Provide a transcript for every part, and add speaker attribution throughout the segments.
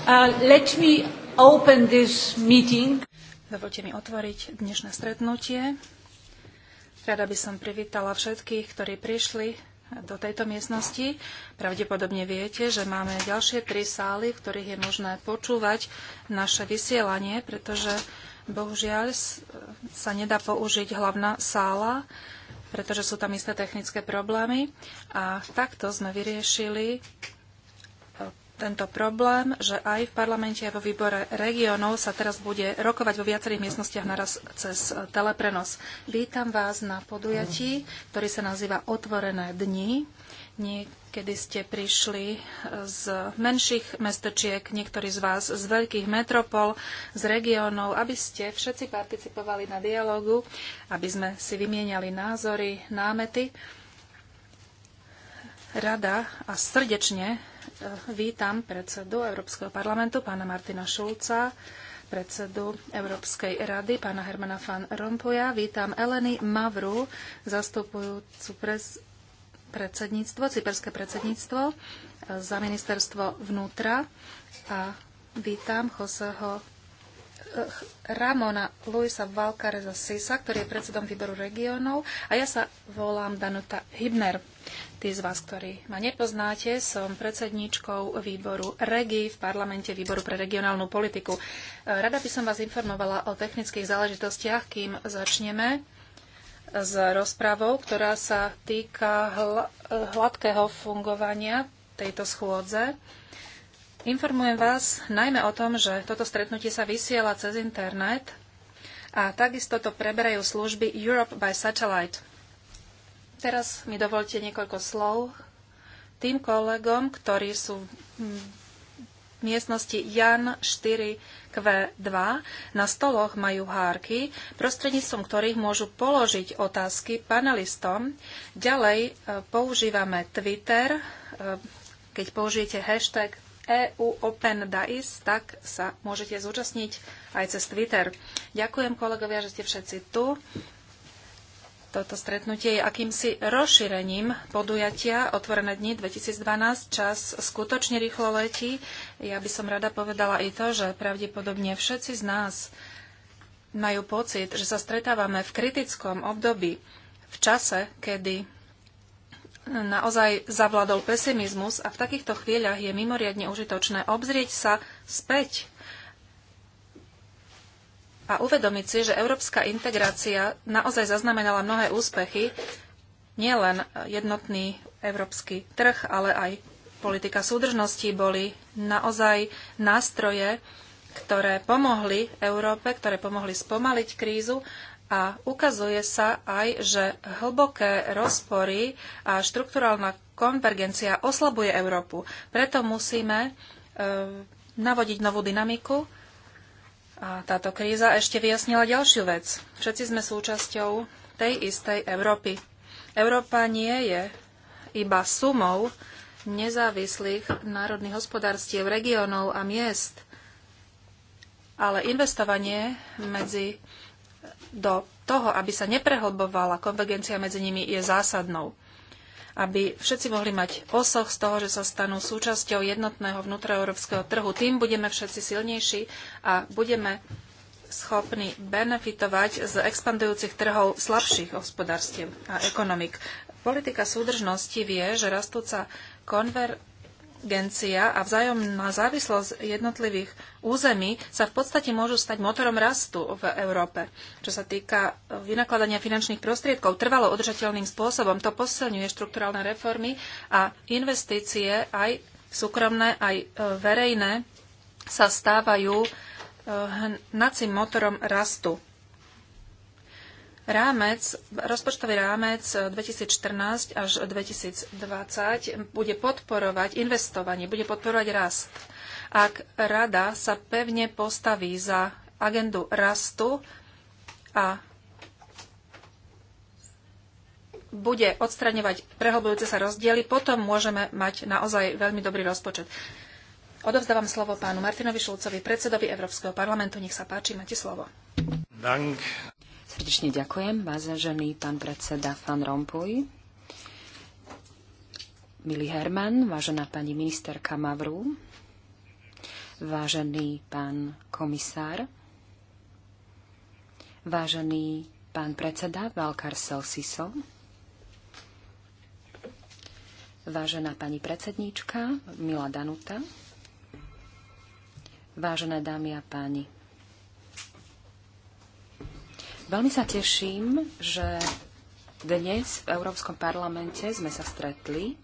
Speaker 1: Uh, let me open this meeting. Dovolte mi otvoriť dnešné stretnutie. Rada by som privítala všetkých, ktorí prišli do tejto miestnosti. Pravdepodobne viete, že máme ďalšie tri sály, v ktorých je možné počúvať naše vysielanie, pretože bohužiaľ sa nedá použiť hlavná sála, pretože sú tam isté technické problémy. A takto sme vyriešili tento problém, že aj v parlamente a vo výbore regiónov sa teraz bude rokovať vo viacerých miestnostiach naraz cez e, teleprenos. Vítam vás na podujatí, ktorý sa nazýva Otvorené dni. Niekedy ste prišli e, z menších mestečiek, niektorí z vás z veľkých metropol, z regiónov, aby ste všetci participovali na dialogu, aby sme si vymieniali názory, námety. Rada a srdečne Eh, vítam predsedu Európskeho parlamentu, pána Martina Šulca, predsedu Európskej rady, pána Hermana van Rompuja. Vítam Eleny Mavru, zastupujúcu prez, predsedníctvo, cyperské predsedníctvo eh, za ministerstvo vnútra a vítam Joseho eh, Ramona Luisa Valkareza Sisa, ktorý je predsedom výboru regiónov a ja sa volám Danuta Hibner. Tí z vás, ktorí ma nepoznáte, som predsedníčkou výboru REGI v parlamente výboru pre regionálnu politiku. E, rada by som vás informovala o technických záležitostiach, kým začneme s rozpravou, ktorá sa týka hladkého fungovania tejto schôdze. Informujem vás najmä o tom, že toto stretnutie sa vysiela cez internet a takisto to preberajú služby Europe by Satellite. Teraz mi dovolte niekoľko slov tým kolegom, ktorí sú v miestnosti Jan 4Q2. Na stoloch majú hárky, prostredníctvom ktorých môžu položiť otázky panelistom. Ďalej e, používame Twitter. E, keď použijete hashtag EU Open Dice, tak sa môžete zúčastniť aj cez Twitter. Ďakujem kolegovia, že ste všetci tu. Toto stretnutie je akýmsi rozšírením podujatia Otvorené dni 2012. Čas skutočne rýchlo letí. Ja by som rada povedala i to, že pravdepodobne všetci z nás majú pocit, že sa stretávame v kritickom období, v čase, kedy naozaj zavladol pesimizmus a v takýchto chvíľach je mimoriadne užitočné obzrieť sa späť a uvedomiť si, že európska integrácia naozaj zaznamenala mnohé úspechy, nielen jednotný európsky trh, ale aj politika súdržnosti boli naozaj nástroje, ktoré pomohli Európe, ktoré pomohli spomaliť krízu a ukazuje sa aj, že hlboké rozpory a štrukturálna konvergencia oslabuje Európu. Preto musíme e, navodiť novú dynamiku a táto kríza ešte vyjasnila ďalšiu vec. Všetci sme súčasťou tej istej Európy. Európa nie je iba sumou nezávislých národných hospodárstiev, regiónov a miest, ale investovanie medzi do toho, aby sa neprehlbovala konvergencia medzi nimi, je zásadnou aby všetci mohli mať osoch z toho, že sa stanú súčasťou jednotného vnútroeurópskeho trhu. Tým budeme všetci silnejší a budeme schopní benefitovať z expandujúcich trhov slabších hospodárstiev a ekonomik. Politika súdržnosti vie, že rastúca konver- konvergencia a vzájomná závislosť jednotlivých území sa v podstate môžu stať motorom rastu v Európe. Čo sa týka e, vynakladania finančných prostriedkov trvalo udržateľným spôsobom, to posilňuje štrukturálne reformy a investície aj súkromné, aj e, verejné sa stávajú e, hnacím motorom rastu. Rámec, rozpočtový rámec 2014 eh, až 2020 bude podporovať investovanie, bude podporovať rast. Ak rada sa pevne postaví za agendu rastu a bude odstraňovať prehlbujúce sa rozdiely, potom môžeme mať naozaj veľmi dobrý rozpočet. Odovzdávam slovo pánu Martinovi Šulcovi, predsedovi Európskeho parlamentu. Nech sa páči, máte slovo.
Speaker 2: Dank Srdečne ďakujem, vážený pán predseda Fan Rompuy. Milý Herman, vážená pani ministerka Mavru, vážený pán komisár, vážený pán predseda Valkar Selsiso, vážená pani predsedníčka Mila Danuta, vážené dámy a páni Veľmi sa teším, že dnes v Európskom parlamente sme sa stretli.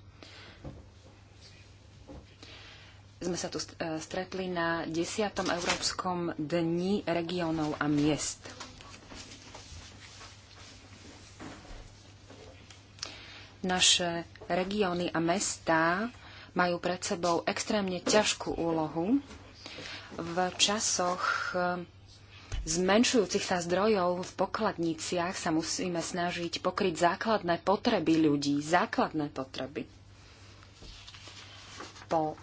Speaker 2: Sme sa tu e, stretli na 10. Európskom dni regiónov a miest. Naše regióny a mestá majú pred sebou extrémne ťažkú úlohu v časoch zmenšujúcich sa zdrojov v pokladniciach sa musíme snažiť pokryť základné potreby ľudí. Základné potreby. Po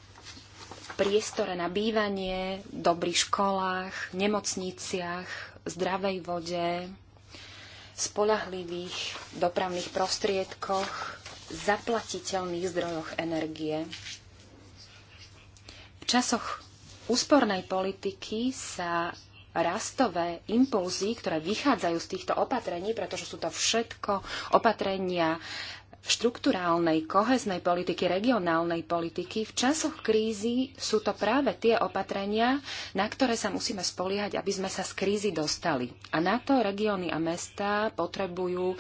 Speaker 2: priestore na bývanie, dobrých školách, nemocniciach, zdravej vode, spolahlivých dopravných prostriedkoch, zaplatiteľných zdrojoch energie. V časoch úspornej politiky sa rastové impulzy, ktoré vychádzajú z týchto opatrení, pretože sú to všetko opatrenia štruktúrálnej, koheznej politiky, regionálnej politiky. V časoch krízy sú to práve tie opatrenia, na ktoré sa musíme spoliehať, aby sme sa z krízy dostali. A na to regióny a mesta potrebujú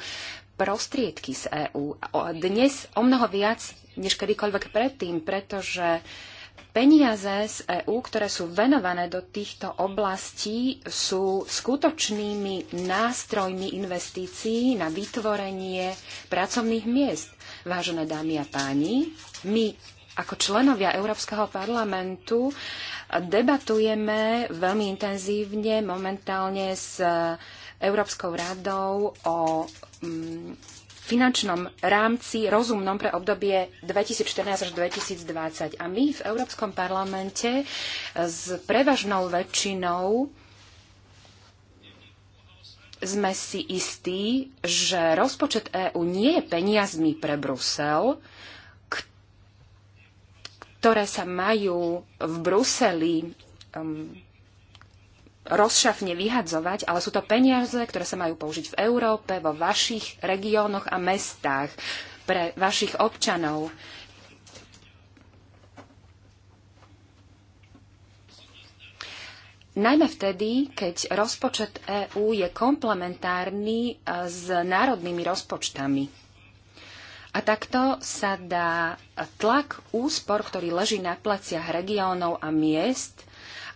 Speaker 2: prostriedky z EÚ. Dnes o mnoho viac než kedykoľvek predtým, pretože peniaze z EÚ, ktoré sú venované do týchto oblastí, sú skutočnými nástrojmi investícií na vytvorenie pracovných miest. Vážené dámy a páni, my ako členovia Európskeho parlamentu debatujeme veľmi intenzívne momentálne s Európskou radou o mm, finančnom rámci rozumnom pre obdobie 2014 až 2020. A my v Európskom parlamente e, s prevažnou väčšinou sme si istí, že rozpočet EÚ nie je peniazmi pre Brusel, ktoré sa majú v Bruseli um, rozšafne vyhadzovať, ale sú to peniaze, ktoré sa majú použiť v Európe, vo vašich regiónoch a mestách, pre vašich občanov. Najmä vtedy, keď rozpočet EÚ je komplementárny e, s národnými rozpočtami. A takto sa dá tlak úspor, ktorý leží na placiach regiónov a miest,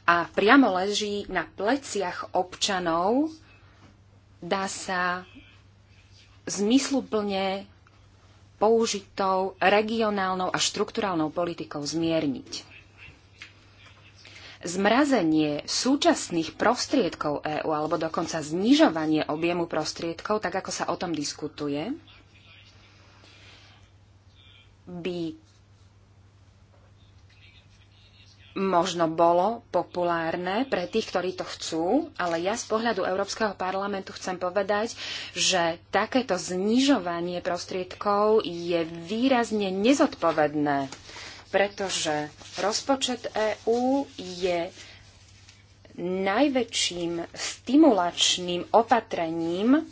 Speaker 2: a priamo leží na pleciach občanov, dá sa zmysluplne použitou regionálnou a štrukturálnou politikou zmierniť. Zmrazenie súčasných prostriedkov EÚ alebo dokonca znižovanie objemu prostriedkov, tak ako sa o tom diskutuje, by možno bolo populárne pre tých, ktorí to chcú, ale ja z pohľadu Európskeho parlamentu chcem povedať, že takéto znižovanie prostriedkov je výrazne nezodpovedné, pretože rozpočet EÚ je najväčším stimulačným opatrením,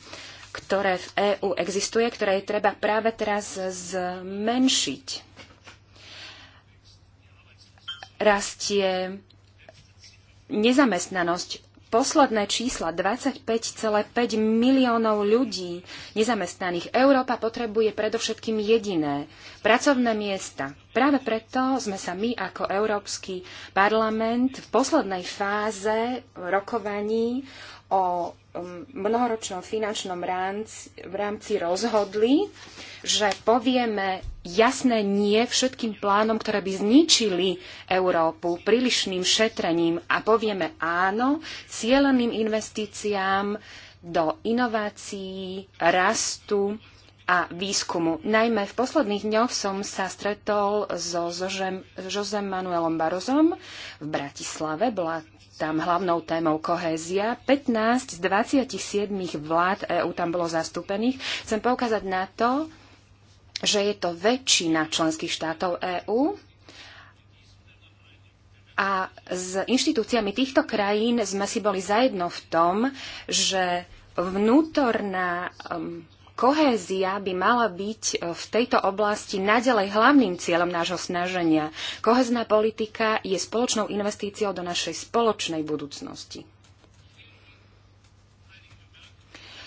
Speaker 2: ktoré v EÚ existuje, ktoré je treba práve teraz zmenšiť rastie nezamestnanosť. Posledné čísla 25,5 miliónov ľudí nezamestnaných. Európa potrebuje predovšetkým jediné pracovné miesta. Práve preto sme sa my ako Európsky parlament v poslednej fáze rokovaní o um, mnohoročnom finančnom rámci, v rámci rozhodli, že povieme jasné nie všetkým plánom, ktoré by zničili Európu prílišným šetrením a povieme áno cieľeným investíciám do inovácií, rastu a výskumu. Najmä v posledných dňoch som sa stretol so Zožem, Josem Manuelom Barozom v Bratislave. Bola tam hlavnou témou kohézia. 15 z 27 vlád EÚ tam bolo zastúpených. Chcem poukázať na to, že je to väčšina členských štátov EÚ a s inštitúciami týchto krajín sme si boli zajedno v tom, že vnútorná um, kohézia by mala byť e, v tejto oblasti naďalej hlavným cieľom nášho snaženia. Kohezná politika je spoločnou investíciou do našej spoločnej budúcnosti.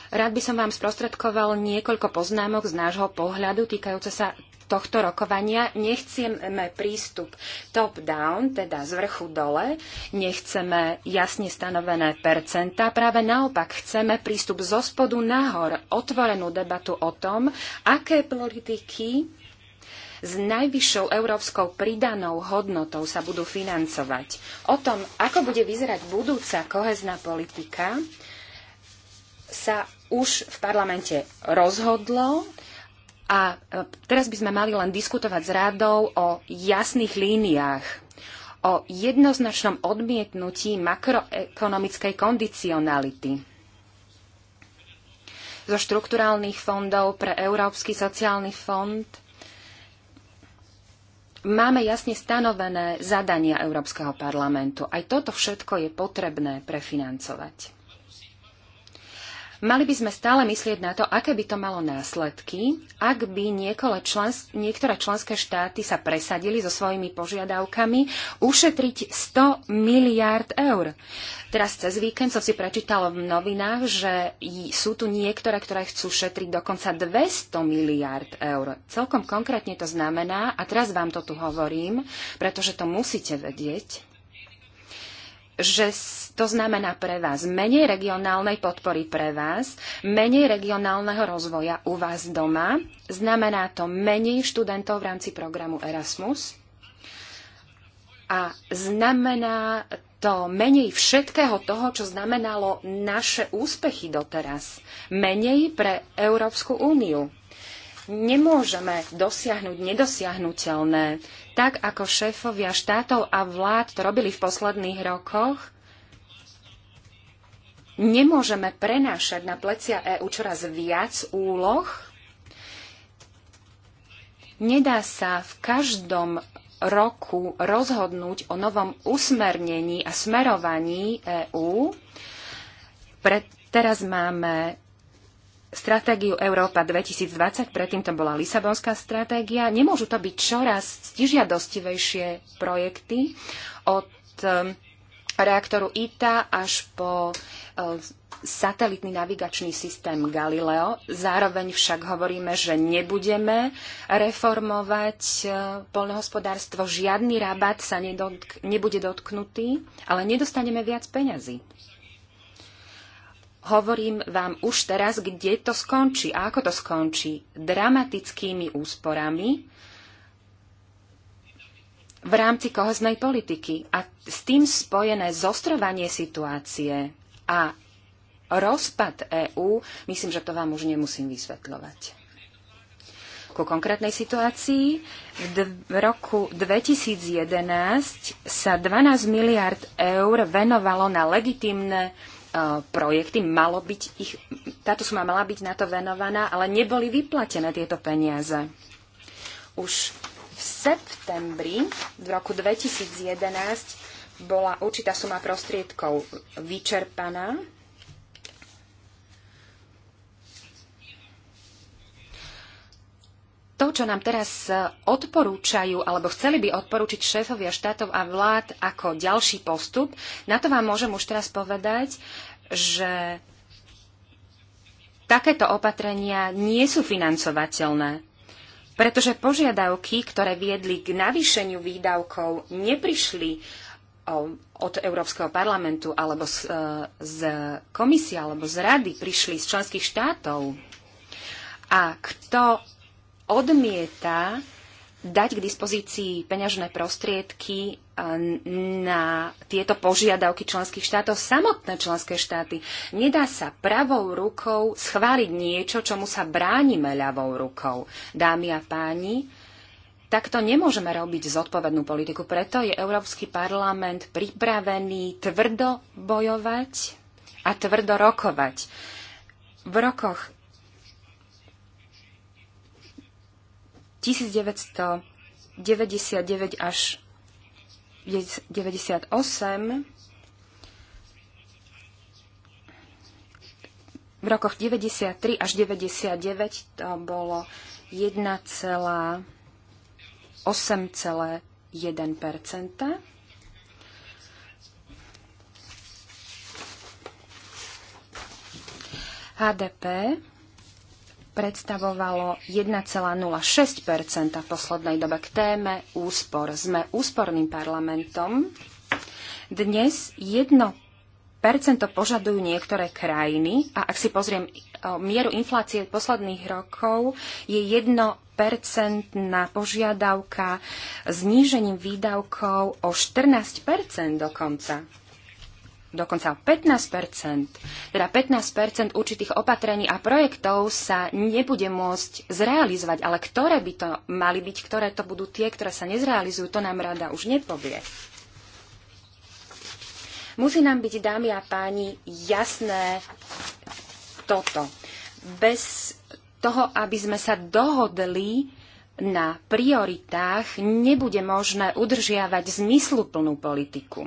Speaker 2: Rád by som vám sprostredkoval niekoľko poznámok z nášho pohľadu týkajúce sa tohto rokovania nechceme prístup top-down, teda z vrchu dole, nechceme jasne stanovené percenta, práve naopak chceme prístup zo spodu nahor, otvorenú debatu o tom, aké politiky s najvyššou európskou pridanou hodnotou sa budú financovať. O tom, ako bude vyzerať budúca kohezná politika, sa už v parlamente rozhodlo. A e, teraz by sme mali len diskutovať s radou o jasných líniách, o jednoznačnom odmietnutí makroekonomickej kondicionality zo štrukturálnych fondov pre Európsky sociálny fond. Máme jasne stanovené zadania Európskeho parlamentu. Aj toto všetko je potrebné prefinancovať. Mali by sme stále myslieť na to, aké by to malo následky, ak by člens- niektoré členské štáty sa presadili so svojimi požiadavkami ušetriť 100 miliárd eur. Teraz cez víkend som si prečítal v novinách, že sú tu niektoré, ktoré chcú šetriť dokonca 200 miliárd eur. Celkom konkrétne to znamená, a teraz vám to tu hovorím, pretože to musíte vedieť, že to znamená pre vás menej regionálnej podpory pre vás, menej regionálneho rozvoja u vás doma, znamená to menej študentov v rámci programu Erasmus a znamená to menej všetkého toho, čo znamenalo naše úspechy doteraz. Menej pre Európsku úniu nemôžeme dosiahnuť nedosiahnuteľné. Tak ako šéfovia štátov a vlád to robili v posledných rokoch, nemôžeme prenášať na plecia EÚ čoraz viac úloh. Nedá sa v každom roku rozhodnúť o novom usmernení a smerovaní EÚ. Pre, teraz máme stratégiu Európa 2020, predtým to bola Lisabonská stratégia. Nemôžu to byť čoraz stižiadostivejšie projekty od um, reaktoru ITA až po uh, satelitný navigačný systém Galileo. Zároveň však hovoríme, že nebudeme reformovať uh, poľnohospodárstvo. Žiadny rabat sa nebude dotknutý, ale nedostaneme viac peňazí hovorím vám už teraz, kde to skončí a ako to skončí. Dramatickými úsporami v rámci kohoznej politiky a s tým spojené zostrovanie situácie a rozpad EÚ, myslím, že to vám už nemusím vysvetľovať. Ku konkrétnej situácii v roku 2011 sa 12 miliard eur venovalo na legitimné E, projekty, malo byť ich, táto suma mala byť na to venovaná, ale neboli vyplatené tieto peniaze. Už v septembri v roku 2011 bola určitá suma prostriedkov vyčerpaná to, čo nám teraz e, odporúčajú, alebo chceli by odporúčiť šéfovia štátov a vlád ako ďalší postup, na to vám môžem už teraz povedať, že takéto opatrenia nie sú financovateľné, pretože požiadavky, ktoré viedli k navýšeniu výdavkov, neprišli od Európskeho parlamentu alebo z, e, z komisie alebo z rady, prišli z členských štátov. A kto odmieta dať k dispozícii peňažné prostriedky eh, na tieto požiadavky členských štátov samotné členské štáty. Nedá sa pravou rukou schváliť niečo, čomu sa bránime ľavou rukou. Dámy a páni, takto nemôžeme robiť zodpovednú politiku. Preto je Európsky parlament pripravený tvrdo bojovať a tvrdo rokovať. V rokoch 1999 až 1998 v rokoch 93 až 99 to bolo 1,8,1 HDP predstavovalo 1,06 v poslednej dobe. K téme úspor sme úsporným parlamentom. Dnes 1 požadujú niektoré krajiny a ak si pozriem mieru inflácie posledných rokov, je 1 percentná požiadavka znížením výdavkov o 14 dokonca dokonca 15 teda 15 určitých opatrení a projektov sa nebude môcť zrealizovať. Ale ktoré by to mali byť, ktoré to budú tie, ktoré sa nezrealizujú, to nám rada už nepovie. Musí nám byť, dámy a páni, jasné toto. Bez toho, aby sme sa dohodli na prioritách, nebude možné udržiavať zmysluplnú politiku.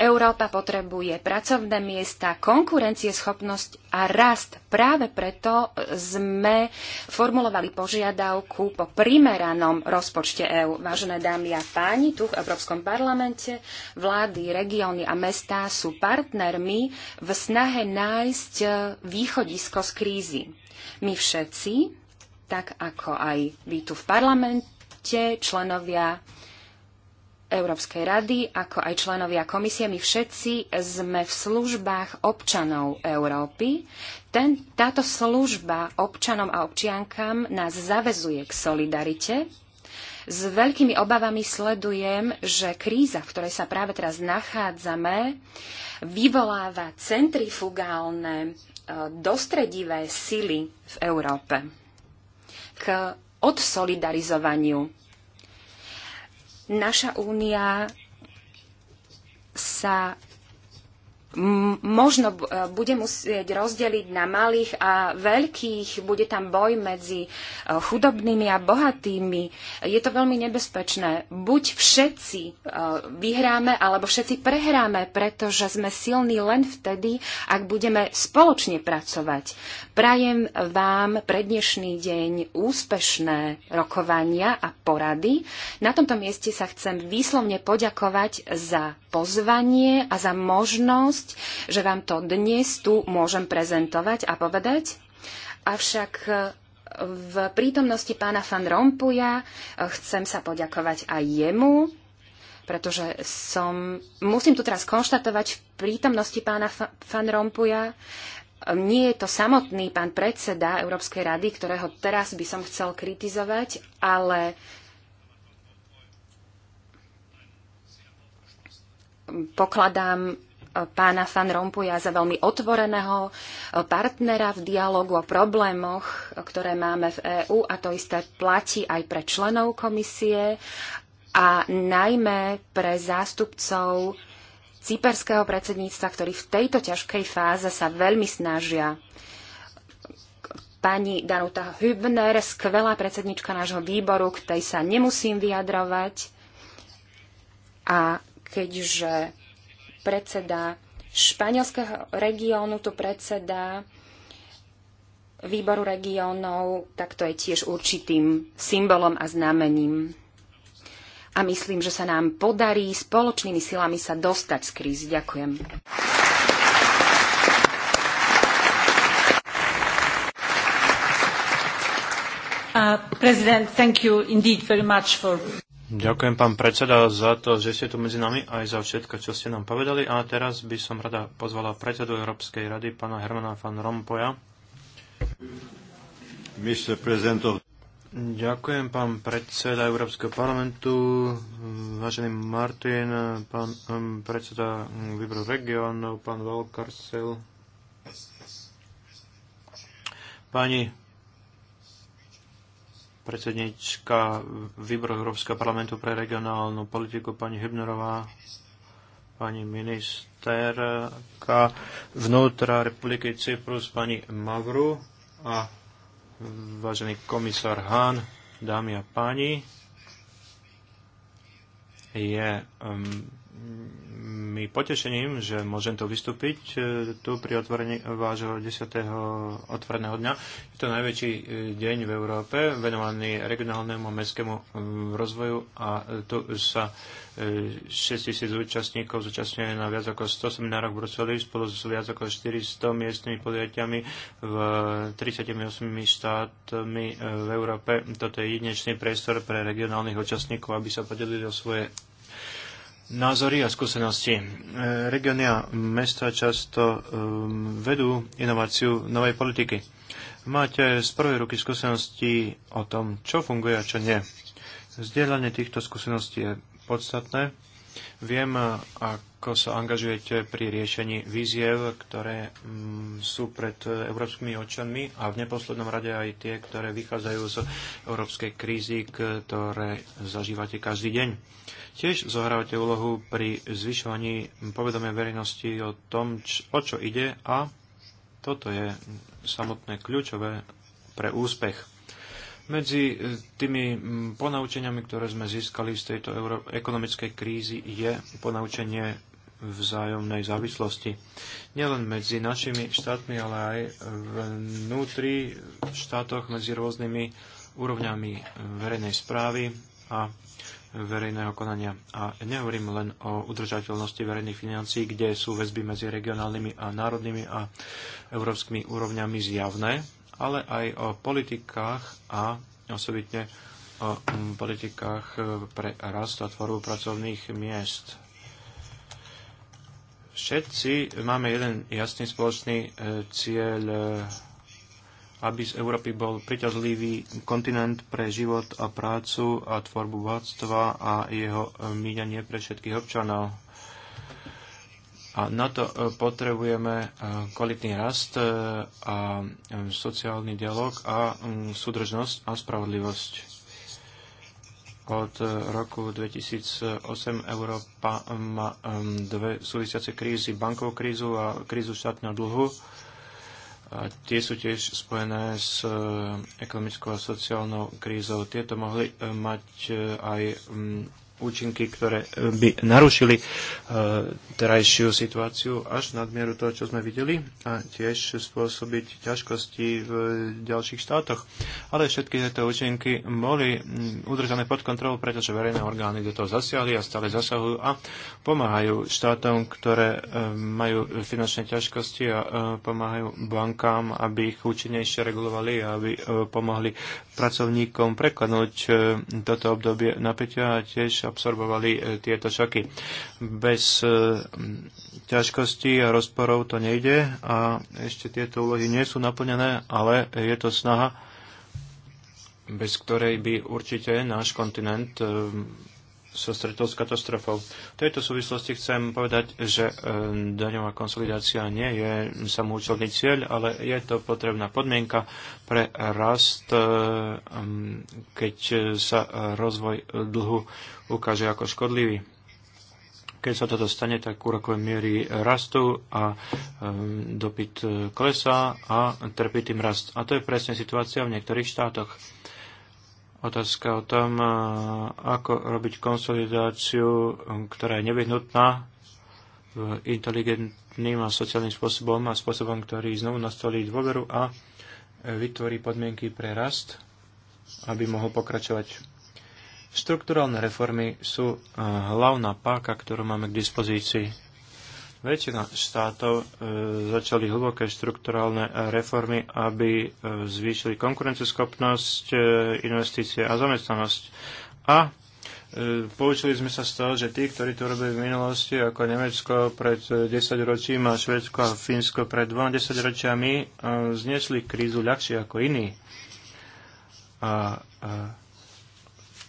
Speaker 2: Európa potrebuje pracovné miesta, konkurencieschopnosť a rast. Práve preto sme formulovali požiadavku po primeranom rozpočte EÚ. Vážené dámy a páni, tu v Európskom parlamente vlády, regióny a mestá sú partnermi v snahe nájsť východisko z krízy. My všetci, tak ako aj vy tu v parlamente, členovia Európskej rady, ako aj členovia komisie, my všetci sme v službách občanov Európy. Ten, táto služba občanom a občiankam nás zavezuje k solidarite. S veľkými obavami sledujem, že kríza, v ktorej sa práve teraz nachádzame, vyvoláva centrifugálne, e, dostredivé sily v Európe k odsolidarizovaniu Naša únia sa možno bude musieť rozdeliť na malých a veľkých, bude tam boj medzi e, chudobnými a bohatými. Je to veľmi nebezpečné. Buď všetci e, vyhráme, alebo všetci prehráme, pretože sme silní len vtedy, ak budeme spoločne pracovať. Prajem vám pre dnešný deň úspešné rokovania a porady. Na tomto mieste sa chcem výslovne poďakovať za pozvanie a za možnosť, že vám to dnes tu môžem prezentovať a povedať. Avšak e, v prítomnosti pána Van Rompuja e, chcem sa poďakovať aj jemu, pretože som, musím tu teraz konštatovať v prítomnosti pána Van Rompuja, nie je to samotný pán predseda Európskej rady, ktorého teraz by som chcel kritizovať, ale pokladám e, pána Fan Rompuja za veľmi otvoreného e, partnera v dialogu o problémoch, e, ktoré máme v EÚ a to isté platí aj pre členov komisie a najmä pre zástupcov cyperského predsedníctva, ktorí v tejto ťažkej fáze sa veľmi snažia. Pani Danuta Hübner, skvelá predsednička nášho výboru, k tej sa nemusím vyjadrovať. A keďže predseda španielského regiónu, tu predseda výboru regiónov, tak to je tiež určitým symbolom a znamením a myslím, že sa nám podarí spoločnými silami sa dostať z krízy. Ďakujem.
Speaker 1: Uh,
Speaker 3: Ďakujem, pán predseda, za to, že ste tu medzi nami aj za všetko, čo ste nám povedali. A teraz by som rada pozvala predsedu Európskej rady, pána Hermana van Rompoja. Mr. President of Ďakujem, pán predseda Európskeho parlamentu, vážený Martin, pán um, predseda výboru regionov, pán Valkarsel, pani predsednička výboru Európskeho parlamentu pre regionálnu politiku, pani Hybnerová, pani ministerka vnútra Republiky Cyprus, pani Mavru a vážený komisár Hahn, dámy a páni. Je um, mi potešením, že môžem tu vystúpiť e, tu pri otvorení vášho 10. otvoreného dňa. Je to najväčší e, deň v Európe venovaný regionálnemu a mestskému e, rozvoju a tu sa 6 tisíc účastníkov zúčastňuje na viac ako 100 seminároch v Bruseli spolu s viac ako 400 miestnymi podujatiami v 38 štátmi v Európe. Toto je jedinečný priestor pre regionálnych účastníkov, aby sa podelili o svoje názory a skúsenosti. E, Regióny a mesta často e, vedú inováciu novej politiky. Máte z prvej ruky skúsenosti o tom, čo funguje a čo nie. Zdieľanie týchto skúseností je podstatné Viem, eh, ako sa angažujete pri riešení víziev, ktoré mm, sú pred eh, európskymi očami a v neposlednom rade aj tie, ktoré vychádzajú z európskej krízy, ktoré zažívate každý deň. Tiež zohrávate úlohu pri zvyšovaní povedomia verejnosti o tom, o čo ide a toto je mm, samotné kľúčové pre úspech medzi e, tými ponaučeniami, ktoré sme získali z tejto euro- ekonomickej krízy, je ponaučenie vzájomnej závislosti. Nielen medzi našimi štátmi, ale aj vnútri v štátoch medzi rôznymi úrovňami e, verejnej správy a verejného konania. A nehovorím len o udržateľnosti verejných financií, kde sú väzby medzi regionálnymi a národnými a európskymi úrovňami zjavné, ale aj o politikách a osobitne o mm, politikách e, pre rast a tvorbu pracovných miest. Všetci máme jeden jasný spoločný e, cieľ, e, aby z Európy bol priťazlivý kontinent pre život a prácu a tvorbu bohatstva a jeho míňanie pre všetkých občanov a na to e, potrebujeme e, kvalitný rast e, a sociálny dialog a súdržnosť a spravodlivosť. Od roku 2008 Európa má dve súvisiace krízy, bankovú krízu a krízu štátneho dlhu. A tie sú tiež spojené s ekonomickou a sociálnou krízou. Tieto mohli mať aj účinky, ktoré e, by narušili e, terajšiu situáciu až nadmieru toho, čo sme videli a tiež spôsobiť ťažkosti v ďalších štátoch. Ale všetky tieto účinky boli mm, udržané pod kontrolou, pretože verejné orgány do toho zasiahli a stále zasahujú a pomáhajú štátom, ktoré e, majú finančné ťažkosti a pomáhajú bankám, aby ich účinnejšie regulovali a aby pomohli pracovníkom prekladnúť toto obdobie napätia a tiež absorbovali e, tieto šoky. Bez e, ťažkostí a rozporov to nejde a ešte tieto úlohy nie sú naplnené, ale je to snaha, bez ktorej by určite náš kontinent e, sa stretol s katastrofou. V tejto súvislosti chcem povedať, že e, daňová konsolidácia nie je samoučelný cieľ, ale je to potrebná podmienka pre rast, e, keď sa rozvoj dlhu ukáže ako škodlivý. Keď sa toto stane, tak úrokové miery rastú a e, dopyt klesá a trpí tým rast. A to je presne situácia v niektorých štátoch otázka o tom, e, ako robiť konsolidáciu, ktorá je nevyhnutná inteligentným a sociálnym spôsobom a spôsobom, ktorý znovu nastolí dôveru a vytvorí podmienky pre rast, aby mohol pokračovať. Štruktúralne reformy sú e, hlavná páka, ktorú máme k dispozícii Väčšina štátov e, začali hlboké štrukturálne reformy, aby e, zvýšili konkurenceschopnosť, e, investície a zamestnanosť. A poučili sme sa z toho, že tí, ktorí to robili v minulosti, ako Nemecko pred 10 ročím a Švedsko a Fínsko pred 20 ročiami, znesli krízu ľahšie ako iní. A, a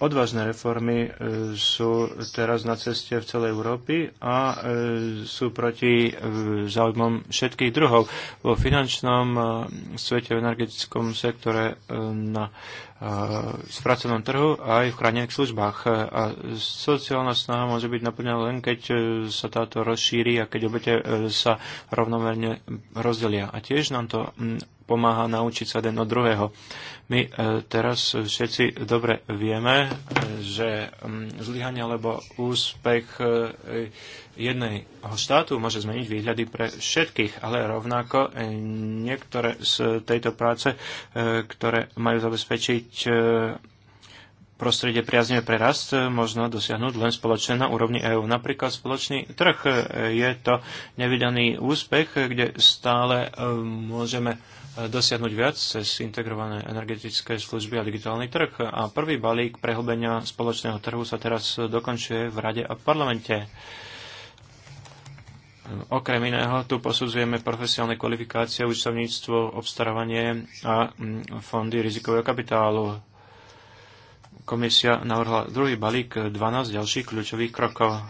Speaker 3: Odvážne reformy e, sú teraz na ceste v celej Európy a e, sú proti e, záujmom všetkých druhov. Vo finančnom svete, v energetickom sektore, na spracovnom trhu a aj v chránených službách. A sociálna snaha môže byť naplnená len, keď sa táto rozšíri a keď obete sa rovnomerne rozdelia. A tiež nám to pomáha naučiť sa jeden od druhého. My e, teraz všetci dobre vieme, e, že mm, zlyhanie alebo úspech e, jedného štátu môže zmeniť výhľady pre všetkých, ale rovnako niektoré z tejto práce, ktoré majú zabezpečiť prostredie priazne pre rast e, možno dosiahnuť len spoločne na úrovni EÚ. Napríklad spoločný trh e, je to nevydaný úspech, e, kde stále môžeme dosiahnuť viac cez integrované energetické služby a digitálny trh. A prvý balík prehlbenia spoločného trhu sa teraz dokončuje v Rade a v parlamente. Okrem iného tu posudzujeme profesionálne kvalifikácie, účtovníctvo, obstarávanie a mm, fondy rizikového kapitálu komisia navrhla druhý balík 12 ďalších kľúčových krokov.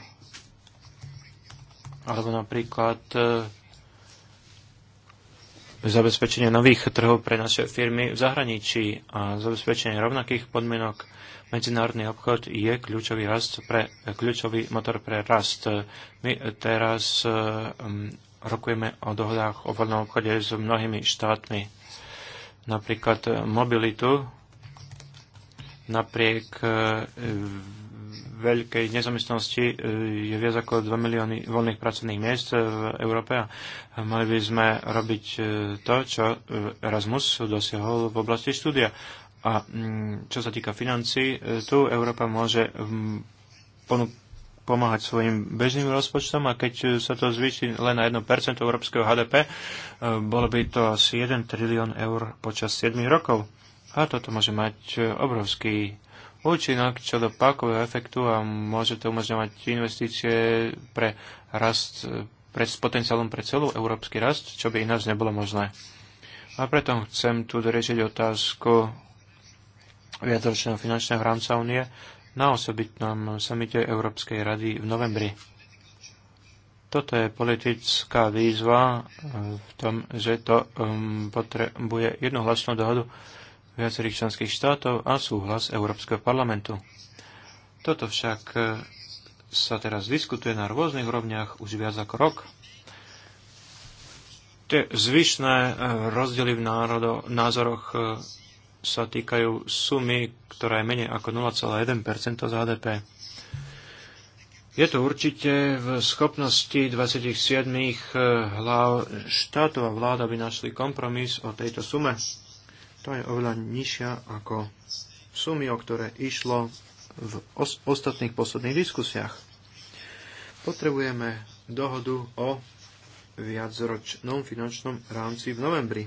Speaker 3: Alebo napríklad e, zabezpečenie nových trhov pre naše firmy v zahraničí a zabezpečenie rovnakých podmienok. Medzinárodný obchod je kľúčový, rast pre, kľúčový motor pre rast. My teraz e, rokujeme o dohodách o voľnom obchode s mnohými štátmi. Napríklad mobilitu napriek e, veľkej nezamestnanosti e, je viac ako 2 milióny voľných pracovných miest e, v Európe a mali by sme robiť to, čo Erasmus dosiahol v oblasti štúdia. A mm, čo sa týka financí, tu Európa môže pomáhať svojim bežným rozpočtom a keď sa to zvýši len na 1% európskeho HDP, bolo by to asi 1 trilión eur počas 7 rokov. A toto môže mať e, obrovský účinok čo do pákového efektu a môže to umožňovať investície pre rast, e, pre, s potenciálom pre celú európsky rast, čo by ináč nebolo možné. A preto chcem tu doriešiť otázku viacročného finančného rámca únie na osobitnom samite Európskej rady v novembri. Toto je politická výzva e, v tom, že to um, potrebuje jednohlasnú dohodu viacerých členských štátov a súhlas Európskeho parlamentu. Toto však e, sa teraz diskutuje na rôznych rovniach už viac ako rok. Tie zvyšné e, rozdiely v národo, názoroch e, sa týkajú sumy, ktorá je menej ako 0,1 z HDP. Je to určite v schopnosti 27 hlav štátov a vlád, aby našli kompromis o tejto sume. To je oveľa nižšia ako sumy, o ktoré išlo v ostatných posledných diskusiách. Potrebujeme dohodu o viacročnom finančnom rámci v novembri.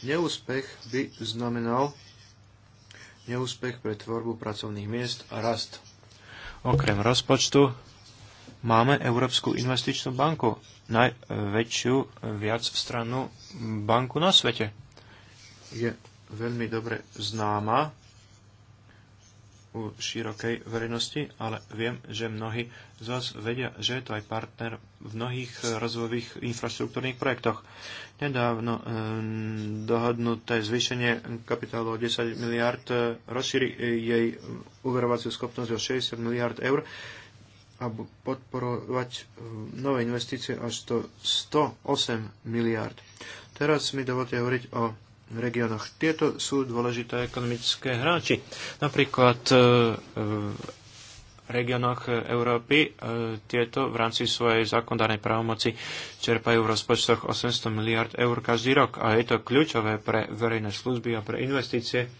Speaker 3: Neúspech by znamenal neúspech pre tvorbu pracovných miest a rast. Okrem rozpočtu máme Európsku investičnú banku, najväčšiu viacstrannú banku na svete je veľmi dobre známa u širokej verejnosti, ale viem, že mnohí z vás vedia, že je to aj partner v mnohých rozvojových infraštruktúrnych projektoch. Nedávno eh, dohodnuté zvýšenie kapitálu o 10 miliard eh, rozšíri jej uverovaciu schopnosť o 60 miliard eur a podporovať eh, nové investície až do 108 miliard. Teraz mi dovolte hovoriť o v regiónoch. Tieto sú dôležité ekonomické hráči. Napríklad e, e, v regiónoch Európy e, tieto v rámci svojej zákonodárnej právomoci čerpajú v rozpočtoch 800 miliard eur každý rok a je to kľúčové pre verejné služby a pre investície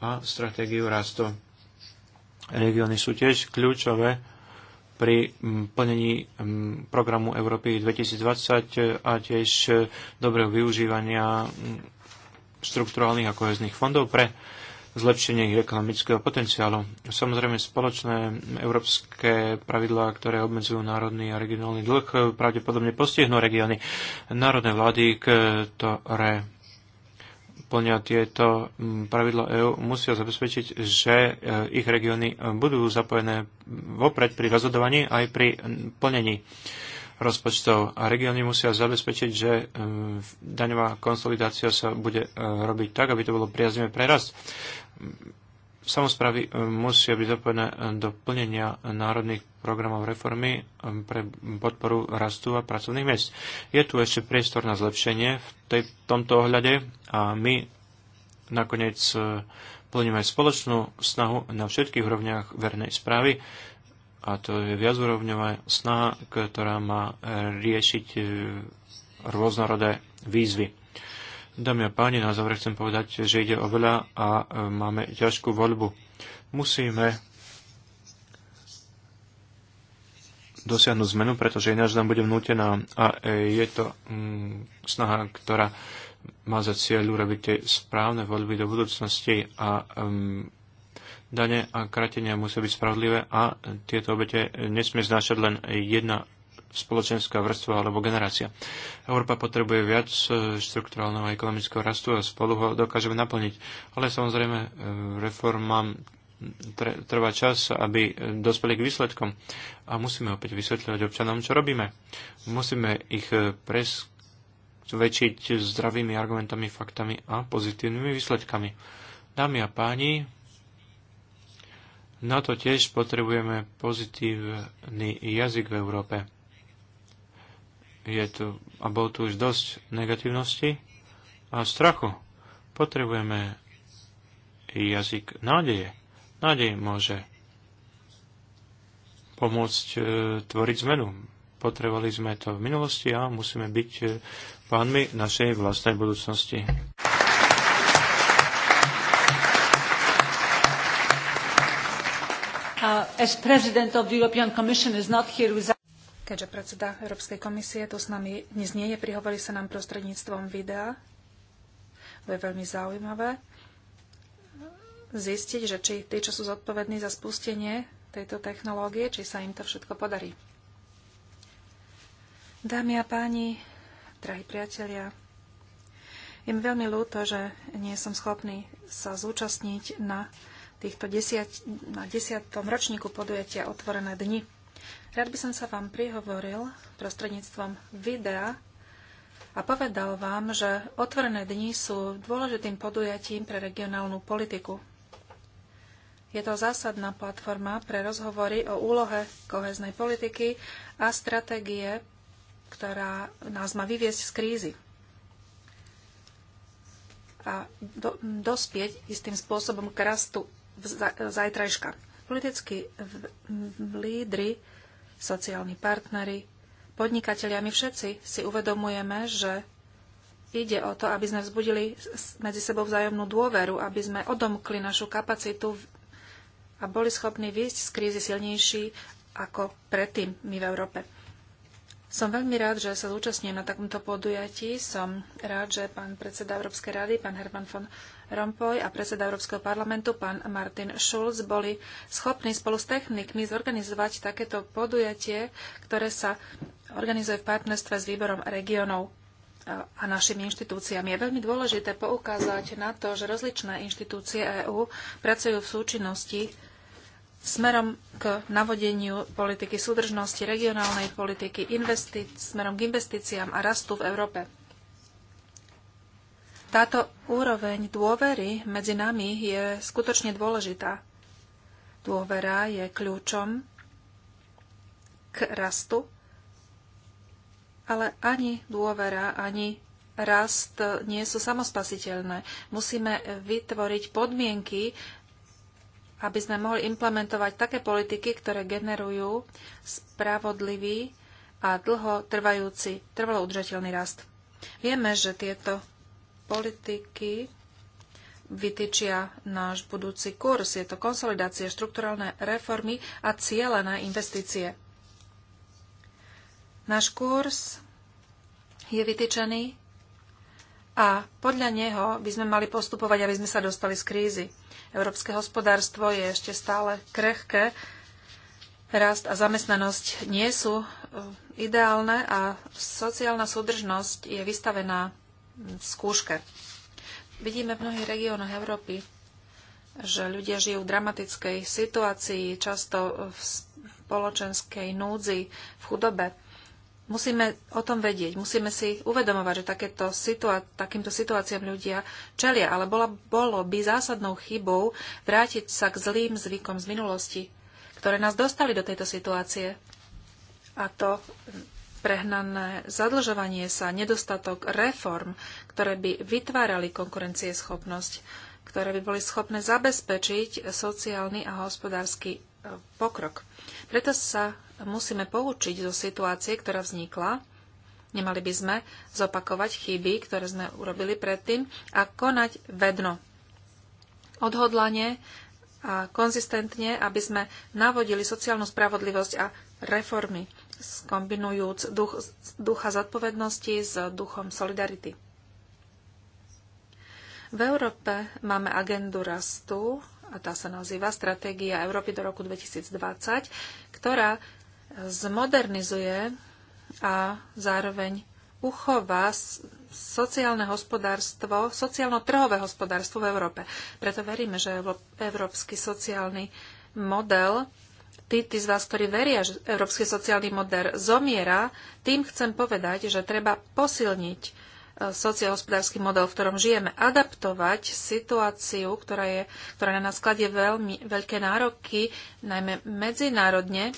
Speaker 3: a stratégiu rastu. Regióny sú tiež kľúčové pri plnení programu Európy 2020 a tiež dobrého využívania štrukturálnych a kohezných fondov pre zlepšenie ich ekonomického potenciálu. Samozrejme, spoločné európske pravidlá, ktoré obmedzujú národný a regionálny dlh, pravdepodobne postihnú regióny. Národné vlády, ktoré plnia tieto mm, pravidla EÚ, musia zabezpečiť, že e, ich regióny budú zapojené vopred pri rozhodovaní aj pri plnení rozpočtov. A regióny musia zabezpečiť, že e, daňová konsolidácia sa bude e, robiť tak, aby to bolo priaznivé pre rast. Samozprávy e, musia byť zapojené do plnenia národných programov reformy pre podporu rastu a pracovných miest. Je tu ešte priestor na zlepšenie v tej, tomto ohľade a my nakoniec plníme spoločnú snahu na všetkých úrovniach vernej správy a to je viacúrovňová snaha, ktorá má e, riešiť e, rôznorodé výzvy. Dámy a páni, na záver chcem povedať, že ide o veľa a e, máme ťažkú voľbu. Musíme dosiahnuť zmenu, pretože ináč nám bude vnútená a je to mm, snaha, ktorá má za cieľ urobiť tie správne voľby do budúcnosti a um, dane a kratenia musia byť spravodlivé a tieto obete nesmie znášať len jedna spoločenská vrstva alebo generácia. Európa potrebuje viac e, štrukturálneho a ekonomického rastu a spolu ho dokážeme naplniť. Ale samozrejme e, reformám trvá čas, aby e, dospeli k výsledkom. A musíme opäť vysvetľovať občanom, čo robíme. Musíme ich presvedčiť zdravými argumentami, faktami a pozitívnymi výsledkami. Dámy a páni, na to tiež potrebujeme pozitívny jazyk v Európe. Je tu, a bol tu už dosť negatívnosti a strachu. Potrebujeme jazyk nádeje. Nádej môže pomôcť e, tvoriť zmenu. Potrebovali sme to v minulosti a musíme byť e, pánmi našej vlastnej budúcnosti.
Speaker 1: Keďže predseda Európskej komisie tu s nami dnes nie je, prihovorí sa nám prostredníctvom videa. To je veľmi zaujímavé zistiť, že či tí, čo sú zodpovední za spustenie tejto technológie, či sa im to všetko podarí. Dámy a páni, drahí priatelia, je mi veľmi ľúto, že nie som schopný sa zúčastniť na týchto desiat, na desiatom ročníku podujatia Otvorené dni. Rád by som sa vám prihovoril prostredníctvom videa a povedal vám, že Otvorené dni sú dôležitým podujatím pre regionálnu politiku. Je to zásadná platforma pre rozhovory o úlohe koheznej politiky a stratégie, ktorá nás má vyviesť z krízy a do, dospieť istým spôsobom k rastu E, zajtrajška. Politickí lídry, sociálni partnery, podnikatelia, my všetci si uvedomujeme, že ide o to, aby sme vzbudili medzi sebou vzájomnú dôveru, aby sme odomkli našu kapacitu a boli schopní výjsť z krízy silnejší ako predtým my v Európe. Som veľmi rád, že sa zúčastním na takomto podujatí. Som rád, že pán predseda Európskej rady, pán Herman von Rompuy a predseda Európskeho parlamentu, pán Martin Schulz, boli schopní spolu s technikmi zorganizovať takéto podujatie, ktoré sa organizuje v partnerstve s výborom regionov a našimi inštitúciami. Je veľmi dôležité poukázať na to, že rozličné inštitúcie EÚ pracujú v súčinnosti smerom k navodeniu politiky súdržnosti, regionálnej politiky, investic, smerom k investíciám a rastu v Európe. Táto úroveň dôvery medzi nami je skutočne dôležitá. Dôvera je kľúčom k rastu, ale ani dôvera, ani rast nie sú samospasiteľné. Musíme vytvoriť podmienky aby sme mohli implementovať také politiky, ktoré generujú spravodlivý a dlho trvajúci, trvalo udržateľný rast. Vieme, že tieto politiky vytýčia náš budúci kurz. Je to konsolidácie, štrukturálne reformy a cieľené investície. Náš kurz je vytýčený a podľa neho by sme mali postupovať, aby sme sa dostali z krízy. Európske hospodárstvo je ešte stále krehké, rast a zamestnanosť nie sú e, ideálne a sociálna súdržnosť je vystavená v skúške. Vidíme v mnohých regiónoch Európy, že ľudia žijú v dramatickej situácii, často v spoločenskej núdzi, v chudobe. Musíme o tom vedieť, musíme si uvedomovať, že takéto situá- takýmto situáciám ľudia čelia, ale bola, bolo by zásadnou chybou vrátiť sa k zlým zvykom z minulosti, ktoré nás dostali do tejto situácie. A to prehnané zadlžovanie sa, nedostatok reform, ktoré by vytvárali konkurencieschopnosť, ktoré by boli schopné zabezpečiť sociálny a hospodársky pokrok. Preto sa musíme poučiť zo situácie, ktorá vznikla. Nemali by sme zopakovať chyby, ktoré sme urobili predtým a konať vedno. Odhodlanie a konzistentne, aby sme navodili sociálnu spravodlivosť a reformy, skombinujúc duch, ducha zodpovednosti s duchom solidarity. V Európe máme agendu rastu, a tá sa nazýva Stratégia Európy do roku 2020, ktorá zmodernizuje a zároveň uchová sociálne hospodárstvo, sociálno-trhové hospodárstvo v Európe. Preto veríme, že európsky sociálny model, tí, tí z vás, ktorí veria, že európsky sociálny model zomiera, tým chcem povedať, že treba posilniť e, sociohospodársky model, v ktorom žijeme, adaptovať situáciu, ktorá, je, ktorá na nás kladie veľmi veľké nároky, najmä medzinárodne,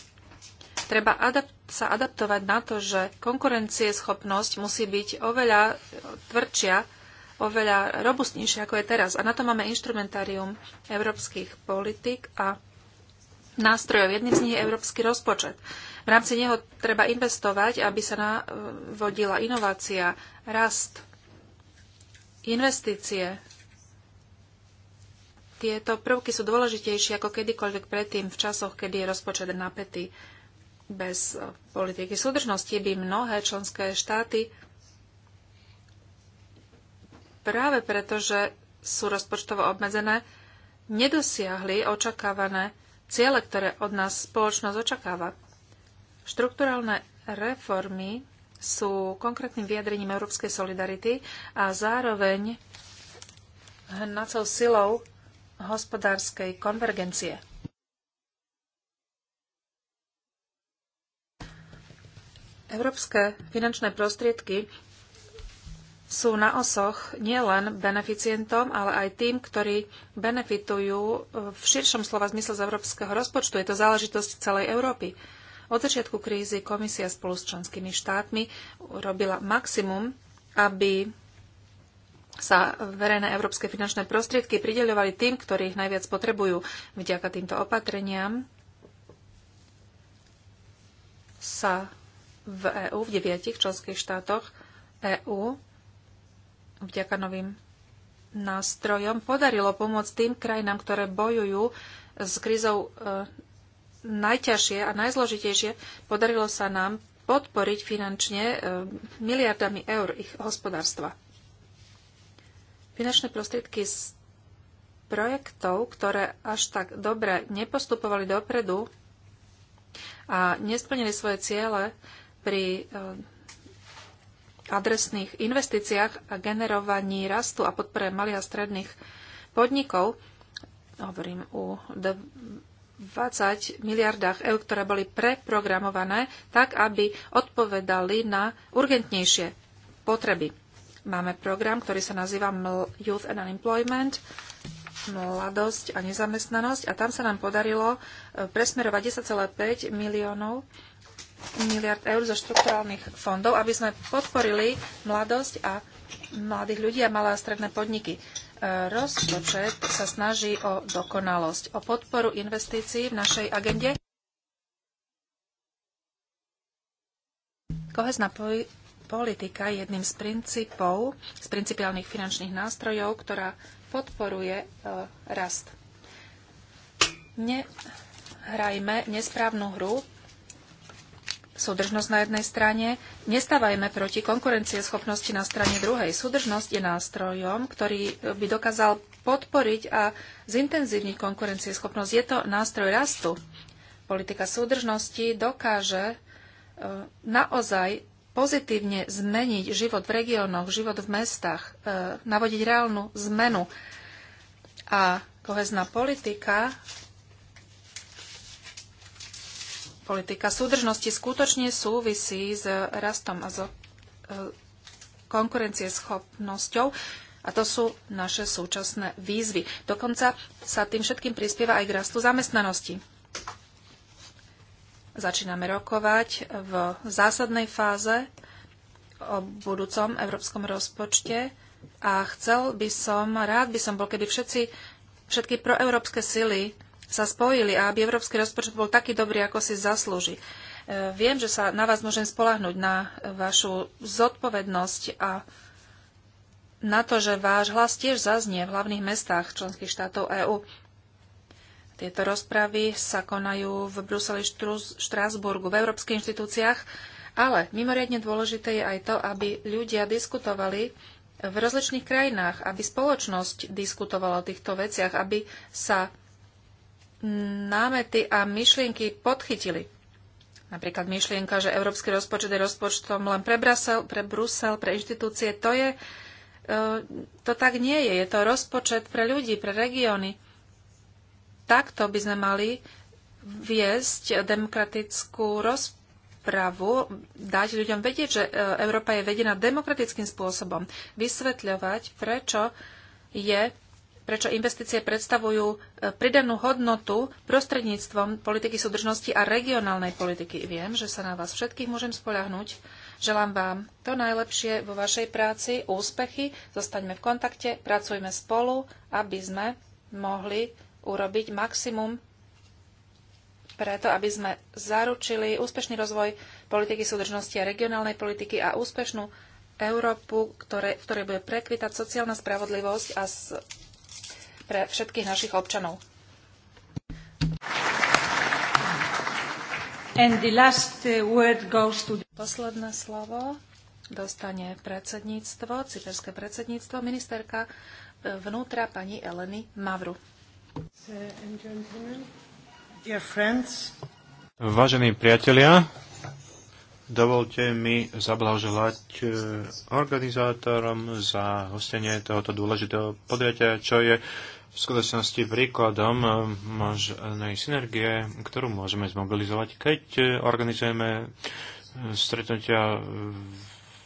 Speaker 1: Treba adap- sa adaptovať na to, že konkurencieschopnosť musí byť oveľa tvrdšia, oveľa robustnejšia, ako je teraz. A na to máme instrumentárium európskych politik a nástrojov. Jedným z nich je európsky rozpočet. V rámci neho treba investovať, aby sa navodila inovácia, rast, investície. Tieto prvky sú dôležitejšie ako kedykoľvek predtým v časoch, kedy je rozpočet napätý. Bez e, politiky súdržnosti by mnohé členské štáty práve preto, že sú rozpočtovo obmedzené, nedosiahli očakávané ciele, ktoré od nás spoločnosť očakáva. Štrukturálne reformy sú konkrétnym vyjadrením európskej solidarity a zároveň hnacou silou hospodárskej konvergencie. Európske finančné prostriedky sú na osoch nielen beneficientom, ale aj tým, ktorí benefitujú v širšom slova zmysle z európskeho rozpočtu. Je to záležitosť celej Európy. Od začiatku krízy komisia spolu s členskými štátmi robila maximum, aby sa verejné európske finančné prostriedky prideľovali tým, ktorí ich najviac potrebujú. Vďaka týmto opatreniam sa v EÚ, v deviatich členských štátoch EÚ, vďaka novým nástrojom, podarilo pomôcť tým krajinám, ktoré bojujú s krízou e, najťažšie a najzložitejšie. Podarilo sa nám podporiť finančne e, miliardami eur ich hospodárstva. Finančné prostriedky z projektov, ktoré až tak dobre nepostupovali dopredu, a nesplnili svoje ciele, pri e, adresných investíciách a generovaní rastu a podpore malých a stredných podnikov, hovorím o 20 miliardách eur, ktoré boli preprogramované, tak aby odpovedali na urgentnejšie potreby. Máme program, ktorý sa nazýva Youth and Unemployment, mladosť a nezamestnanosť a tam sa nám podarilo e, presmerovať 10,5 miliónov miliard eur zo štrukturálnych fondov, aby sme podporili mladosť a mladých ľudí a malé a stredné podniky. E, rozpočet sa snaží o dokonalosť, o podporu investícií v našej agende. Kohezná politika je jedným z princípov, z principiálnych finančných nástrojov, ktorá podporuje e, rast. Nehrajme nesprávnu hru, súdržnosť na jednej strane, nestávajme proti konkurencieschopnosti na strane druhej. Súdržnosť je nástrojom, ktorý by dokázal podporiť a zintenzívniť schopnosť. Je to nástroj rastu. Politika súdržnosti dokáže e, naozaj pozitívne zmeniť život v regiónoch, život v mestách, e, navodiť reálnu zmenu. A kohezná politika politika súdržnosti skutočne súvisí s rastom a s e, konkurencieschopnosťou. A to sú naše súčasné výzvy. Dokonca sa tým všetkým prispieva aj k rastu zamestnanosti. Začíname rokovať v zásadnej fáze o budúcom európskom rozpočte a chcel by som, rád by som bol, keby všetci, všetky proeurópske sily sa spojili a aby európsky rozpočet bol taký dobrý, ako si zaslúži. E, viem, že sa na vás môžem spolahnuť na vašu zodpovednosť a na to, že váš hlas tiež zaznie v hlavných mestách členských štátov EÚ. Tieto rozpravy sa konajú v Bruseli, Štrásburgu, v európskych inštitúciách, ale mimoriadne dôležité je aj to, aby ľudia diskutovali v rozličných krajinách, aby spoločnosť diskutovala o týchto veciach, aby sa námety a myšlienky podchytili. Napríklad myšlienka, že európsky rozpočet je rozpočtom len pre, Brasel, pre Brusel, pre inštitúcie, to je, e, to tak nie je. Je to rozpočet pre ľudí, pre regióny. Takto by sme mali viesť demokratickú rozpravu, dať ľuďom vedieť, že e, Európa je vedená demokratickým spôsobom, vysvetľovať, prečo je prečo investície predstavujú e, pridanú hodnotu prostredníctvom politiky súdržnosti a regionálnej politiky. Viem, že sa na vás všetkých môžem spoľahnúť. Želám vám to najlepšie vo vašej práci, úspechy, zostaňme v kontakte, pracujme spolu, aby sme mohli urobiť maximum preto, aby sme zaručili úspešný rozvoj politiky súdržnosti a regionálnej politiky a úspešnú Európu, ktoré, v ktorej bude prekvitať sociálna spravodlivosť a pre všetkých našich občanov. And the last uh, word goes to... the... Posledné slovo dostane predsedníctvo, cyperské predsedníctvo, ministerka e, vnútra pani Eleny Mavru.
Speaker 3: Vážení priatelia, dovolte mi zablahoželať e, organizátorom za hostenie tohoto dôležitého podujatia, čo je v skutočnosti príkladom e, možnej synergie, ktorú môžeme zmobilizovať, keď e, organizujeme e, stretnutia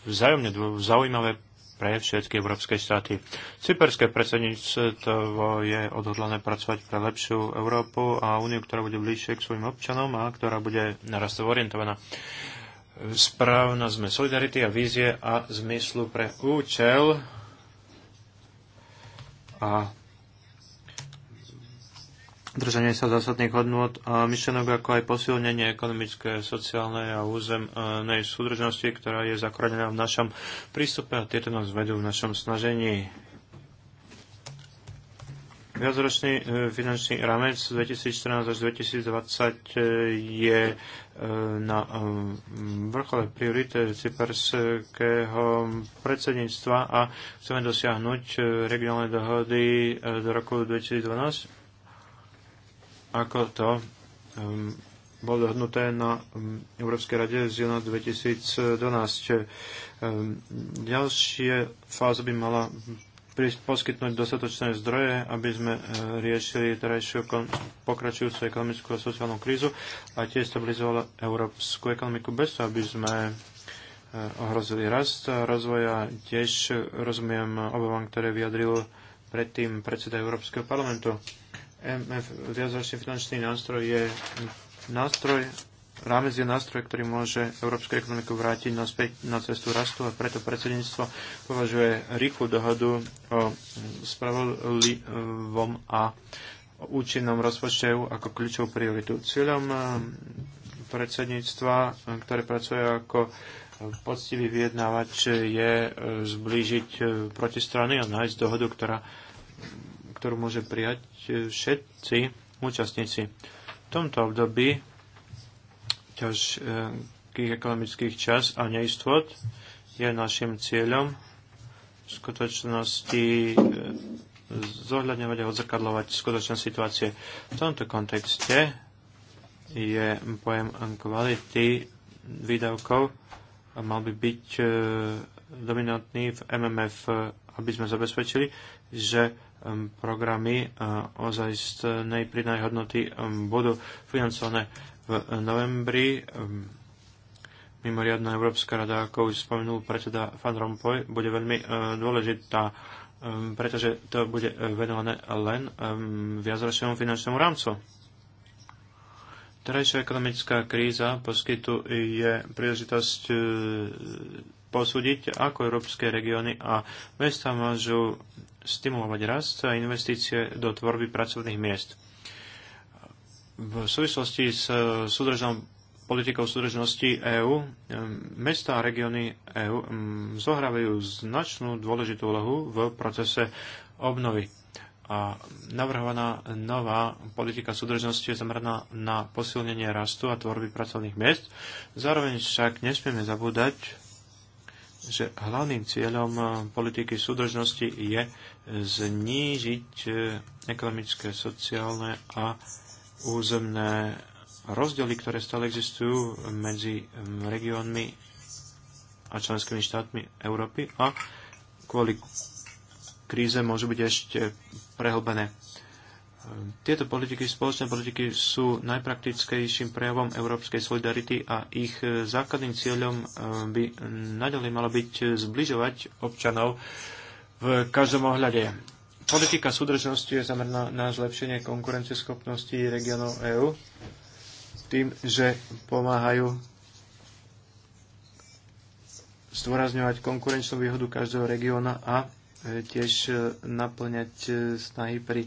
Speaker 3: vzájomne zaujímavé pre všetky európske štáty. Cyperské predsedníctvo je odhodlané pracovať pre lepšiu Európu a úniu, ktorá bude bližšie k svojim občanom a ktorá bude narastovo orientovaná. Správna sme solidarity a vízie a zmyslu pre účel a držanie sa zásadných hodnôt a myšlenok, ako aj posilnenie ekonomické, sociálnej a územnej súdržnosti, ktorá je zakorenená v našom prístupe a tieto nás vedú v našom snažení. Viacročný e, finančný ramec 2014 až 2020 e, je e, na vrchole priorite cyperského predsedníctva a chceme dosiahnuť regionálne dohody do roku 2012 ako to um, bolo dohodnuté na um, Európskej rade z júna 2012. Um, ďalšie fáza by mala poskytnúť dostatočné zdroje, aby sme uh, riešili terajšiu pokračujúcu ekonomickú a sociálnu krízu a tiež stabilizovala európsku ekonomiku bez toho, aby sme uh, ohrozili rast a rozvoj a tiež rozumiem obavám, ktoré vyjadril predtým predseda Európskeho parlamentu. MF, finančný nástroj je nástroj, rámec je nástroj, ktorý môže európsku ekonomiku vrátiť naspäť na cestu rastu a preto predsedníctvo považuje rýchlu dohodu o spravodlivom a účinnom rozpočte e ako kľúčovú prioritu. Cieľom e, predsedníctva, e, ktoré pracuje ako poctivý vyjednávač, je zblížiť protistrany a nájsť dohodu, ktorá ktorú môže prijať e, všetci účastníci. V tomto období ťažkých e, ekonomických čas a neistot je našim cieľom v skutočnosti e, zohľadňovať a odzrkadľovať skutočné situácie. V tomto kontexte je pojem kvality výdavkov mal by byť dominantný v MMF, aby sme zabezpečili, že Um, programy uh, ozajstnej pridanej hodnoty um, budú financované v novembri. Um, mimoriadná Európska rada, ako už spomenul predseda Van Rompuy, bude veľmi uh, dôležitá, pretože to bude venované len viacročnému finančnému rámcu. Terajšia ekonomická kríza poskytuje príležitosť uh, posúdiť, ako európske regióny a mesta môžu stimulovať rast a investície do tvorby pracovných miest. V súvislosti s súdržnou politikou súdržnosti EÚ, mesta a regióny EÚ zohrávajú značnú dôležitú úlohu v procese obnovy. A navrhovaná nová politika súdržnosti je zameraná na posilnenie rastu a tvorby pracovných miest. Zároveň však nesmieme zabúdať že hlavným cieľom eh, politiky súdržnosti je eh, znížiť eh, ekonomické, sociálne a územné rozdiely, ktoré stále existujú medzi mm, regiónmi a členskými štátmi Európy a kvôli kríze môžu byť ešte prehlbené. Tieto politiky, spoločné politiky sú najpraktickejším prejavom európskej solidarity a ich e, základným cieľom e, by naďalej malo byť zbližovať občanov v každom ohľade. Politika súdržnosti je zameraná na zlepšenie konkurencieschopnosti regionov EÚ tým, že pomáhajú zdôrazňovať konkurenčnú výhodu každého regióna a e, tiež naplňať snahy pri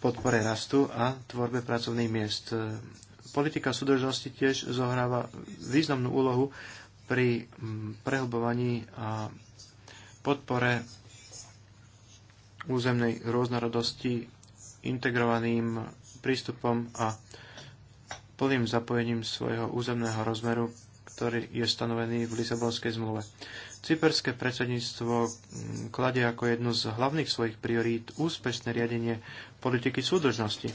Speaker 3: podpore rastu a tvorbe pracovných miest. Politika súdržnosti tiež zohráva významnú úlohu pri mm, prehlbovaní a podpore územnej rôznorodosti integrovaným prístupom a plným zapojením svojho územného rozmeru, ktorý je stanovený v Lisabonskej zmluve. Cyperské predsedníctvo kladie ako jednu z hlavných svojich priorít úspešné riadenie politiky súdržnosti.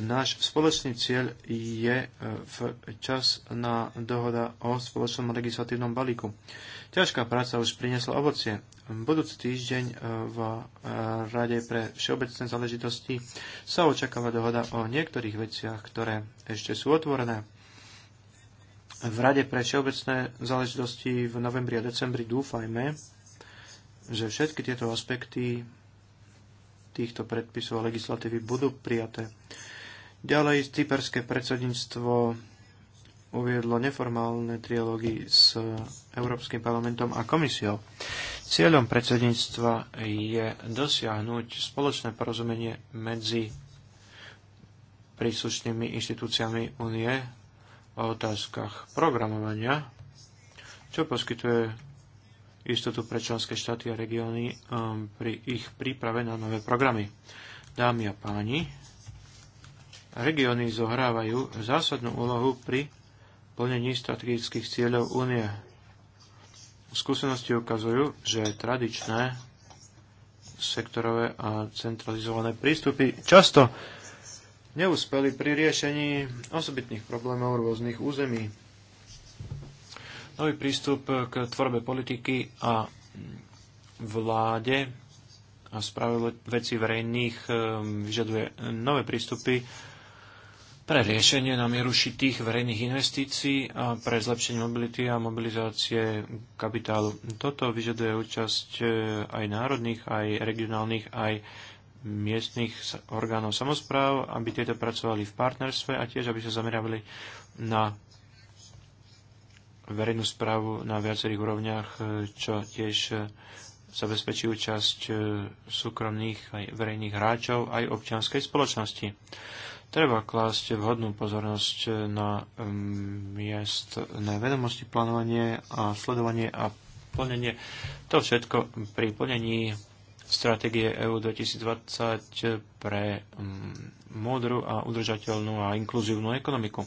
Speaker 3: Náš spoločný cieľ je e, čas na dohoda o spoločnom legislatívnom balíku. Ťažká práca už priniesla ovocie. Budúci týždeň e, v e, Rade pre všeobecné záležitosti sa očakáva dohoda o niektorých veciach, ktoré ešte sú otvorené v Rade pre všeobecné záležitosti v novembri a decembri dúfajme, že všetky tieto aspekty týchto predpisov a legislatívy budú prijaté. Ďalej cyperské predsedníctvo uviedlo neformálne trialógy s Európskym parlamentom a komisiou. Cieľom predsedníctva je dosiahnuť spoločné porozumenie medzi príslušnými inštitúciami únie o otázkach programovania, čo poskytuje istotu pre členské štáty a regióny um, pri ich príprave na nové programy. Dámy a páni, regióny zohrávajú zásadnú úlohu pri plnení strategických cieľov únie. Skúsenosti ukazujú, že tradičné sektorové a centralizované prístupy často neúspeli pri riešení osobitných problémov rôznych území. Nový prístup k tvorbe politiky a vláde a správe veci verejných eh, vyžaduje nové prístupy pre riešenie na mieru šitých verejných investícií a pre zlepšenie mobility a mobilizácie kapitálu. Toto vyžaduje účasť eh, aj národných, aj regionálnych, aj miestnych orgánov samozpráv, aby tieto pracovali v partnerstve a tiež, aby sa zamerali na verejnú správu na viacerých úrovniach, e, čo tiež e, zabezpečí účasť e, súkromných aj verejných hráčov aj občianskej spoločnosti. Treba klásť vhodnú pozornosť na miest, na vedomosti, plánovanie a sledovanie a plnenie. To všetko pri plnení stratégie EU 2020 pre mm, modrú a udržateľnú a inkluzívnu ekonomiku.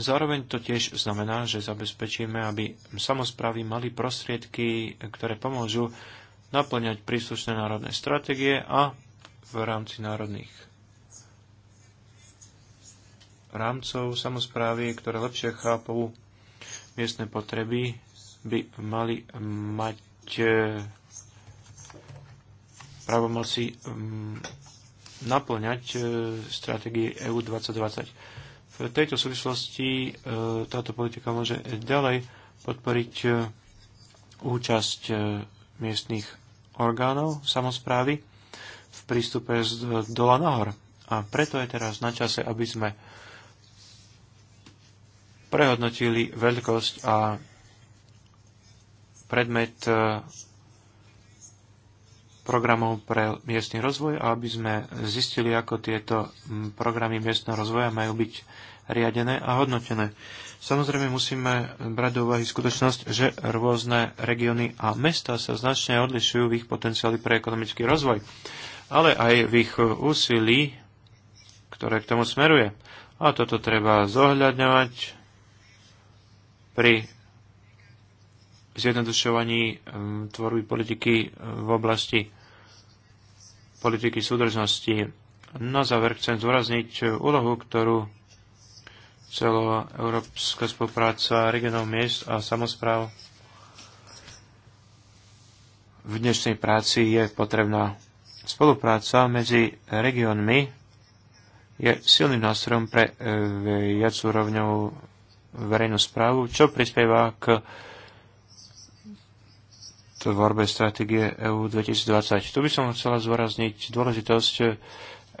Speaker 3: Zároveň to tiež znamená, že zabezpečíme, aby samozprávy mali prostriedky, ktoré pomôžu naplňať príslušné národné stratégie a v rámci národných rámcov samozprávy, ktoré lepšie chápu miestne potreby, by mali mať eh, právomoci mm, naplňať e, stratégie EU 2020. V tejto súvislosti e, táto politika môže ďalej podporiť e, účasť miestných orgánov samozprávy v prístupe z dola nahor. A preto je teraz na čase, aby sme prehodnotili veľkosť a predmet programov pre miestny rozvoj a aby sme zistili, ako tieto programy miestneho rozvoja majú byť riadené a hodnotené. Samozrejme musíme brať do úvahy skutočnosť, že rôzne regióny a mesta sa značne odlišujú v ich potenciáli pre ekonomický rozvoj, ale aj v ich úsilí, ktoré k tomu smeruje. A toto treba zohľadňovať pri zjednodušovaní ehm, tvorby politiky ehm, v oblasti politiky súdržnosti. Na záver chcem zdôrazniť eh, úlohu, ktorú európska spolupráca regionov miest a samozpráv v dnešnej práci je potrebná. Spolupráca medzi regiónmi je silným nástrojom pre eh, viacúrovňovú verejnú správu, čo prispieva k tvorbe stratégie EU 2020. Tu by som chcela zvorazniť dôležitosť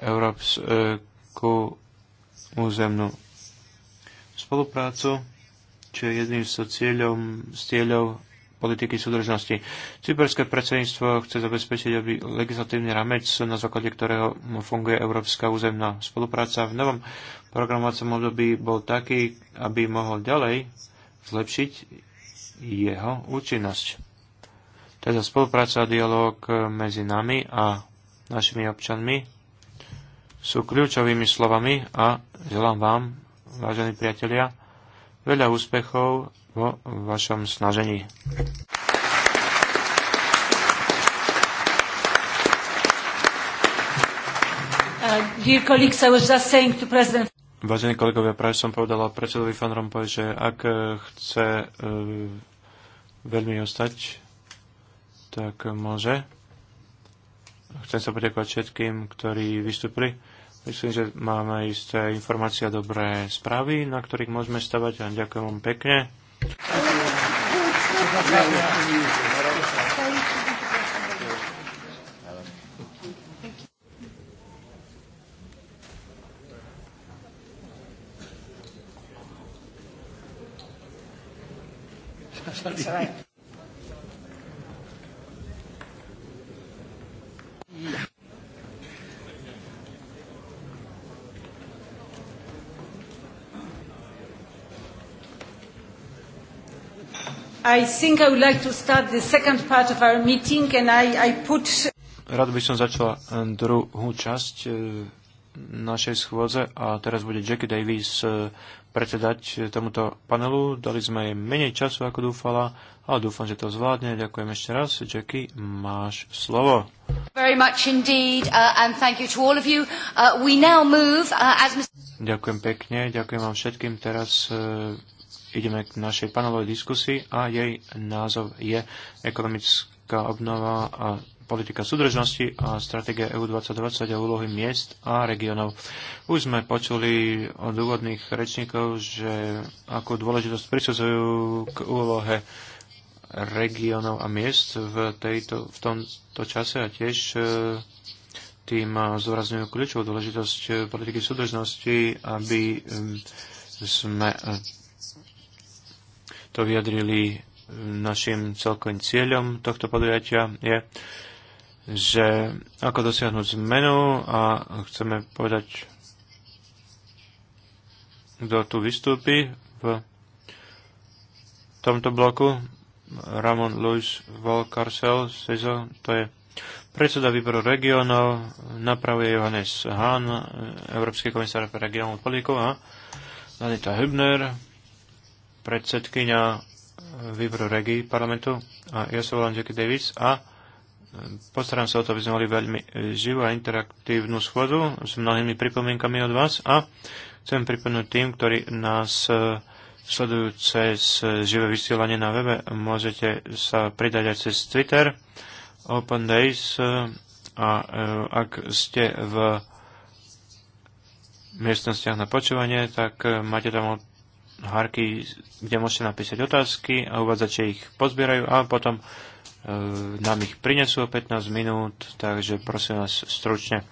Speaker 3: európsku územnú spoluprácu, čo je jedným z cieľom, z cieľov politiky súdržnosti. Cyperské predsedníctvo chce zabezpečiť, aby legislatívny ramec, na základe ktorého funguje Európska územná spolupráca v novom programovacom období, bol taký, aby mohol ďalej zlepšiť jeho účinnosť. Teda spolupráca a dialog eh, medzi nami a našimi občanmi sú kľúčovými slovami a želám vám, vážení priatelia, veľa úspechov vo vašom snažení.
Speaker 1: Uh,
Speaker 3: vážení kolegovia, práve som povedala predsedovi Fan Rompuy, že ak eh, chce eh, veľmi ostať tak môže. Chcem sa poďakovať všetkým, ktorí vystúpili. Myslím, že máme isté informácie a dobré správy, na ktorých môžeme stavať. A ďakujem vám pekne.
Speaker 2: That's right.
Speaker 3: Rád by som začala eh, druhú časť eh, našej schôdze a teraz bude Jackie Davis eh, predsedať tomuto panelu. Dali sme jej menej času, ako dúfala, ale dúfam, že to zvládne. Ďakujem ešte raz. Jackie, máš slovo.
Speaker 2: Uh, uh, uh,
Speaker 3: ďakujem pekne, ďakujem vám všetkým. Teraz uh, ideme k našej panelovej diskusii a jej názov je ekonomická obnova a politika súdržnosti a stratégia EU 2020 a úlohy miest a regionov. Už sme počuli od úvodných rečníkov, že ako dôležitosť prisudzujú k úlohe regionov a miest v, tejto, v tomto čase a tiež e, tým zdôrazňujú kľúčovú dôležitosť politiky súdržnosti, aby e, sme to vyjadrili, našim celkovým cieľom tohto podujatia je, že ako dosiahnuť zmenu a chceme povedať, kto tu vystúpi v tomto bloku. Ramon Luis Volkarsel, SEZO, to je predseda výboru regionov, napravuje Johannes Hahn, Európsky komisár pre regionálnu politiku a Anita Hübner, predsedkynia eh, výboru regí parlamentu a ja sa volám Jackie Davis a eh, postaram sa o to, aby sme mali veľmi eh, živú a interaktívnu schôdzu s mnohými pripomienkami od vás a chcem pripomenúť tým, ktorí nás sledujú cez živé vysielanie na webe, môžete sa pridať aj cez Twitter, Open Days a ak ste v miestnostiach na počúvanie, tak máte tam hárky, kde môžete napísať otázky a uvádzať, že ich pozbierajú a potom e, nám ich prinesú o 15 minút, takže prosím vás stručne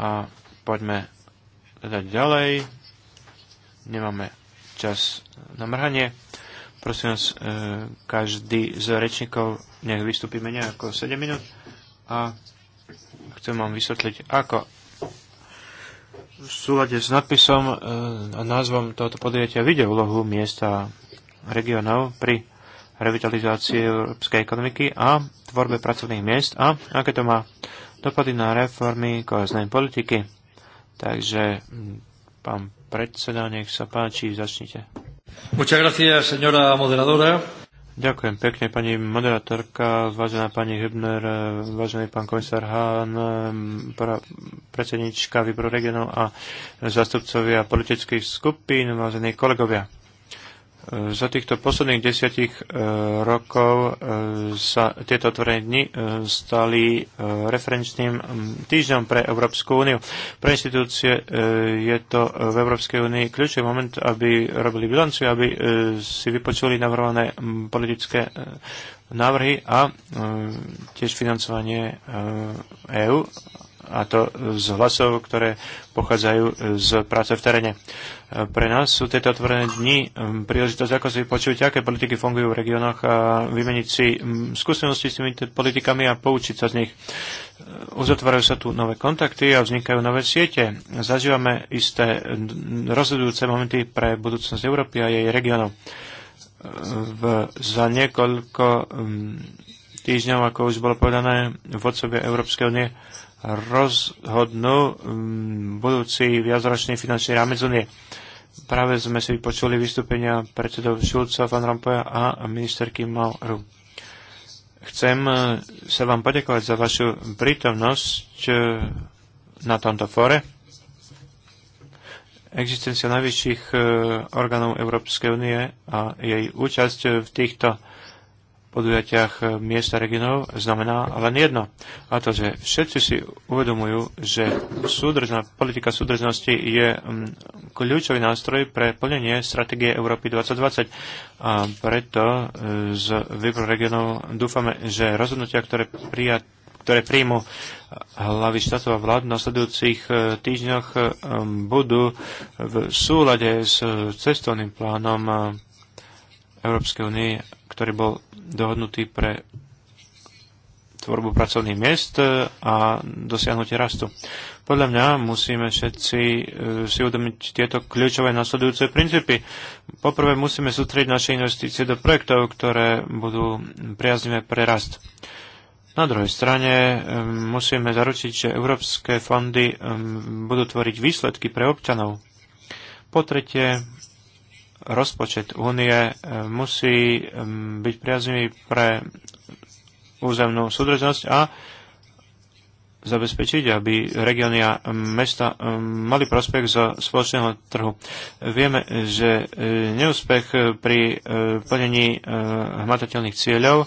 Speaker 3: a poďme teda ďalej. Nemáme čas na mrhanie. Prosím vás, e, každý z rečníkov nech vystúpi menej ako 7 minút a chcem vám vysvetliť, ako v súlade s nadpisom e, a názvom tohoto podujatia vidie úlohu miesta regionov pri revitalizácii európskej ekonomiky a tvorbe pracovných miest a aké to má dopady na reformy koheznej politiky. Takže, pán predseda, nech sa páči, začnite. Muchas gracias, señora moderadora. Ďakujem pekne, pani moderátorka, vážená pani Hübner, vážený pán komisár Hahn, predsednička výboru regionov a zastupcovia politických skupín, vážení kolegovia. Za týchto posledných desiatich e, rokov e, sa tieto otvorené dni e, stali referenčným týždňom pre Európsku úniu. Pre inštitúcie je to v Európskej únii kľúčový moment, aby robili bilanciu, aby si vypočuli navrhované politické návrhy a tiež financovanie EÚ a to z hlasov, ktoré pochádzajú z práce v teréne. Pre nás sú tieto otvorené dni um, príležitosť, ako si počuť, aké politiky fungujú v regiónoch a vymeniť si um, skúsenosti s tými politikami a poučiť sa z nich. Uh, uzatvárajú sa tu nové kontakty a vznikajú nové siete. Zažívame isté rozhodujúce momenty pre budúcnosť Európy a jej regiónov. Za niekoľko um, týždňov, ako už bolo povedané, vodcovia Európskej únie rozhodnú um, budúci viacročný finančný rámec Unie. Práve sme si vypočuli vystúpenia predsedov Šulca, Van Rompuya a ministerky Mauru. Chcem uh, sa vám poďakovať za vašu prítomnosť uh, na tomto fóre. Existencia najvyšších uh, orgánov Európskej únie a jej účasť v týchto podujatiach e, miesta regionov znamená len jedno. A to, že všetci si uvedomujú, že súdržná, politika súdržnosti je mm, kľúčový nástroj pre plnenie stratégie Európy 2020. A preto e, z výboru regionov dúfame, že rozhodnutia, ktoré prijať ktoré príjmu hlavy štátov a vlád v nasledujúcich e, týždňoch budú v súlade s cestovným plánom Európskej únie ktorý bol dohodnutý pre tvorbu pracovných miest e, a dosiahnutie rastu. Podľa mňa musíme všetci e, si uvedomiť tieto kľúčové nasledujúce princípy. Poprvé musíme sústrediť naše investície do projektov, ktoré budú priaznivé pre rast. Na druhej strane e, musíme zaručiť, že európske fondy budú tvoriť výsledky pre občanov. Po tretie, rozpočet únie eh, musí mm, byť priaznivý pre územnú súdržnosť a zabezpečiť, aby regióny a mesta eh, mali prospech zo spoločného trhu. Vieme, že eh, neúspech pri plnení hmatateľných cieľov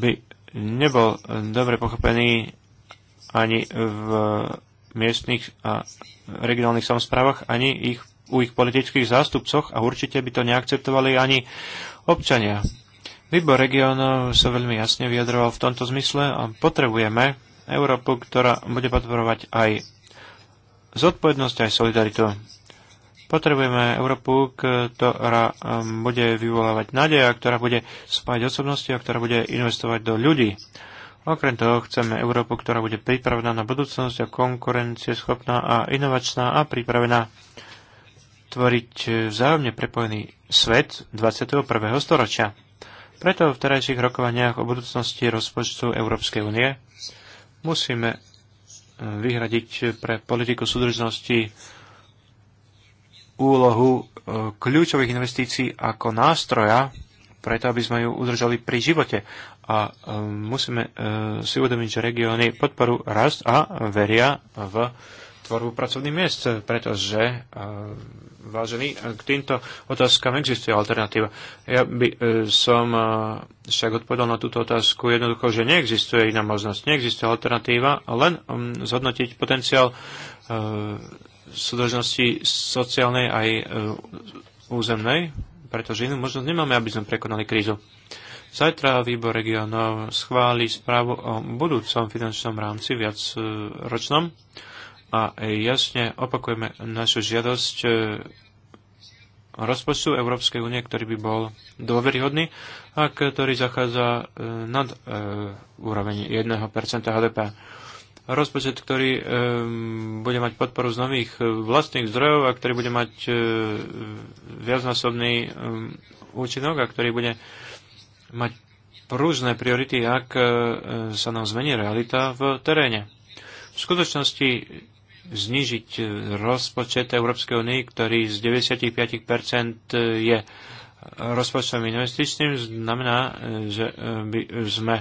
Speaker 3: by nebol dobre pochopený ani v miestnych a regionálnych samozprávach, ani ich u ich politických zástupcoch a určite by to neakceptovali ani občania. Výbor regionov sa veľmi jasne vyjadroval v tomto zmysle a potrebujeme Európu, ktorá bude podporovať aj zodpovednosť, aj solidaritu. Potrebujeme Európu, ktorá um, bude vyvolávať nádej a ktorá bude spájať osobnosti a ktorá bude investovať do ľudí. Okrem toho chceme Európu, ktorá bude pripravená na budúcnosť a konkurencieschopná a inovačná a pripravená vytvoriť e, vzájomne prepojený svet 21. storočia. Preto v terajších rokovaniach o budúcnosti rozpočtu Európskej únie musíme e, vyhradiť pre politiku súdržnosti úlohu e, kľúčových investícií ako nástroja, preto aby sme ju udržali pri živote. A musíme si uvedomiť, že regióny podporu rast a veria v tvorbu pracovných miest, pretože, e, vážený, e, k týmto otázkam existuje alternatíva. Ja by e, som však odpovedal na túto otázku jednoducho, že neexistuje iná možnosť, neexistuje alternatíva, len zhodnotiť potenciál súdržnosti sociálnej aj územnej, pretože inú možnosť nemáme, aby sme prekonali krízu. Zajtra výbor regionov schváli správu o budúcom finančnom rámci viacročnom a e, jasne opakujeme našu žiadosť e, rozpočtu Európskej únie, ktorý by bol dôveryhodný a ktorý zachádza e, nad úroveň 1% HDP rozpočet, ktorý bude mať podporu z nových vlastných zdrojov a ktorý bude mať viacnásobný účinok a ktorý bude mať prúžne priority, ak sa nám zmení realita v teréne. V skutočnosti znižiť eh, rozpočet Európskej únie, ktorý z 95% eh, je rozpočtom investičným, znamená, eh, že by sme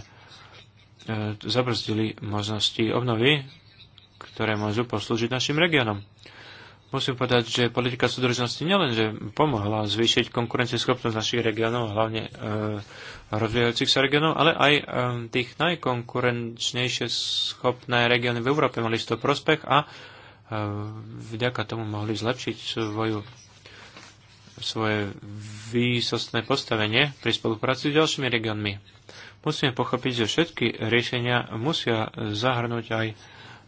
Speaker 3: zabrzdili možnosti obnovy, ktoré môžu poslúžiť našim regiónom. Musím povedať, že politika súdržnosti nielen, že pomohla zvýšiť konkurencieschopnosť našich regiónov, hlavne e, rozvíjajúcich sa regiónov, ale aj e, tých najkonkurenčnejšie schopné regióny v Európe mali z toho prospech a e, vďaka tomu mohli zlepšiť svoju, svoje výsostné postavenie pri spolupráci s ďalšími regiónmi. Musíme pochopiť, že všetky riešenia musia zahrnúť aj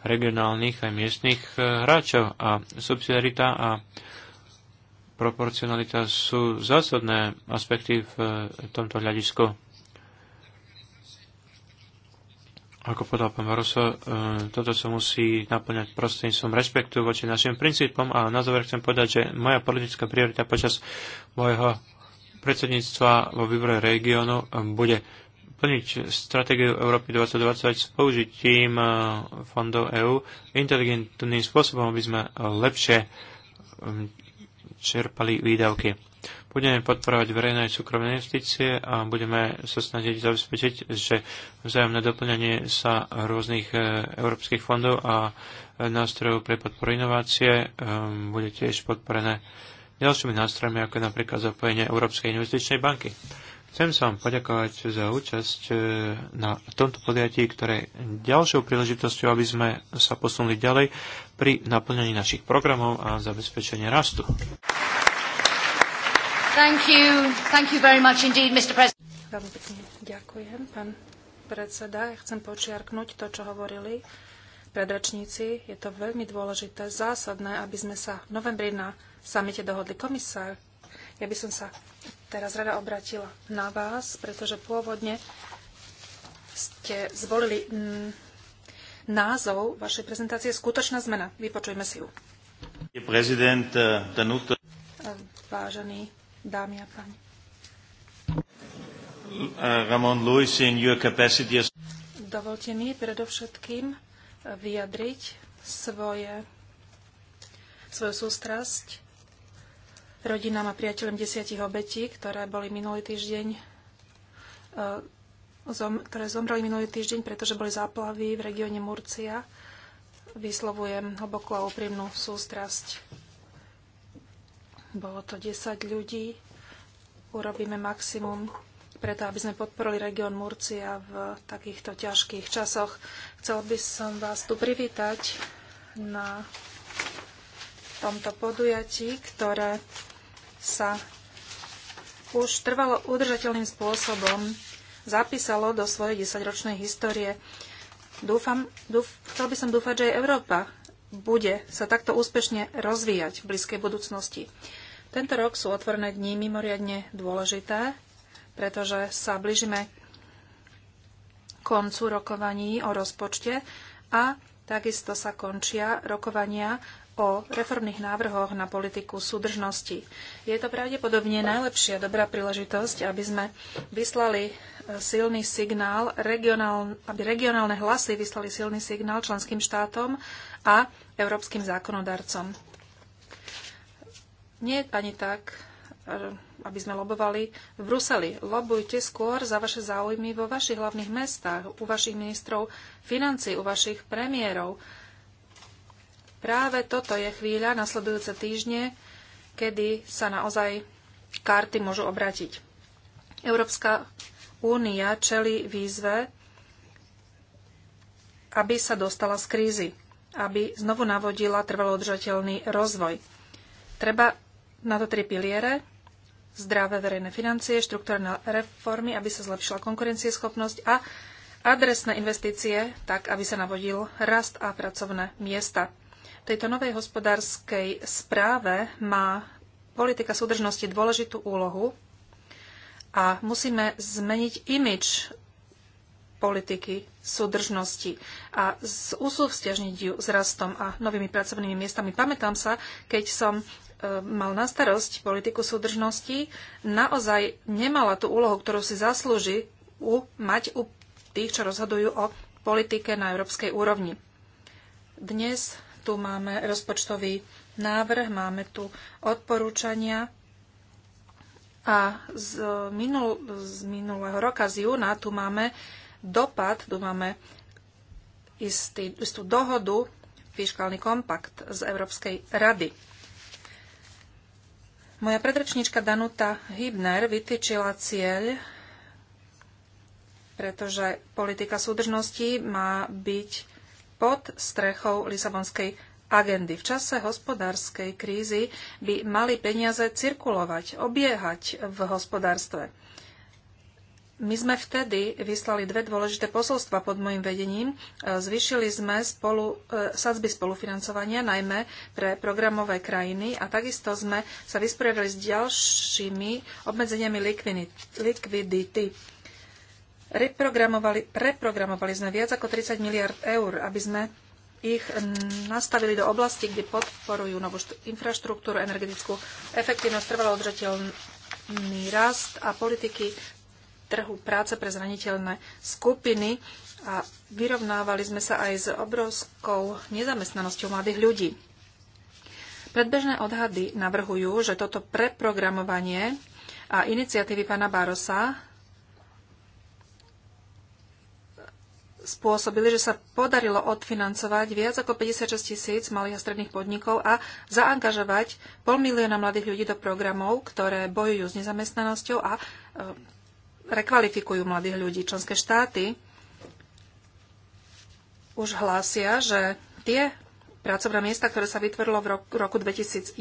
Speaker 3: regionálnych aj miestnych e, hráčov a subsidiarita a proporcionalita sú zásadné aspekty v e, tomto hľadisku. ako povedal pán Baroso, e, toto sa musí naplňať prostredníctvom rešpektu voči našim princípom a na záver chcem povedať, že moja politická priorita počas môjho predsedníctva vo výbore regiónu e, bude plniť stratégiu Európy 2020 s použitím e, fondov EÚ inteligentným spôsobom, aby sme lepšie čerpali výdavky. Budeme podporovať verejné aj súkromné investície a budeme sa snažiť zabezpečiť, že vzájomné doplňanie sa rôznych e, európskych fondov a e, nástrojov pre podporu inovácie e, bude tiež podporené ďalšími nástrojmi, ako napríklad zapojenie Európskej investičnej banky. Chcem sa vám poďakovať za účasť na tomto podiatí, ktoré ďalšou príležitosťou, aby sme sa posunuli ďalej pri naplňaní našich programov a zabezpečení rastu.
Speaker 1: Veľmi pekne ďakujem, pán predseda. Ja chcem počiarknúť to, čo hovorili predrečníci. Je to veľmi dôležité, zásadné, aby sme sa v novembri na samite dohodli. Komisár, ja by som sa teraz rada obratila na vás, pretože pôvodne ste zvolili mm, názov vašej prezentácie Skutočná zmena. Vypočujme si ju. Eh, Vážený dámy a páni.
Speaker 3: Ramon in your capacity as...
Speaker 1: Dovolte mi predovšetkým vyjadriť svoje, svoju sústrasť rodinám a priateľom desiatich obetí, ktoré boli minulý týždeň e, ktoré zomreli minulý týždeň, pretože boli záplavy v regióne Murcia. Vyslovujem hlbokú a úprimnú sústrasť bolo to 10 ľudí. Urobíme maximum preto, aby sme podporili región Murcia v takýchto ťažkých časoch. Chcel by som vás tu privítať na tomto podujatí, ktoré sa už trvalo udržateľným spôsobom zapísalo do svojej desaťročnej histórie. Dúfam, dúf, chcel by som dúfať, že aj Európa bude sa takto úspešne rozvíjať v blízkej budúcnosti. Tento rok sú otvorené dni mimoriadne dôležité, pretože sa blížime koncu rokovaní o rozpočte a takisto sa končia rokovania o reformných návrhoch na politiku súdržnosti. Je to pravdepodobne najlepšia dobrá príležitosť, aby sme vyslali e, silný signál, regionál, aby regionálne hlasy vyslali silný signál členským štátom a európskym zákonodarcom. Nie ani tak, eh, aby sme lobovali v Bruseli. Lobujte skôr za vaše záujmy vo vašich hlavných mestách, u vašich ministrov financí, u vašich premiérov. Práve toto je chvíľa, nasledujúce týždne, kedy sa naozaj karty môžu obrátiť. Európska únia čeli výzve, aby sa dostala z krízy aby znovu navodila trvalo udržateľný rozvoj. Treba na to tri piliere, zdravé verejné financie, štruktúrne reformy, aby sa zlepšila konkurencieschopnosť a adresné investície, tak aby sa navodil rast a pracovné miesta. V tejto novej hospodárskej správe má politika súdržnosti dôležitú úlohu a musíme zmeniť imič politiky súdržnosti a usúvzťažniť ju s rastom a novými pracovnými miestami. Pamätám sa, keď som e, mal na starosť politiku súdržnosti, naozaj nemala tú úlohu, ktorú si zaslúži u, mať u tých, čo rozhodujú o politike na európskej úrovni. Dnes tu máme rozpočtový návrh, máme tu odporúčania a z, minul, z minulého roka, z júna, tu máme dopad. Tu máme istý, istú dohodu, fiskálny kompakt z Európskej rady. Moja predrečníčka Danuta Hibner vytýčila cieľ, pretože politika súdržnosti má byť pod strechou Lisabonskej agendy. V čase hospodárskej krízy by mali peniaze cirkulovať, obiehať v hospodárstve. My sme vtedy vyslali dve dôležité posolstva pod môjim vedením. E, Zvyšili sme spolu, e, sadzby spolufinancovania, najmä pre programové krajiny a takisto sme sa vysporiadali s ďalšími obmedzeniami likvidity. Reprogramovali, reprogramovali sme viac ako 30 miliard eur, aby sme ich nastavili do oblasti, kde podporujú novú infraštruktúru, energetickú efektívnosť, trvalo udržateľný rast a politiky trhu práce pre zraniteľné skupiny a vyrovnávali sme sa aj s obrovskou nezamestnanosťou mladých ľudí. Predbežné odhady navrhujú, že toto preprogramovanie a iniciatívy pána Barosa spôsobili, že sa podarilo odfinancovať viac ako 56 tisíc malých a stredných podnikov a zaangažovať pol milióna mladých ľudí do programov, ktoré bojujú s nezamestnanosťou a e, rekvalifikujú mladých ľudí. Členské štáty už hlásia, že tie pracovné miesta, ktoré sa vytvorilo v roku 2011,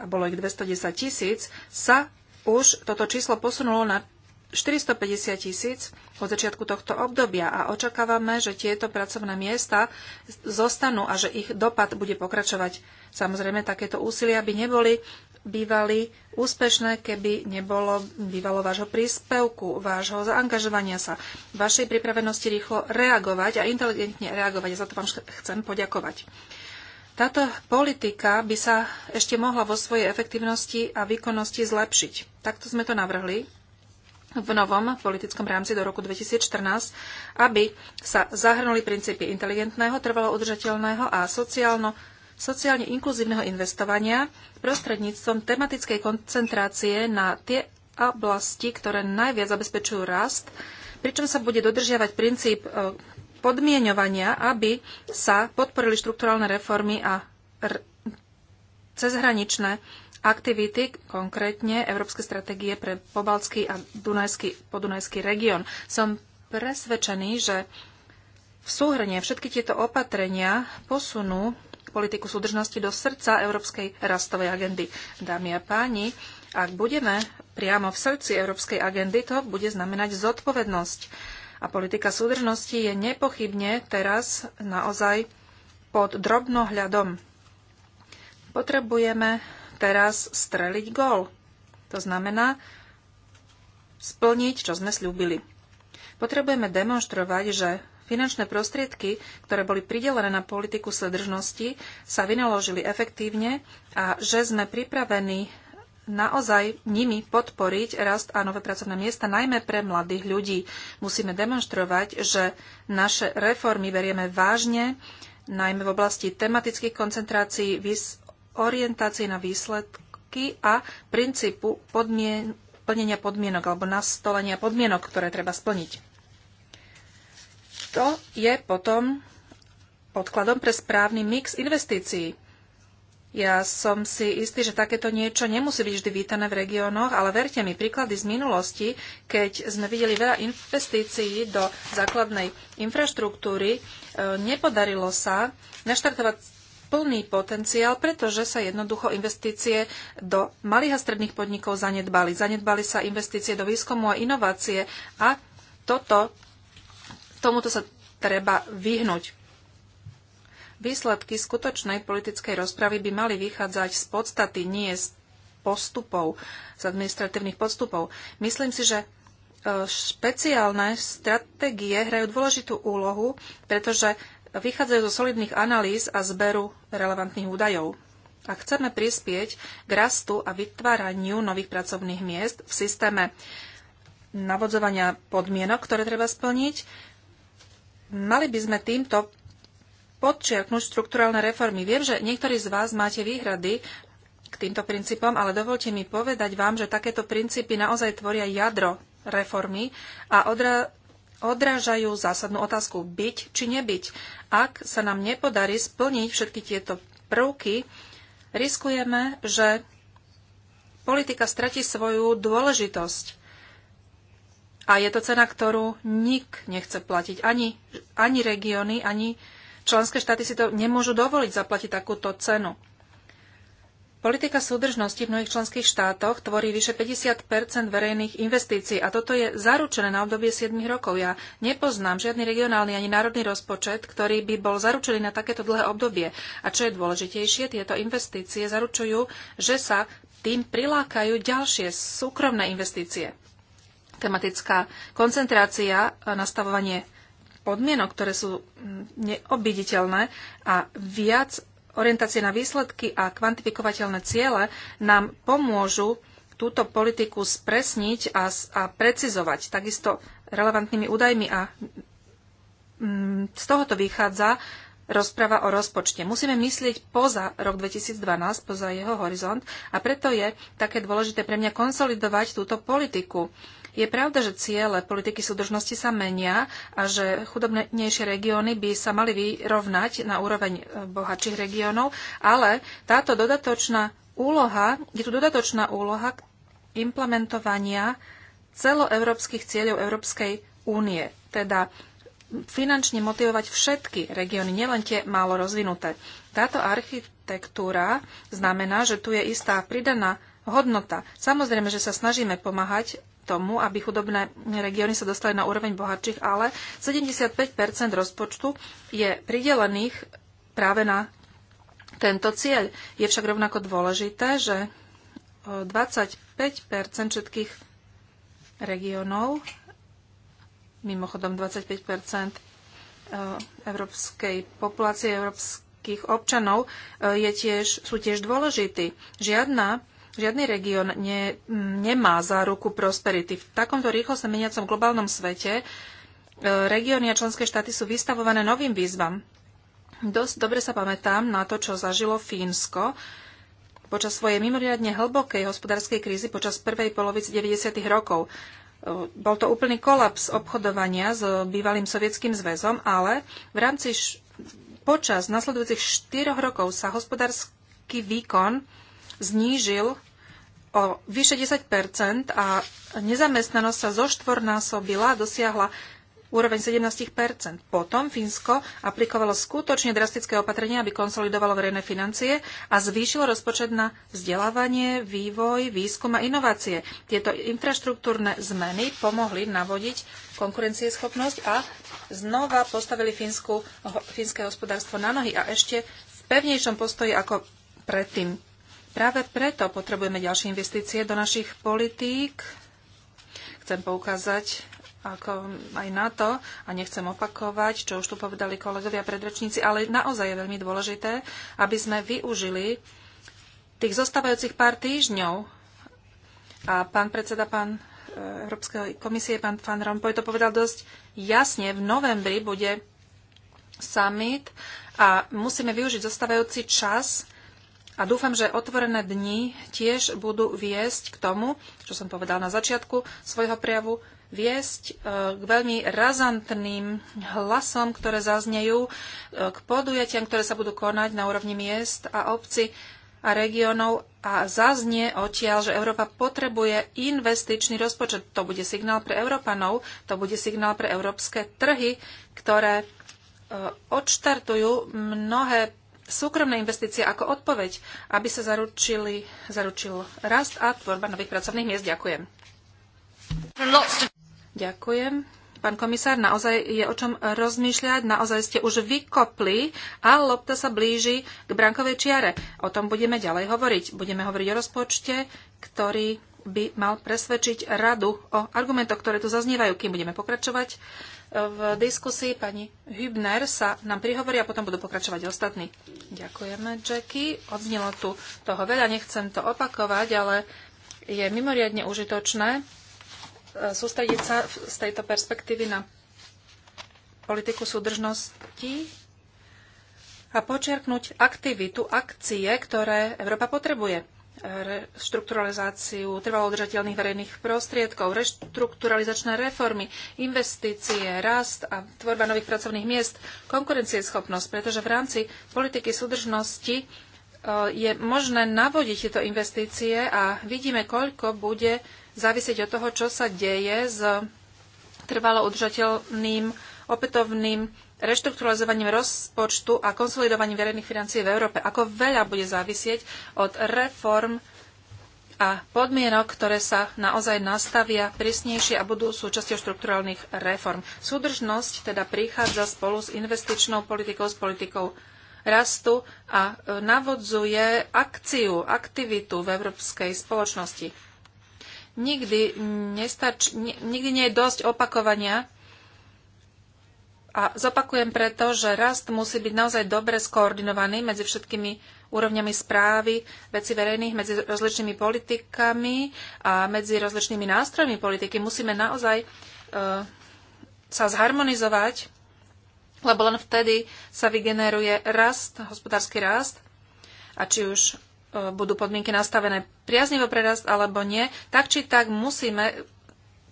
Speaker 1: a bolo ich 210 tisíc, sa už toto číslo posunulo na 450 tisíc od začiatku tohto obdobia a očakávame, že tieto pracovné miesta zostanú a že ich dopad bude pokračovať. Samozrejme, takéto úsilia by neboli bývali úspešné, keby nebolo bývalo vášho príspevku, vášho zaangažovania sa, vašej pripravenosti rýchlo reagovať a inteligentne reagovať. Ja za to vám chcem poďakovať. Táto politika by sa ešte mohla vo svojej efektívnosti a výkonnosti zlepšiť. Takto sme to navrhli v novom politickom rámci do roku 2014, aby sa zahrnuli princípy inteligentného, trvalo udržateľného a sociálno sociálne inkluzívneho investovania prostredníctvom tematickej koncentrácie na tie oblasti, ktoré najviac zabezpečujú rast, pričom sa bude dodržiavať princíp e, podmienovania, aby sa podporili štrukturálne reformy a cezhraničné aktivity, konkrétne Európske stratégie pre Pobalský a Dunajský, Podunajský región. Som presvedčený, že v súhrne všetky tieto opatrenia posunú politiku súdržnosti do srdca Európskej rastovej agendy. Dámy a páni, ak budeme priamo v srdci Európskej agendy, to bude znamenať zodpovednosť. A politika súdržnosti je nepochybne teraz naozaj pod drobnohľadom. Potrebujeme teraz streliť gól. To znamená splniť, čo sme slúbili. Potrebujeme demonstrovať, že Finančné prostriedky, ktoré boli pridelené na politiku súdržnosti, sa vynaložili efektívne a že sme pripravení naozaj nimi podporiť rast a nové pracovné miesta, najmä pre mladých ľudí. Musíme demonstrovať, že naše reformy berieme vážne, najmä v oblasti tematických koncentrácií, orientácií na výsledky a princípu podmien- plnenia podmienok alebo nastolenia podmienok, ktoré treba splniť. To je potom podkladom pre správny mix investícií. Ja som si istý, že takéto niečo nemusí byť vždy vítané v regiónoch, ale verte mi, príklady z minulosti, keď sme videli veľa investícií do základnej infraštruktúry, e, nepodarilo sa naštartovať plný potenciál, pretože sa jednoducho investície do malých a stredných podnikov zanedbali. Zanedbali sa investície do výskumu a inovácie a toto tomuto sa treba vyhnúť. Výsledky skutočnej politickej rozpravy by mali vychádzať z podstaty, nie z postupov, z administratívnych postupov. Myslím si, že e, špeciálne stratégie hrajú dôležitú úlohu, pretože vychádzajú zo solidných analýz a zberu relevantných údajov. A chceme prispieť k rastu a vytváraniu nových pracovných miest v systéme navodzovania podmienok, ktoré treba splniť, mali by sme týmto podčiarknúť štruktúralne reformy. Viem, že niektorí z vás máte výhrady k týmto princípom, ale dovolte mi povedať vám, že takéto princípy naozaj tvoria jadro reformy a odra- odrážajú zásadnú otázku byť či nebyť. Ak sa nám nepodarí splniť všetky tieto prvky, riskujeme, že politika stratí svoju dôležitosť a je to cena, ktorú nik nechce platiť. Ani, ani regióny, ani členské štáty si to nemôžu dovoliť zaplatiť takúto cenu. Politika súdržnosti v mnohých členských štátoch tvorí vyše 50 verejných investícií a toto je zaručené na obdobie 7 rokov. Ja nepoznám žiadny regionálny ani národný rozpočet, ktorý by bol zaručený na takéto dlhé obdobie. A čo je dôležitejšie, tieto investície zaručujú, že sa tým prilákajú ďalšie súkromné investície tematická koncentrácia a nastavovanie podmienok, ktoré sú neobiditeľné a viac orientácie na výsledky a kvantifikovateľné ciele nám pomôžu túto politiku spresniť a, a precizovať takisto relevantnými údajmi a mm, z tohoto vychádza rozpráva o rozpočte. Musíme myslieť poza rok 2012, poza jeho horizont a preto je také dôležité pre mňa konsolidovať túto politiku. Je pravda, že ciele politiky súdržnosti sa menia a že chudobnejšie regióny by sa mali vyrovnať na úroveň e, bohatších regiónov, ale táto dodatočná úloha, je tu dodatočná úloha implementovania celoeurópskych cieľov Európskej únie, teda finančne motivovať všetky regióny, nielen tie málo rozvinuté. Táto architektúra znamená, že tu je istá pridaná hodnota. Samozrejme, že sa snažíme pomáhať tomu, aby chudobné regióny sa dostali na úroveň bohatších, ale 75 rozpočtu je pridelených práve na tento cieľ. Je však rovnako dôležité, že 25 e, všetkých regiónov, mimochodom 25 e, európskej populácie, európskych občanov e, je tiež, sú tiež dôležití. Žiadna Žiadny región ne, nemá záruku prosperity. V takomto rýchlo sa meniacom globálnom svete e, regióny a členské štáty sú vystavované novým výzvam. Dosť dobre sa pamätám na to, čo zažilo Fínsko počas svojej mimoriadne hlbokej hospodárskej krízy počas prvej polovice 90. rokov. E, bol to úplný kolaps obchodovania s bývalým sovietským zväzom, ale v rámci š- počas nasledujúcich 4 rokov sa hospodársky výkon znížil o vyše 10 a nezamestnanosť sa zoštvornásobila a dosiahla úroveň 17 Potom Fínsko aplikovalo skutočne drastické opatrenia, aby konsolidovalo verejné financie a zvýšilo rozpočet na vzdelávanie, vývoj, výskum a inovácie. Tieto infraštruktúrne zmeny pomohli navodiť konkurencieschopnosť a znova postavili Fínsku, fínske hospodárstvo na nohy a ešte v pevnejšom postoji ako predtým. Práve preto potrebujeme ďalšie investície do našich politík. Chcem poukázať ako aj na to, a nechcem opakovať, čo už tu povedali kolegovia predrečníci, ale naozaj je veľmi dôležité, aby sme využili tých zostávajúcich pár týždňov. A pán predseda, pán eh, Európskej komisie, pán Van Rompuy to povedal dosť jasne. V novembri bude summit a musíme využiť zostávajúci čas a dúfam, že otvorené dni tiež budú viesť k tomu, čo som povedal na začiatku svojho prejavu, viesť e, k veľmi razantným hlasom, ktoré zaznejú e, k podujatiam, ktoré sa budú konať na úrovni miest a obci a regiónov a zaznie odtiaľ, že Európa potrebuje investičný rozpočet. To bude signál pre Európanov, to bude signál pre európske trhy, ktoré e, odštartujú mnohé súkromné investície ako odpoveď, aby sa zaručili, zaručil rast a tvorba nových pracovných miest. Ďakujem. Ďakujem. Pán komisár, naozaj je o čom rozmýšľať, naozaj ste už vykopli a lopta sa blíži k brankovej čiare. O tom budeme ďalej hovoriť. Budeme hovoriť o rozpočte, ktorý by mal presvedčiť radu o argumentoch, ktoré tu zaznievajú, kým budeme pokračovať v diskusii. Pani Hübner sa nám prihovorí a potom budú pokračovať ostatní. Ďakujeme, Jackie. Odznelo tu toho veľa, nechcem to opakovať, ale je mimoriadne užitočné e, sústrediť sa z tejto perspektívy na politiku súdržnosti a počiarknúť aktivitu, akcie, ktoré Európa potrebuje reštrukturalizáciu trvalo udržateľných verejných prostriedkov, reštrukturalizačné reformy, investície, rast a tvorba nových pracovných miest, konkurencieschopnosť, pretože v rámci politiky súdržnosti e, je možné navodiť tieto investície a vidíme, koľko bude závisieť od toho, čo sa deje s trvalo udržateľným opätovným reštrukturalizovaním rozpočtu a konsolidovaním verejných financií v Európe. Ako veľa bude závisieť od reform a podmienok, ktoré sa naozaj nastavia prísnejšie a budú súčasťou štrukturálnych reform. Súdržnosť teda prichádza spolu s investičnou politikou, s politikou rastu a e, navodzuje akciu, aktivitu v európskej spoločnosti. Nikdy, nestač, nikdy nie je dosť opakovania a zopakujem preto, že rast musí byť naozaj dobre skoordinovaný medzi všetkými úrovňami správy veci verejných, medzi rozličnými politikami a medzi rozličnými nástrojmi politiky. Musíme naozaj uh, sa zharmonizovať, lebo len vtedy sa vygeneruje rast, hospodársky rast. A či už e, budú podmienky nastavené priaznivo pre rast alebo nie, tak či tak musíme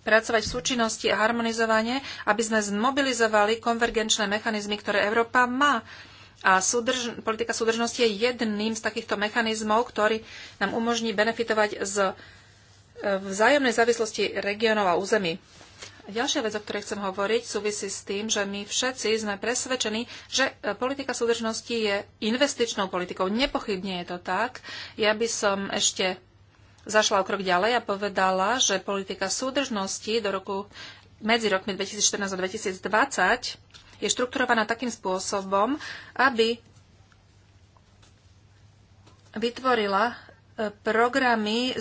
Speaker 1: pracovať v súčinnosti a harmonizovanie, aby sme zmobilizovali konvergenčné mechanizmy, ktoré Európa má. A súdrž- politika súdržnosti je jedným z takýchto mechanizmov, ktorý nám umožní benefitovať z e, vzájomnej závislosti regionov a území. Ďalšia vec, o ktorej chcem hovoriť, súvisí s tým, že my všetci sme presvedčení, že e, politika súdržnosti je investičnou politikou. Nepochybne je to tak. Ja by som ešte zašla o krok ďalej a povedala, že politika súdržnosti do roku, medzi rokmi 2014 a 2020 je štrukturovaná takým spôsobom, aby vytvorila e, programy,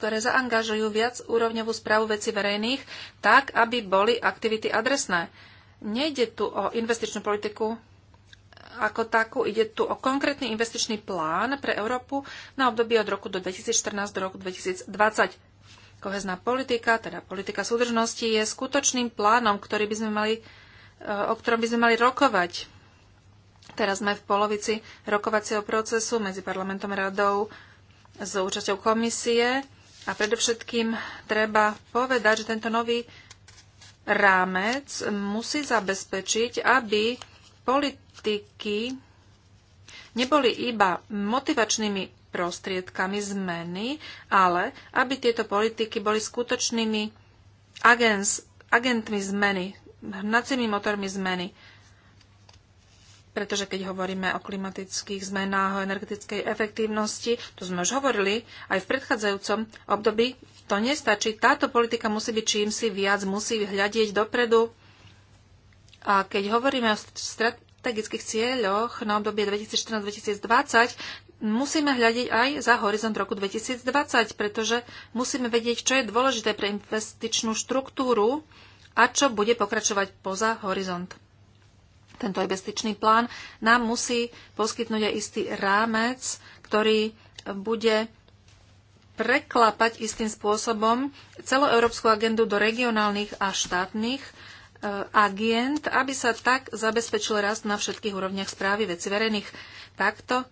Speaker 1: ktoré zaangažujú viac úrovňovú správu veci verejných, tak, aby boli aktivity adresné. Nejde tu o investičnú politiku ako takú. Ide tu o konkrétny investičný plán pre Európu na obdobie od roku do 2014 do roku 2020. Kohezná politika, teda politika súdržnosti, je skutočným plánom, ktorý by sme mali, eh, o ktorom by sme mali rokovať. Teraz sme v polovici rokovacieho procesu medzi parlamentom a radou s účasťou komisie a predovšetkým treba povedať, že tento nový rámec musí zabezpečiť, aby politiky neboli iba motivačnými prostriedkami zmeny, ale aby tieto politiky boli skutočnými agens, agentmi zmeny, hnacími motormi zmeny. Pretože keď hovoríme o klimatických zmenách, o energetickej efektívnosti, to sme už hovorili aj v predchádzajúcom období, to nestačí. Táto politika musí byť si viac, musí hľadiť dopredu, a keď hovoríme o strategických cieľoch na obdobie 2014-2020, musíme hľadiť aj za horizont roku 2020, pretože musíme vedieť, čo je dôležité pre investičnú štruktúru a čo bude pokračovať poza horizont. Tento investičný plán nám musí poskytnúť aj istý rámec, ktorý bude preklapať istým spôsobom celoeurópsku agendu do regionálnych a štátnych Eh, agent, aby sa tak zabezpečil rast na všetkých úrovniach správy veci verejných. Takto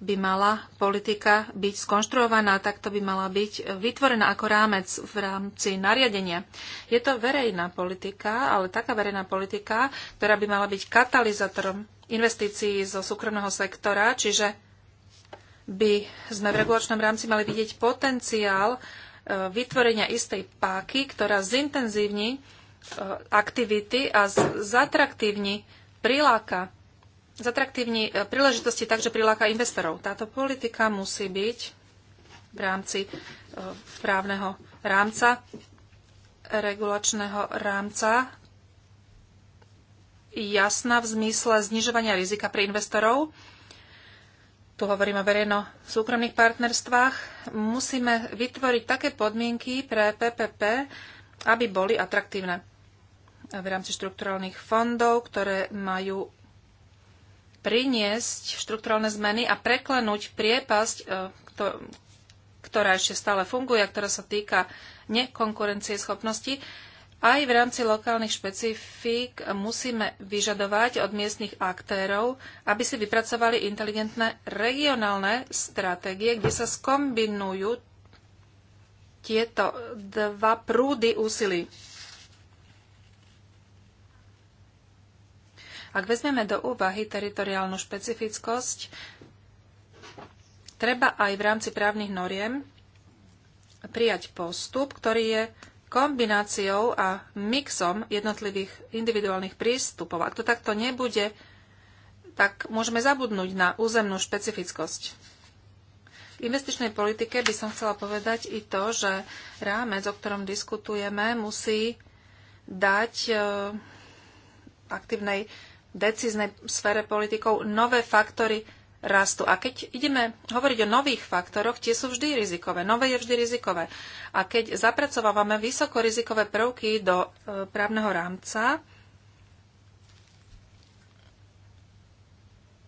Speaker 1: by mala politika byť skonštruovaná, takto by mala byť vytvorená ako rámec v rámci nariadenia. Je to verejná politika, ale taká verejná politika, ktorá by mala byť katalizátorom investícií zo súkromného sektora, čiže by sme v regulačnom rámci mali vidieť potenciál eh, vytvorenia istej páky, ktorá zintenzívni Eh, aktivity a zatraktívni priláka zatraktívni eh, príležitosti tak, že priláka investorov. Táto politika musí byť v rámci eh, právneho rámca, regulačného rámca jasná v zmysle znižovania rizika pre investorov. Tu hovoríme o verejno-súkromných partnerstvách. Musíme vytvoriť také podmienky pre PPP, aby boli atraktívne v rámci štrukturálnych fondov, ktoré majú priniesť štrukturálne zmeny a preklenúť priepasť, e, ktorá ešte stále funguje a ktorá sa týka nekonkurencie schopnosti. Aj v rámci lokálnych špecifík musíme vyžadovať od miestnych aktérov, aby si vypracovali inteligentné regionálne stratégie, kde sa skombinujú tieto dva prúdy úsilí. Ak vezmeme do úvahy teritoriálnu špecifickosť, treba aj v rámci právnych noriem prijať postup, ktorý je kombináciou a mixom jednotlivých individuálnych prístupov. Ak to takto nebude, tak môžeme zabudnúť na územnú špecifickosť. V investičnej politike by som chcela povedať i to, že rámec, o ktorom diskutujeme, musí dať eh, aktívnej decíznej sfére politikov nové faktory rastu. A keď ideme hovoriť o nových faktoroch, tie sú vždy rizikové. Nové je vždy rizikové. A keď zapracovávame vysokorizikové prvky do e, právneho rámca,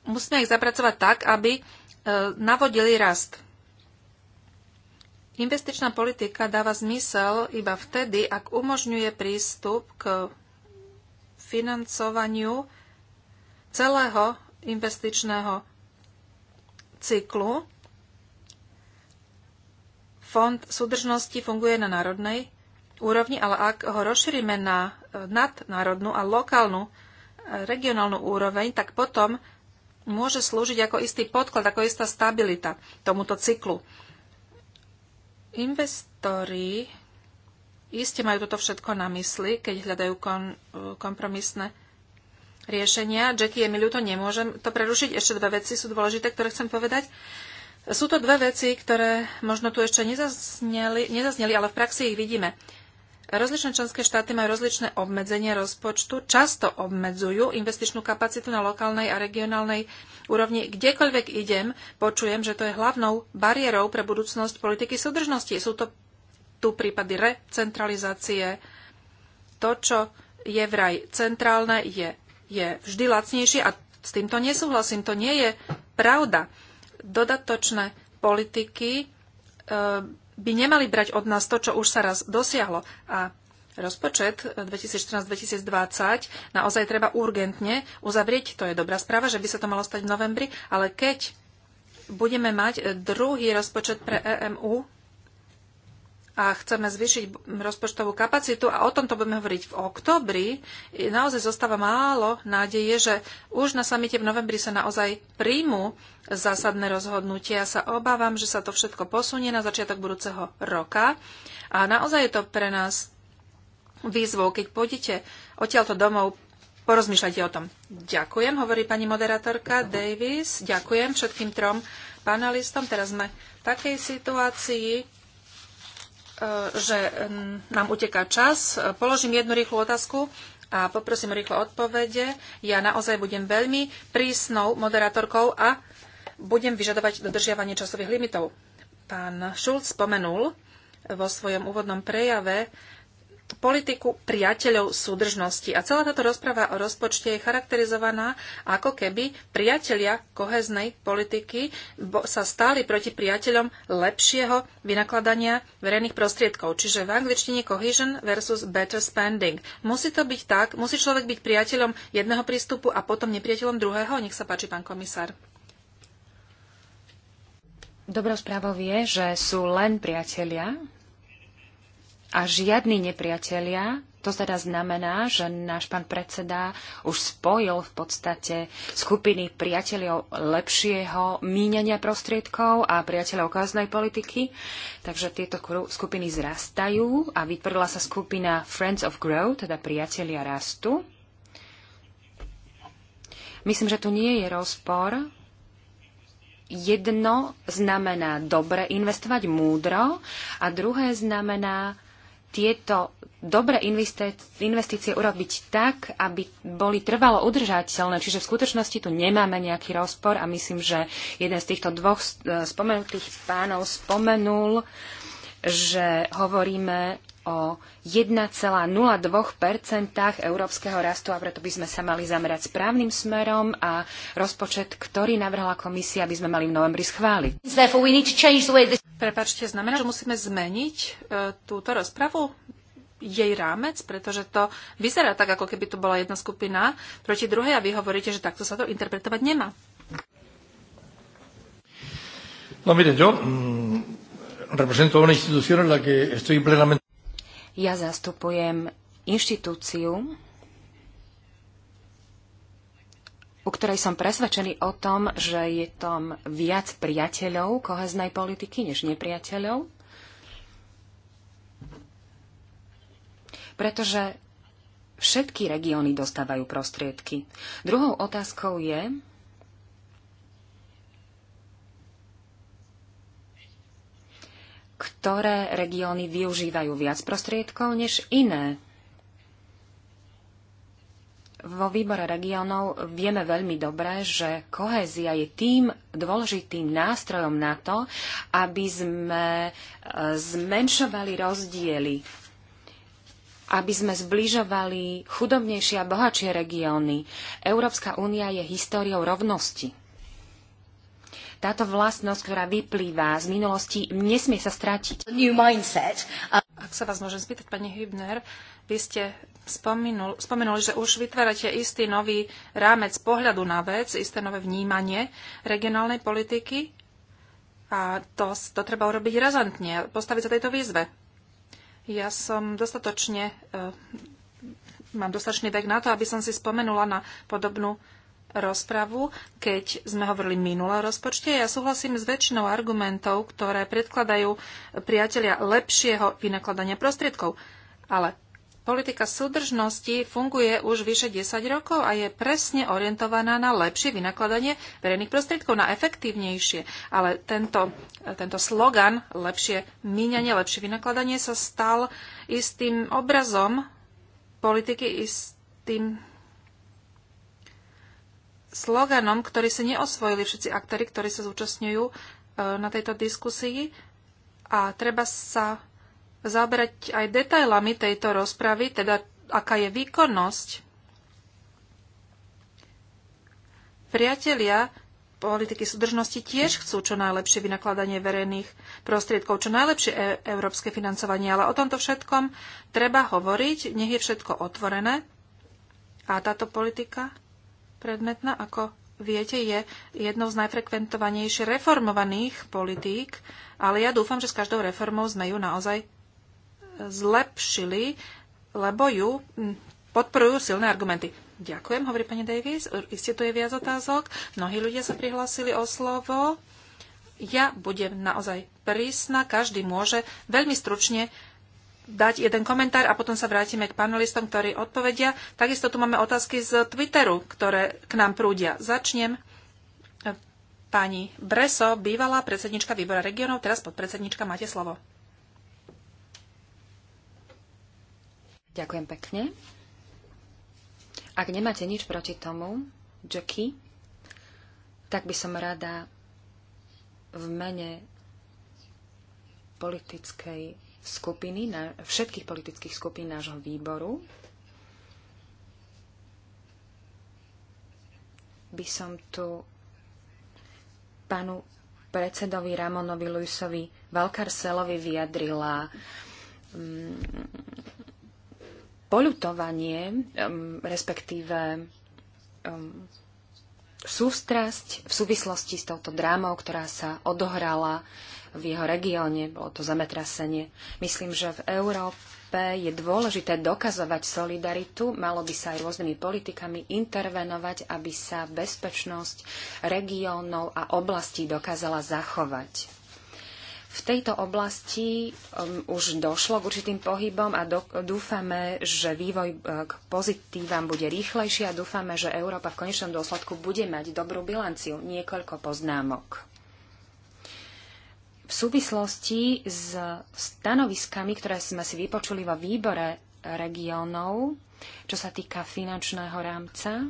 Speaker 1: musíme ich zapracovať tak, aby e, navodili rast. Investičná politika dáva zmysel iba vtedy, ak umožňuje prístup k financovaniu celého investičného cyklu. Fond súdržnosti funguje na národnej úrovni, ale ak ho rozšírime na eh, nadnárodnú a lokálnu eh, regionálnu úroveň, tak potom môže slúžiť ako istý podklad, ako istá stabilita tomuto cyklu. Investori iste majú toto všetko na mysli, keď hľadajú kon, eh, kompromisné riešenia. Jackie, je mi ľúto, nemôžem to prerušiť. Ešte dve veci sú dôležité, ktoré chcem povedať. Sú to dve veci, ktoré možno tu ešte nezazneli, nezazneli ale v praxi ich vidíme. Rozličné členské štáty majú rozličné obmedzenie rozpočtu, často obmedzujú investičnú kapacitu na lokálnej a regionálnej úrovni. Kdekoľvek idem, počujem, že to je hlavnou bariérou pre budúcnosť politiky súdržnosti. Sú to tu prípady recentralizácie. To, čo je vraj centrálne, je je vždy lacnejšie a s týmto nesúhlasím. To nie je pravda. Dodatočné politiky e, by nemali brať od nás to, čo už sa raz dosiahlo. A rozpočet 2014-2020 e, naozaj treba urgentne uzavrieť. To je dobrá správa, že by sa to malo stať v novembri, ale keď budeme mať e, druhý rozpočet pre EMU a chceme zvýšiť rozpočtovú kapacitu a o tomto budeme hovoriť v oktobri, naozaj zostáva málo nádeje, že už na samite v novembri sa naozaj príjmu zásadné rozhodnutia. Ja sa obávam, že sa to všetko posunie na začiatok budúceho roka a naozaj je to pre nás výzvou. Keď pôjdete odtiaľto domov, porozmýšľajte o tom. Ďakujem, hovorí pani moderatorka Davis. Ďakujem všetkým trom panelistom. Teraz sme v takej situácii, E, že e, nám uteká čas. E, položím jednu rýchlu otázku a poprosím rýchlo odpovede. Ja naozaj budem veľmi prísnou moderátorkou a budem vyžadovať dodržiavanie časových limitov. Pán Šulc spomenul vo svojom úvodnom prejave politiku priateľov súdržnosti. A celá táto rozpráva o rozpočte je charakterizovaná, ako keby priatelia koheznej politiky sa stáli proti priateľom lepšieho vynakladania verejných prostriedkov. Čiže v angličtine cohesion versus better spending. Musí to byť tak, musí človek byť priateľom jedného prístupu a potom nepriateľom druhého. Nech sa páči, pán komisár.
Speaker 2: Dobrou správou je, že sú len priatelia a žiadni nepriatelia. To teda znamená, že náš pán predseda už spojil v podstate skupiny priateľov lepšieho míňania prostriedkov a priateľov káznej politiky. Takže tieto skupiny zrastajú a vytvorila sa skupina Friends of Growth, teda priatelia rastu. Myslím, že tu nie je rozpor jedno znamená dobre investovať múdro a druhé znamená tieto dobré investície urobiť tak, aby boli trvalo udržateľné. Čiže v skutočnosti tu nemáme nejaký rozpor a myslím, že jeden z týchto dvoch eh, spomenutých pánov spomenul, že hovoríme o 1,02 európskeho rastu a preto by sme sa mali zamerať správnym smerom a rozpočet, ktorý navrhla komisia, by sme mali v novembri schváliť.
Speaker 1: Prepačte, znamená, že musíme zmeniť e, túto rozpravu, jej rámec, pretože to vyzerá tak, ako keby to bola jedna skupina proti druhej a vy hovoríte, že takto sa to interpretovať nemá. No, mire, yo mm, una la que estoy plenamente...
Speaker 2: Ja zastupujem inštitúciu, u ktorej som presvedčený o tom, že je tam viac priateľov koheznej politiky než nepriateľov. Pretože všetky regióny dostávajú prostriedky. Druhou otázkou je, ktoré regióny využívajú viac prostriedkov než iné vo výbore regiónov vieme veľmi dobre, že kohézia je tým dôležitým nástrojom na to, aby sme e, zmenšovali rozdiely, aby sme zbližovali chudobnejšie a bohatšie regióny. Európska únia je históriou rovnosti. Táto vlastnosť, ktorá vyplýva z minulosti, nesmie sa stratiť.
Speaker 1: Ak sa vás môžem spýtať, pani Hübner, vy ste spomenul, spomenul, že už vytvárate istý nový rámec pohľadu na vec, isté nové vnímanie regionálnej politiky a to, to treba urobiť razantne, postaviť sa tejto výzve. Ja som dostatočne, e, mám dostatočný vek na to, aby som si spomenula na podobnú rozpravu, keď sme hovorili minulé o rozpočte. Ja súhlasím s väčšinou argumentov, ktoré predkladajú priatelia lepšieho vynakladania prostriedkov. Ale politika súdržnosti funguje už vyše 10 rokov a je presne orientovaná na lepšie vynakladanie verejných prostriedkov, na efektívnejšie. Ale tento, tento slogan lepšie míňanie, lepšie vynakladanie sa stal istým obrazom politiky, istým sloganom, ktorý si neosvojili všetci aktéry, ktorí sa zúčastňujú e, na tejto diskusii a treba sa zaoberať aj detailami tejto rozpravy, teda aká je výkonnosť. Priatelia politiky súdržnosti tiež chcú čo najlepšie vynakladanie verejných prostriedkov, čo najlepšie e- európske financovanie, ale o tomto všetkom treba hovoriť, nech je všetko otvorené. A táto politika predmetná, ako viete, je jednou z najfrekventovanejšie reformovaných politík, ale ja dúfam, že s každou reformou sme ju naozaj zlepšili, lebo ju hm, podporujú silné argumenty. Ďakujem, hovorí pani Davis. Isté tu je viac otázok. Mnohí ľudia sa prihlásili o slovo. Ja budem naozaj prísna. Každý môže veľmi stručne dať jeden komentár a potom sa vrátime k panelistom, ktorí odpovedia. Takisto tu máme otázky z Twitteru, ktoré k nám prúdia. Začnem pani Breso, bývalá predsednička výbora regionov, teraz podpredsednička, máte slovo.
Speaker 2: Ďakujem pekne. Ak nemáte nič proti tomu, Jackie, tak by som rada v mene politickej skupiny, na, všetkých politických skupín nášho výboru, by som tu panu predsedovi Ramonovi Luisovi Valkarselovi vyjadrila mm, polutovanie, um, respektíve um, sústrasť v súvislosti s touto drámou, ktorá sa odohrala v jeho regióne, bolo to zametrasenie. Myslím, že v Európe je dôležité dokazovať solidaritu, malo by sa aj rôznymi politikami intervenovať, aby sa bezpečnosť regiónov a oblastí dokázala zachovať. V tejto oblasti um, už došlo k určitým pohybom a do, dúfame, že vývoj uh, k pozitívam bude rýchlejší a dúfame, že Európa v konečnom dôsledku bude mať dobrú bilanciu. Niekoľko poznámok. V súvislosti s stanoviskami, ktoré sme si vypočuli vo výbore regiónov, čo sa týka finančného rámca,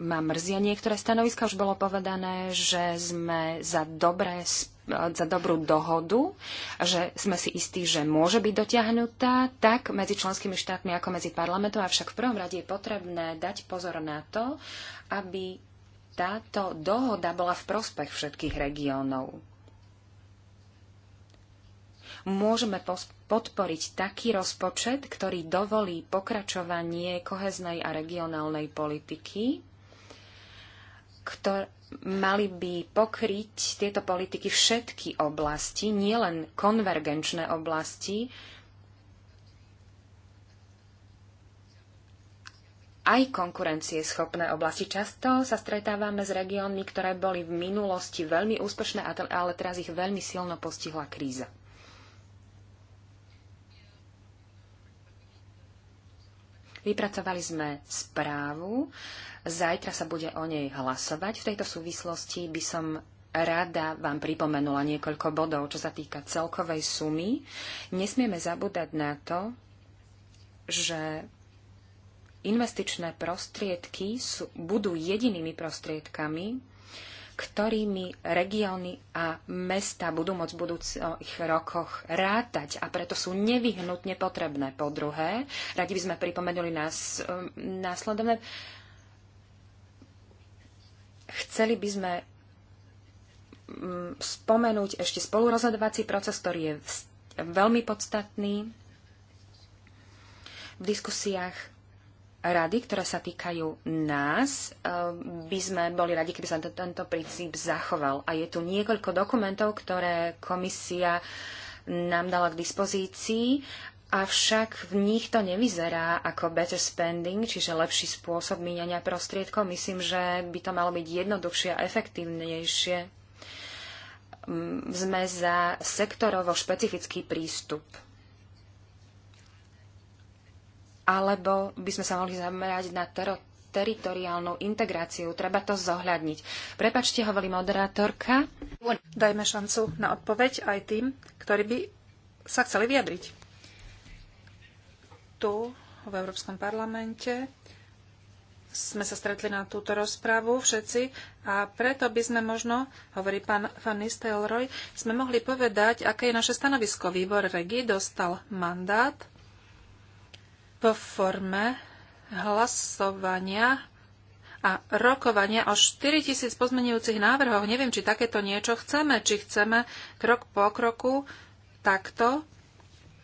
Speaker 2: ma mrzia niektoré stanoviska. Už bolo povedané, že sme za, dobré, za dobrú dohodu, že sme si istí, že môže byť dotiahnutá tak medzi členskými štátmi ako medzi parlamentom. Avšak v prvom rade je potrebné dať pozor na to, aby táto dohoda bola v prospech všetkých regiónov. Môžeme podporiť taký rozpočet, ktorý dovolí pokračovanie koheznej a regionálnej politiky, ktoré mali by pokryť tieto politiky všetky oblasti, nielen konvergenčné oblasti, aj konkurencieschopné oblasti. Často sa stretávame s regiónmi, ktoré boli v minulosti veľmi úspešné, ale teraz ich veľmi silno postihla kríza. Vypracovali sme správu, Zajtra sa bude o nej hlasovať. V tejto súvislosti by som rada vám pripomenula niekoľko bodov, čo sa týka celkovej sumy. Nesmieme zabúdať na to, že investičné prostriedky sú, budú jedinými prostriedkami, ktorými regióny a mesta budú môcť v budúcich rokoch rátať a preto sú nevyhnutne potrebné. Po druhé, radi by sme pripomenuli nás, um, následovné Chceli by sme mm, spomenúť ešte spolurozhodovací proces, ktorý je veľmi podstatný v diskusiách rady, ktoré sa týkajú nás, e, by sme boli radi, keby sa tento princíp zachoval. A je tu niekoľko dokumentov, ktoré komisia nám dala k dispozícii Avšak v nich to nevyzerá ako better spending, čiže lepší spôsob míňania prostriedkov. Myslím, že by to malo byť jednoduchšie a efektívnejšie. Sme za sektorovo špecifický prístup. Alebo by sme sa mohli zamerať na tero- teritoriálnu integráciu. Treba to zohľadniť. Prepačte, hovorí moderátorka. Dajme
Speaker 1: šancu na odpoveď aj tým, ktorí by sa chceli vyjadriť tu v Európskom parlamente sme sa stretli na túto rozprávu všetci a preto by sme možno, hovorí pán Van Nistelrooy, sme mohli povedať, aké je naše stanovisko. Výbor Regi dostal mandát vo forme hlasovania a rokovania o 4000 pozmenujúcich návrhoch. Neviem, či takéto niečo chceme, či chceme krok po kroku takto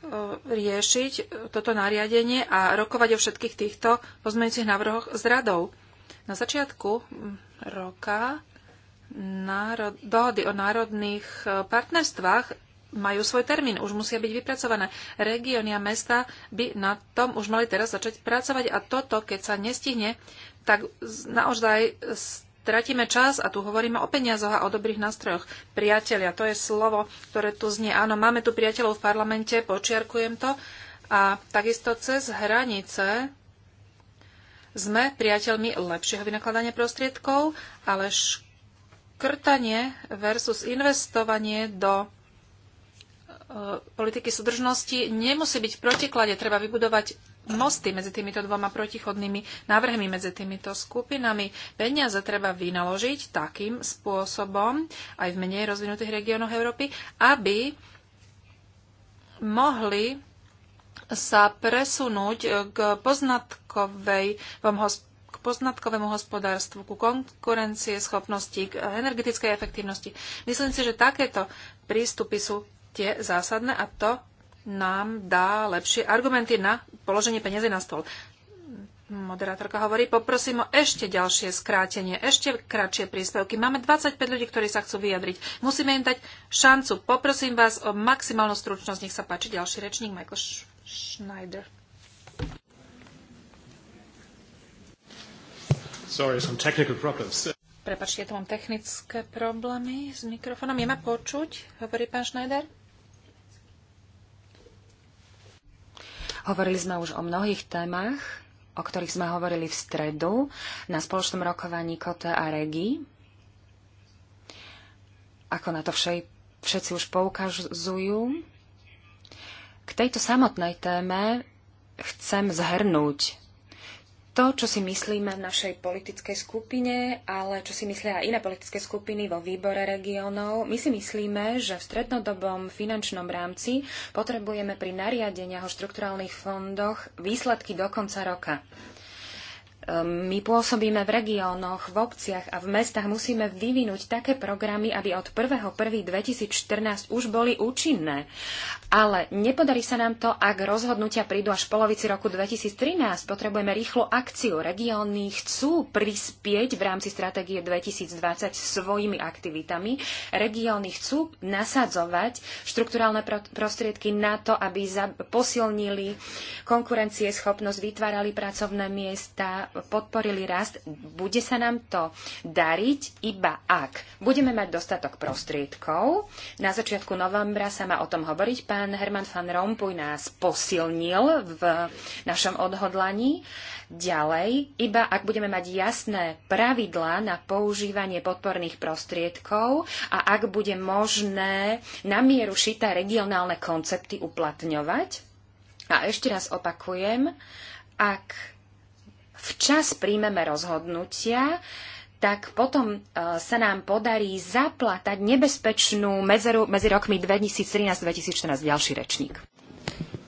Speaker 1: E, riešiť e, toto nariadenie a rokovať o všetkých týchto pozmeňujúcich návrhoch s radou. Na začiatku roka národ, dohody o národných e, partnerstvách majú svoj termín, už musia byť vypracované. Regióny a mesta by na tom už mali teraz začať pracovať a toto, keď sa nestihne, tak naozaj tratíme čas a tu hovoríme o peniazoch a o dobrých nástrojoch. Priatelia, to je slovo, ktoré tu znie. Áno, máme tu priateľov v parlamente, počiarkujem to. A takisto cez hranice sme priateľmi lepšieho vynakladania prostriedkov, ale škrtanie versus investovanie do Eh, politiky súdržnosti nemusí byť v protiklade. Treba vybudovať mosty medzi týmito dvoma protichodnými návrhmi, medzi týmito skupinami. Peniaze treba vynaložiť takým spôsobom aj v menej rozvinutých regiónoch Európy, aby mohli sa presunúť eh, k poznatkovej hospodárstvu k poznatkovému hospodárstvu, ku konkurencie schopnosti, k energetickej efektívnosti. Myslím si, že takéto prístupy sú tie zásadné a to nám dá lepšie argumenty na položenie peniazy na stôl. Moderátorka hovorí, poprosím o ešte ďalšie skrátenie, ešte kratšie príspevky. Máme 25 ľudí, ktorí sa chcú vyjadriť. Musíme im dať šancu. Poprosím vás o maximálnu stručnosť. Nech sa páči ďalší rečník, Michael Schneider.
Speaker 3: Sorry, some technical problems.
Speaker 1: Prepačte, ja tu mám technické problémy s mikrofónom. Je ma počuť, hovorí pán Schneider?
Speaker 2: Hovorili sme už o mnohých témach, o ktorých sme hovorili v stredu na spoločnom rokovaní Kote a Regi. Ako na to všej, všetci už poukazujú. K tejto samotnej téme chcem zhrnúť to, čo si myslíme v našej politickej skupine, ale čo si myslia aj iné politické skupiny vo výbore regiónov. My si myslíme, že v strednodobom finančnom rámci potrebujeme pri nariadeniach o štrukturálnych fondoch výsledky do konca roka. Ehm, my pôsobíme v regiónoch, v obciach a v mestách. Musíme vyvinúť také programy, aby od 1.1.2014 už boli účinné. Ale nepodarí sa nám to, ak rozhodnutia prídu až v polovici roku 2013. Potrebujeme rýchlu akciu. Regióny chcú prispieť v rámci stratégie 2020 svojimi aktivitami. Regióny chcú nasadzovať štrukturálne prostriedky na to, aby posilnili schopnosť, vytvárali pracovné miesta, podporili rast. Bude sa nám to dariť iba ak budeme mať dostatok prostriedkov. Na začiatku novembra sa má o tom hovoriť. Pán Herman van Rompuy nás posilnil v našom odhodlaní. Ďalej, iba ak budeme mať jasné pravidlá na používanie podporných prostriedkov a ak bude možné na mieru šité regionálne koncepty uplatňovať. A ešte raz opakujem, ak včas príjmeme rozhodnutia, tak potom e, sa nám podarí zaplatať nebezpečnú medzeru medzi rokmi 2013-2014. Ďalší rečník.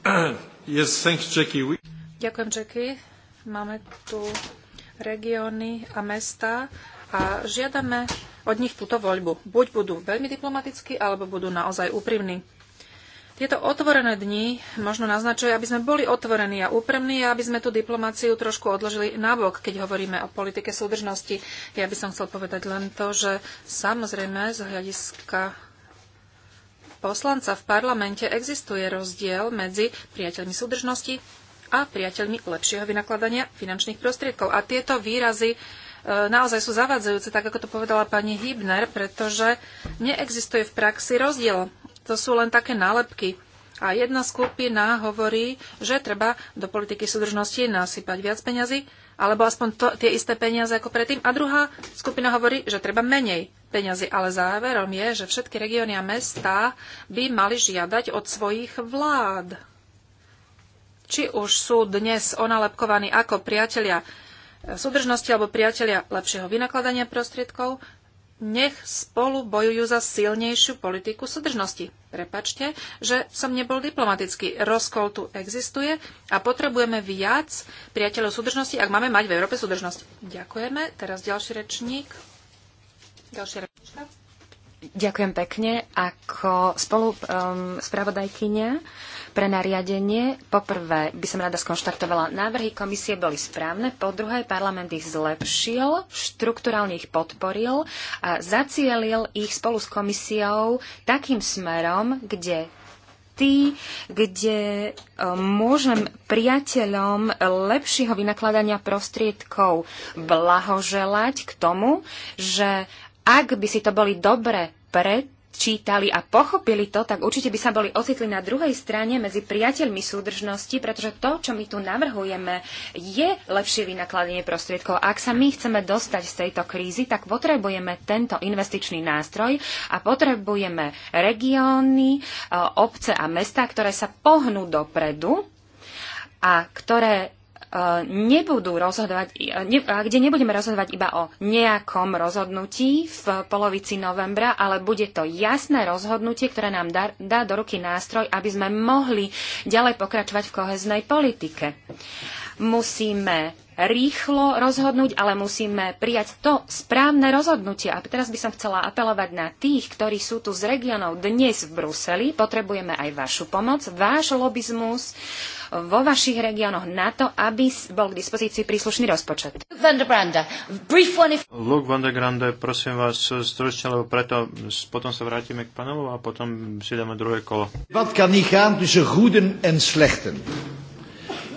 Speaker 1: Yes, thanks, Jackie. We... Ďakujem, Jackie. Máme tu regióny a mesta a žiadame od nich túto voľbu. Buď budú veľmi diplomatickí, alebo budú naozaj úprimní. Tieto otvorené dni možno naznačujú, aby sme boli otvorení a úprimní a aby sme tú diplomáciu trošku odložili nabok, keď hovoríme o politike súdržnosti. Ja by som chcel povedať len to, že samozrejme z hľadiska poslanca v parlamente existuje rozdiel medzi priateľmi súdržnosti a priateľmi lepšieho vynakladania finančných prostriedkov. A tieto výrazy e, naozaj sú zavadzajúce, tak ako to povedala pani Hibner, pretože neexistuje v praxi rozdiel to sú len také nálepky. A jedna skupina hovorí, že treba do politiky súdržnosti nasypať viac peňazí, alebo aspoň to, tie isté peniaze ako predtým. A druhá skupina hovorí, že treba menej peniazy, Ale záverom je, že všetky regióny a mestá by mali žiadať od svojich vlád. Či už sú dnes onalepkovaní ako priatelia súdržnosti alebo priatelia lepšieho vynakladania prostriedkov, nech spolu bojujú za silnejšiu politiku súdržnosti. Prepačte, že som nebol diplomatický. Rozkol tu existuje a potrebujeme viac priateľov súdržnosti, ak máme mať v Európe súdržnosť. Ďakujeme. Teraz ďalší rečník. Ďalšia rečníčka.
Speaker 2: Ďakujem pekne. Ako spolu um, spravodajkynia pre nariadenie, poprvé by som rada skonštartovala, návrhy komisie boli správne, po druhé parlament ich zlepšil, štruktúralne ich podporil a zacielil ich spolu s komisiou takým smerom, kde tí, kde e, môžem priateľom lepšieho vynakladania prostriedkov blahoželať k tomu, že ak by si to boli dobre prečítali a pochopili to, tak určite by sa boli ocitli na druhej strane medzi priateľmi súdržnosti, pretože to, čo my tu navrhujeme, je lepšie vynakladenie prostriedkov. Ak sa my chceme dostať z tejto krízy, tak potrebujeme tento investičný nástroj a potrebujeme regióny, e, obce a mesta, ktoré sa pohnú dopredu a ktoré E, nebudú rozhodovať, e, kde nebudeme rozhodovať iba o nejakom rozhodnutí v polovici novembra, ale bude to jasné rozhodnutie, ktoré nám dá, dá do ruky nástroj, aby sme mohli ďalej pokračovať v koheznej politike. Musíme rýchlo rozhodnúť, ale musíme prijať to správne rozhodnutie. A teraz by som chcela apelovať na tých, ktorí sú tu z regionov dnes v Bruseli. Potrebujeme aj vašu pomoc, váš lobizmus vo vašich regiónoch na to, aby bol k dispozícii príslušný rozpočet.
Speaker 3: Luke van der Grande, prosím vás stručne, lebo preto potom sa vrátime k panelu a potom si dáme druhé kolo.
Speaker 2: Wat kan niet gaan tussen goeden en slechten?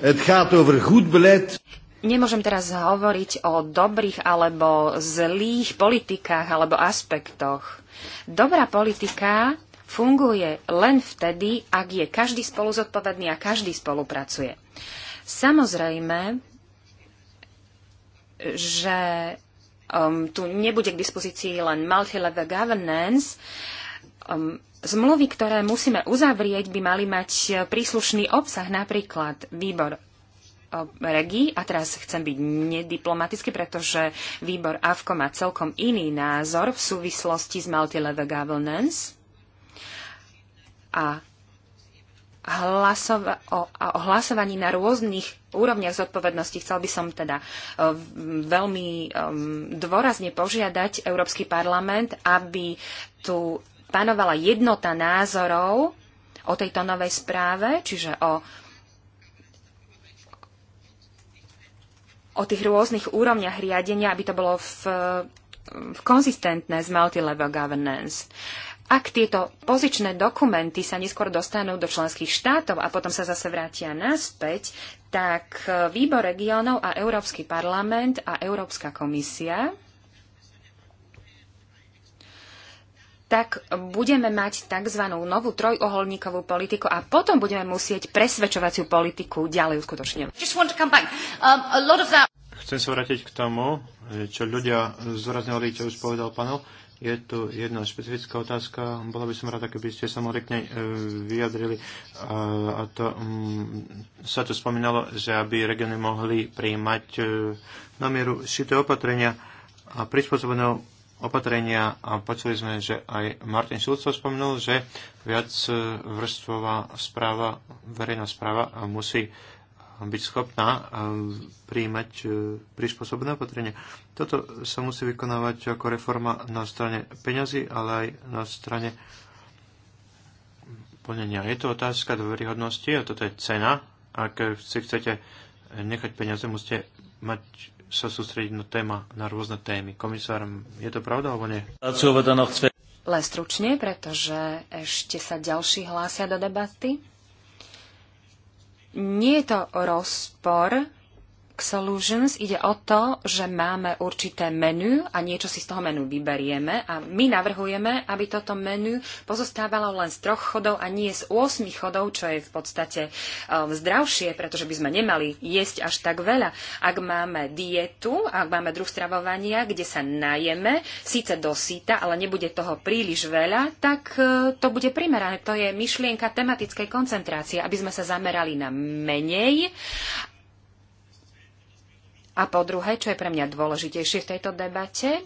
Speaker 1: Het gaat over goed beleid.
Speaker 2: Nemôžem teraz hovoriť o dobrých alebo zlých politikách alebo aspektoch. Dobrá politika funguje len vtedy, ak je každý spolu zodpovedný a každý spolupracuje. Samozrejme, že um, tu nebude k dispozícii len multilevel governance, um, Zmluvy, ktoré musíme uzavrieť, by mali mať príslušný obsah, napríklad výbor e, regí, a teraz chcem byť nediplomatický, pretože výbor AFCO má celkom iný názor v súvislosti s multilevel governance a, hlasova- o, o hlasovaní na rôznych úrovniach zodpovednosti. Chcel by som teda e, veľmi e, dôrazne požiadať Európsky parlament, aby tu panovala jednota názorov o tejto novej správe, čiže o, o tých rôznych úrovniach riadenia, aby to bolo v, v konzistentné s multilevel governance. Ak tieto pozičné dokumenty sa neskôr dostanú do členských štátov a potom sa zase vrátia naspäť, tak Výbor regionov a Európsky parlament a Európska komisia tak budeme mať tzv. novú trojuholníkovú politiku a potom budeme musieť presvedčovaciu politiku ďalej uskutočňovať. Um, Chcem sa vrátiť k tomu, čo
Speaker 3: ľudia zúraznili, čo už povedal panel. Je tu jedna špecifická otázka, bola by som rada, keby ste sa mohli k nej e, vyjadrili. A to um, sa tu spomínalo, že aby regióny mohli prijímať e, na mieru šité opatrenia a prispôsobené opatrenia a počuli sme, že aj Martin Šulco spomenul, že viac e, vrstvová správa, verejná správa musí byť schopná e, príjmať e, prispôsobené opatrenia. Toto sa musí vykonávať ako reforma na strane peňazí, ale aj na strane plnenia. Je to otázka dôveryhodnosti a toto je cena. Ak si chcete nechať peniaze, musíte mať sa sústrediť na téma, na rôzne témy. Komisár, je to pravda alebo nie?
Speaker 2: Le stručne, pretože ešte sa ďalší hlásia do debaty. Nie je to rozpor Solutions ide o to, že máme určité menu a niečo si z toho menu vyberieme a my navrhujeme, aby toto menu pozostávalo len z troch chodov a nie z 8 chodov, čo je v podstate um, zdravšie, pretože by sme nemali jesť až tak veľa. Ak máme dietu, ak máme druh stravovania, kde sa najeme, síce dosýta, ale nebude toho príliš veľa, tak uh, to bude primerané. To je myšlienka tematickej koncentrácie, aby sme sa zamerali na menej a po druhé, čo je pre mňa dôležitejšie v tejto debate,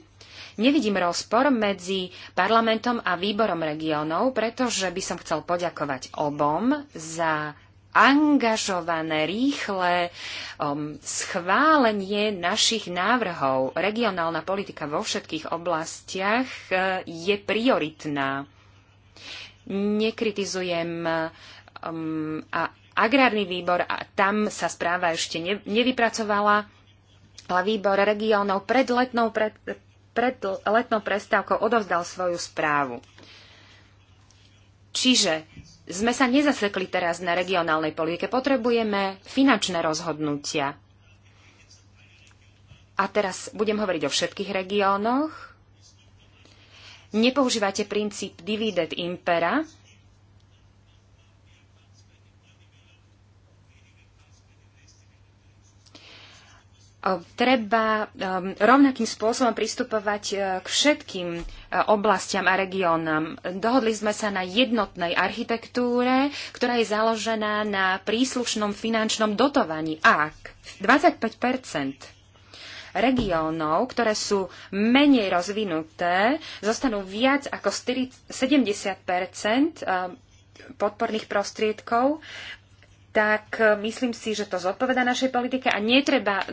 Speaker 2: nevidím rozpor medzi parlamentom a výborom regiónov, pretože by som chcel poďakovať obom za angažované, rýchle um, schválenie našich návrhov. Regionálna politika vo všetkých oblastiach e, je prioritná. Nekritizujem um, a agrárny výbor a tam sa správa ešte ne, nevypracovala výbor regiónov pred letnou, pred, pred letnou prestávkou odovzdal svoju správu. Čiže sme sa nezasekli teraz na regionálnej politike. Potrebujeme finančné rozhodnutia. A teraz budem hovoriť o všetkých regiónoch. Nepoužívate princíp dividend impera, treba um, rovnakým spôsobom pristupovať uh, k všetkým uh, oblastiam a regiónom. Dohodli sme sa na jednotnej architektúre, ktorá je založená na príslušnom finančnom dotovaní. Ak 25 regiónov, ktoré sú menej rozvinuté, zostanú viac ako 70 uh, podporných prostriedkov, tak eh, myslím si, že to zodpoveda našej politike a netreba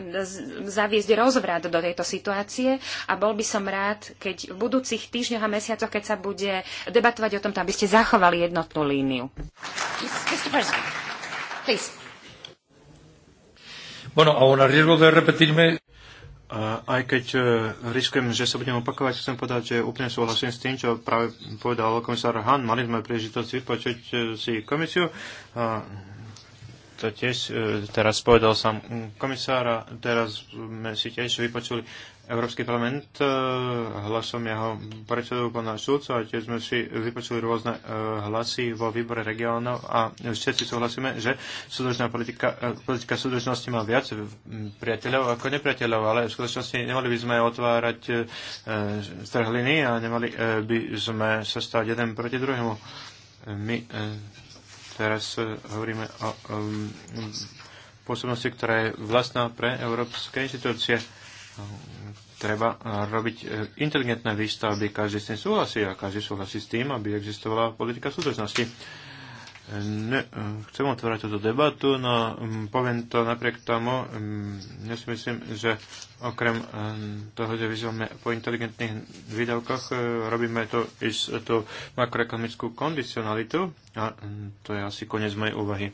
Speaker 2: zaviesť rozvrat do tejto situácie a bol by som rád, keď v budúcich týždňoch a mesiacoch, keď sa bude debatovať o tomto, aby ste zachovali jednotnú líniu.
Speaker 3: A aj keď eh, riskujem, že sa budem opakovať, chcem povedať, že úplne súhlasím s tým, čo práve povedal komisár Han. Mali sme príležitosť vypočuť eh, si komisiu to tiež e, teraz povedal sám komisár a teraz sme si tiež vypočuli Európsky parlament e, hlasom jeho predsedu pána Šulca a tiež sme si vypočuli rôzne e, hlasy vo výbore regiónov a všetci súhlasíme, že súdržná politika, politika súdržnosti má viac priateľov ako nepriateľov, ale v skutočnosti nemali by sme otvárať strhliny a nemali by sme sa stať jeden proti druhému. My Teraz eh, hovoríme o um, pôsobnosti, ktorá je vlastná pre európske inštitúcie. Treba eh, robiť inteligentné výstavby, každý s tým súhlasí a každý súhlasí s tým, aby existovala politika súdržnosti. Uh, Ne, chcem otvárať túto debatu, no poviem to napriek tomu, ja si myslím, že okrem toho, že vyzývame po inteligentných výdavkoch, e, robíme i is, tú makroekonomickú kondicionalitu a to je asi koniec mojej úvahy.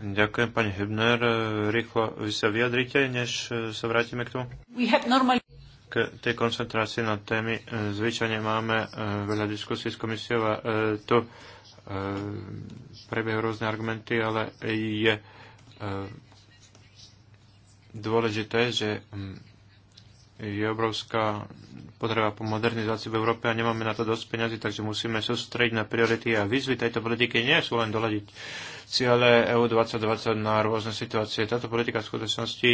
Speaker 3: Ďakujem, pani Hübner. E, rýchlo vy sa vyjadrite, než e, sa vrátime k tomu. K tej koncentrácii na témy zvyčajne máme veľa diskusí s komisiou a tu Eh, prebiehajú rôzne argumenty, ale je eh, dôležité, že mm, je obrovská potreba po modernizácii v Európe a nemáme na to dosť peniazy, takže musíme sústrediť na priority a výzvy tejto politiky nie sú len doľadiť ciele EU 2020 na rôzne situácie. Táto politika v skutočnosti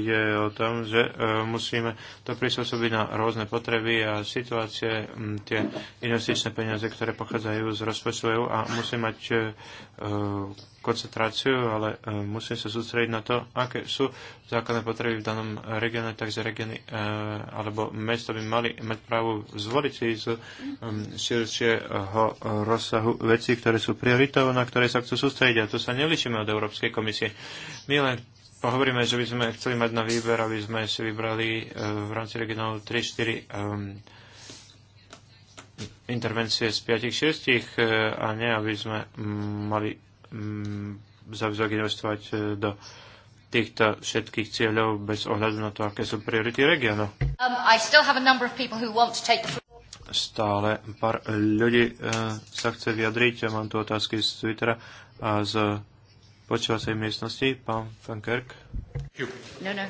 Speaker 3: je o tom, že e, musíme to prispôsobiť na rôzne potreby a situácie, tie investičné peniaze, ktoré pochádzajú z rozpočtu EU a musí mať e, e, koncentráciu, ale musím sa sústrediť na to, aké sú základné potreby v danom regióne, takže regióny alebo mesta by mali mať právo zvoliť si z širšieho rozsahu vecí, ktoré sú prioritou, na ktoré sa chcú sústrediť a to sa nelišíme od Európskej komisie. My len hovoríme, že by sme chceli mať na výber, aby sme si vybrali e, v rámci regionálu 3-4 um, intervencie z 5-6 e, a ne, aby sme mali um, investovať e, do týchto všetkých cieľov bez ohľadu na to, aké sú priority regionu.
Speaker 2: Um,
Speaker 3: stále pár ľudí sa chce vyjadriť. Ja mám tu otázky z Twittera a z počúvacej miestnosti, pán Van Kerk. No, no.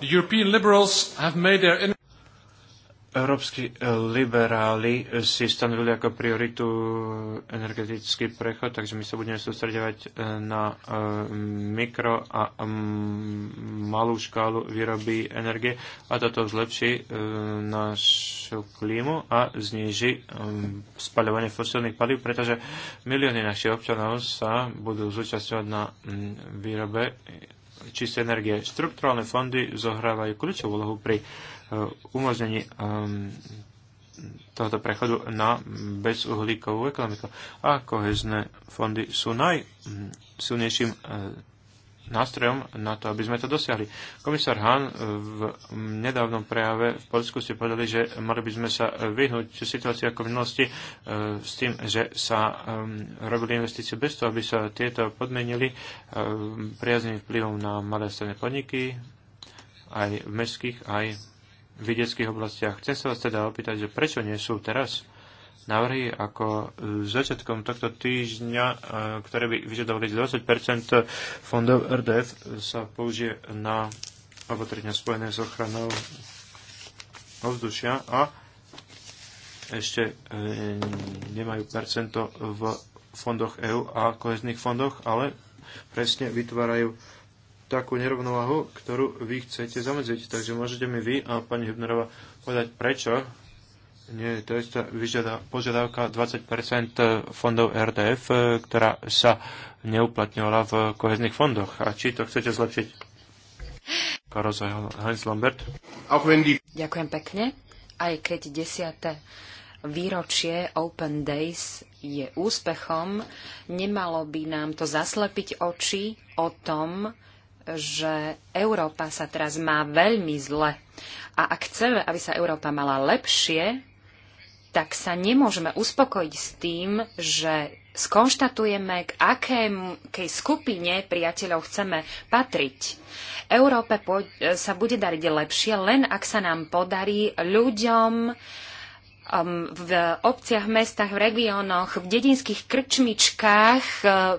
Speaker 3: The European Liberals have made their... Európsky e, liberáli e, si stanovili ako prioritu e, energetický prechod, takže my sa budeme sústredovať na mikro a malú škálu výroby energie a toto zlepší našu klímu a zníži spaľovanie fosilných palív, pretože milióny našich občanov sa budú zúčastňovať na výrobe čisté energie. Strukturálne fondy zohrávajú kľúčovú úlohu pri Eh, umožnení ehm, tohoto prechodu na bezuhlíkovú ekonomiku. A kohezné fondy sú najsilnejším eh, nástrojom na to, aby sme to dosiahli. Komisár Hahn eh, v nedávnom prejave v Polsku ste povedali, že mali by sme sa vyhnúť situácii ako v minulosti s tým, že sa ehm, robili investície bez toho, aby sa tieto podmenili priazným vplyvom na malé stredné podniky, aj v mestských, aj vedeckých oblastiach. Chcem sa vás teda opýtať, že prečo nie sú teraz návrhy ako začiatkom tohto týždňa, e, ktoré by vyžadovali 20 fondov RDF sa použije na opatrenia spojené s ochranou ovzdušia a ešte e, nemajú percento v fondoch EU a kohezných fondoch, ale presne vytvárajú takú nerovnováhu, ktorú vy chcete zamedziť. Takže môžete mi vy a pani Hübnerová povedať, prečo nie, to je tá požiadavka 20% fondov RDF, ktorá sa neuplatňovala v kohezných fondoch. A či to chcete zlepšiť? Karoza Heinz Lambert.
Speaker 2: Ďakujem pekne. Aj keď desiate výročie Open Days je úspechom, nemalo by nám to zaslepiť oči o tom, že Európa sa teraz má veľmi zle. A ak chceme, aby sa Európa mala lepšie, tak sa nemôžeme uspokojiť s tým, že skonštatujeme, k akej skupine priateľov chceme patriť. Európe sa bude dariť lepšie, len ak sa nám podarí ľuďom um, v obciach, mestách, v regiónoch, v dedinských krčmičkách uh,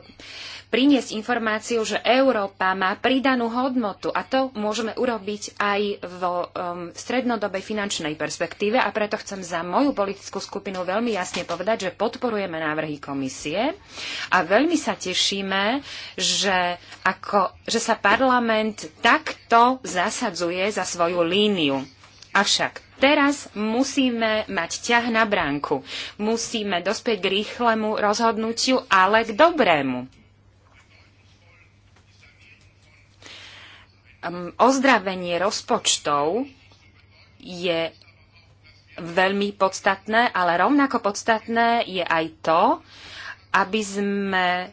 Speaker 2: priniesť informáciu, že Európa má pridanú hodnotu a to môžeme urobiť aj v um, strednodobej finančnej perspektíve a preto chcem za moju politickú skupinu veľmi jasne povedať, že podporujeme návrhy komisie a veľmi sa tešíme, že, ako, že sa parlament takto zasadzuje za svoju líniu. Avšak Teraz musíme mať ťah na bránku. Musíme dospieť k rýchlemu rozhodnutiu, ale k dobrému. ozdravenie rozpočtov je veľmi podstatné, ale rovnako podstatné je aj to, aby sme,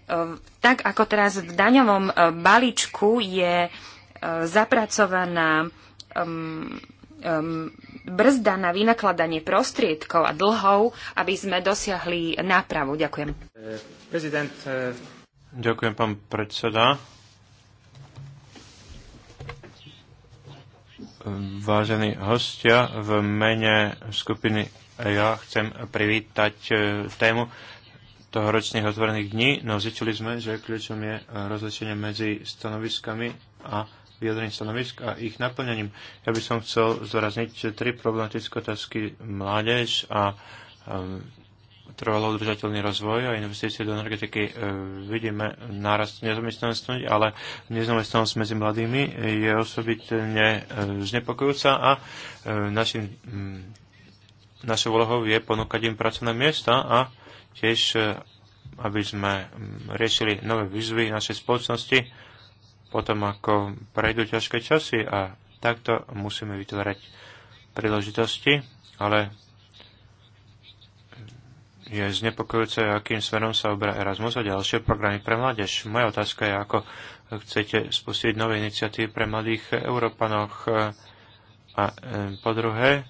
Speaker 2: tak ako teraz v daňovom balíčku je zapracovaná um, um, brzda na vynakladanie prostriedkov a dlhov, aby sme dosiahli nápravu. Ďakujem. Eh, prezident. Eh.
Speaker 3: Ďakujem, pán predseda. vážení hostia, v mene skupiny ja chcem privítať e, tému toho ročných otvorených dní, no zistili sme, že kľúčom je e, rozlišenie medzi stanoviskami a vyjadrením stanovisk a ich naplňaním. Ja by som chcel zdôrazniť tri problematické otázky mládež a e, trvalo udržateľný rozvoj a investície do energetiky. E, vidíme nárast nezamestnanosti, ale nezamestnanosť medzi mladými je osobitne e, znepokojúca a e, našim, mm, našou úlohou je ponúkať im pracovné miesta a tiež, aby sme mm, riešili nové výzvy našej spoločnosti potom, ako prejdú ťažké časy a takto musíme vytvárať príležitosti, ale je znepokojúce, akým smerom sa obera Erasmus a ďalšie programy pre mládež. Moja otázka je, ako chcete spustiť nové iniciatívy pre mladých Európanoch. A e, po druhé,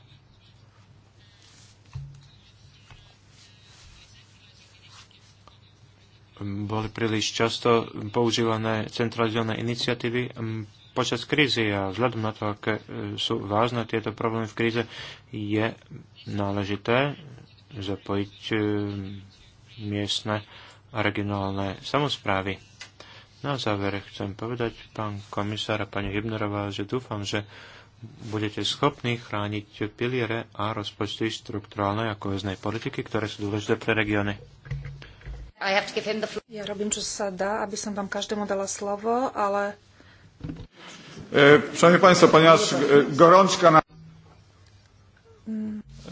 Speaker 3: boli príliš často používané centralizované iniciatívy počas krízy a vzhľadom na to, aké e, sú vážne tieto problémy v kríze, je náležité zapojiť e, miestne a regionálne samozprávy. Na záver chcem povedať, pán komisár a pani Hybnerová, že dúfam, že budete schopní chrániť piliere a rozpočty štruktúrálnej a koheznej politiky, ktoré sú dôležité pre regióny.
Speaker 1: Ja robím, čo sa dá, aby som vám každému dala slovo, ale... E, Szanowni Państwo, ponieważ e, gorączka na...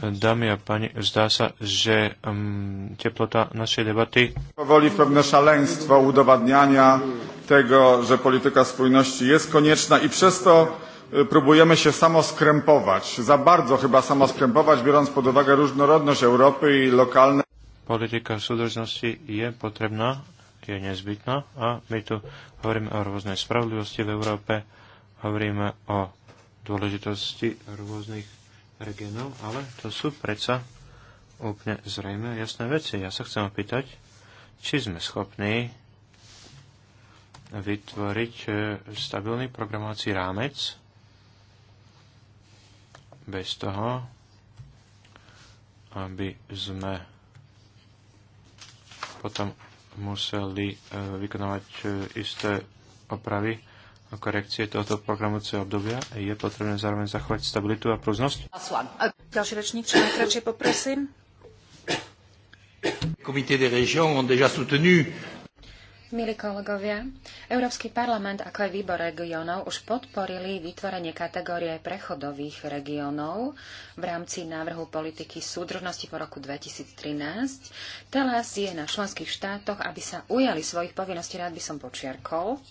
Speaker 3: Dámy a páni, zdá sa, že um, teplota
Speaker 1: našej debaty powoli pewne szaleństwo udowadniania tego, že polityka spójności jest konieczna i przez to próbujemy się samoskrępować. Za bardzo chyba samoskrępować, biorąc pod uwagę różnorodność Europy i lokalne.
Speaker 3: Polityka súdržnosti je potrebná, je nezbytná a my tu hovoríme o rôznej spravodlivosti v Európe, hovoríme o dôležitosti rôznych regénov, ale to sú predsa úplne zrejme jasné veci. Ja sa chcem opýtať, či sme schopní vytvoriť e, stabilný programovací rámec bez toho, aby sme potom museli e, vykonávať e, isté opravy korekcie tohoto programovacieho obdobia je potrebné zároveň zachovať stabilitu a prúznosť.
Speaker 1: Ďalší rečník, čo najkračšie poprosím. Komité de région ont déjà soutenu
Speaker 2: Milí kolegovia, Európsky parlament ako aj výbor regiónov už podporili vytvorenie kategórie prechodových regiónov v rámci návrhu politiky súdržnosti po roku 2013. Teraz je na členských štátoch, aby sa ujali svojich povinností. Rád by som počiarkol,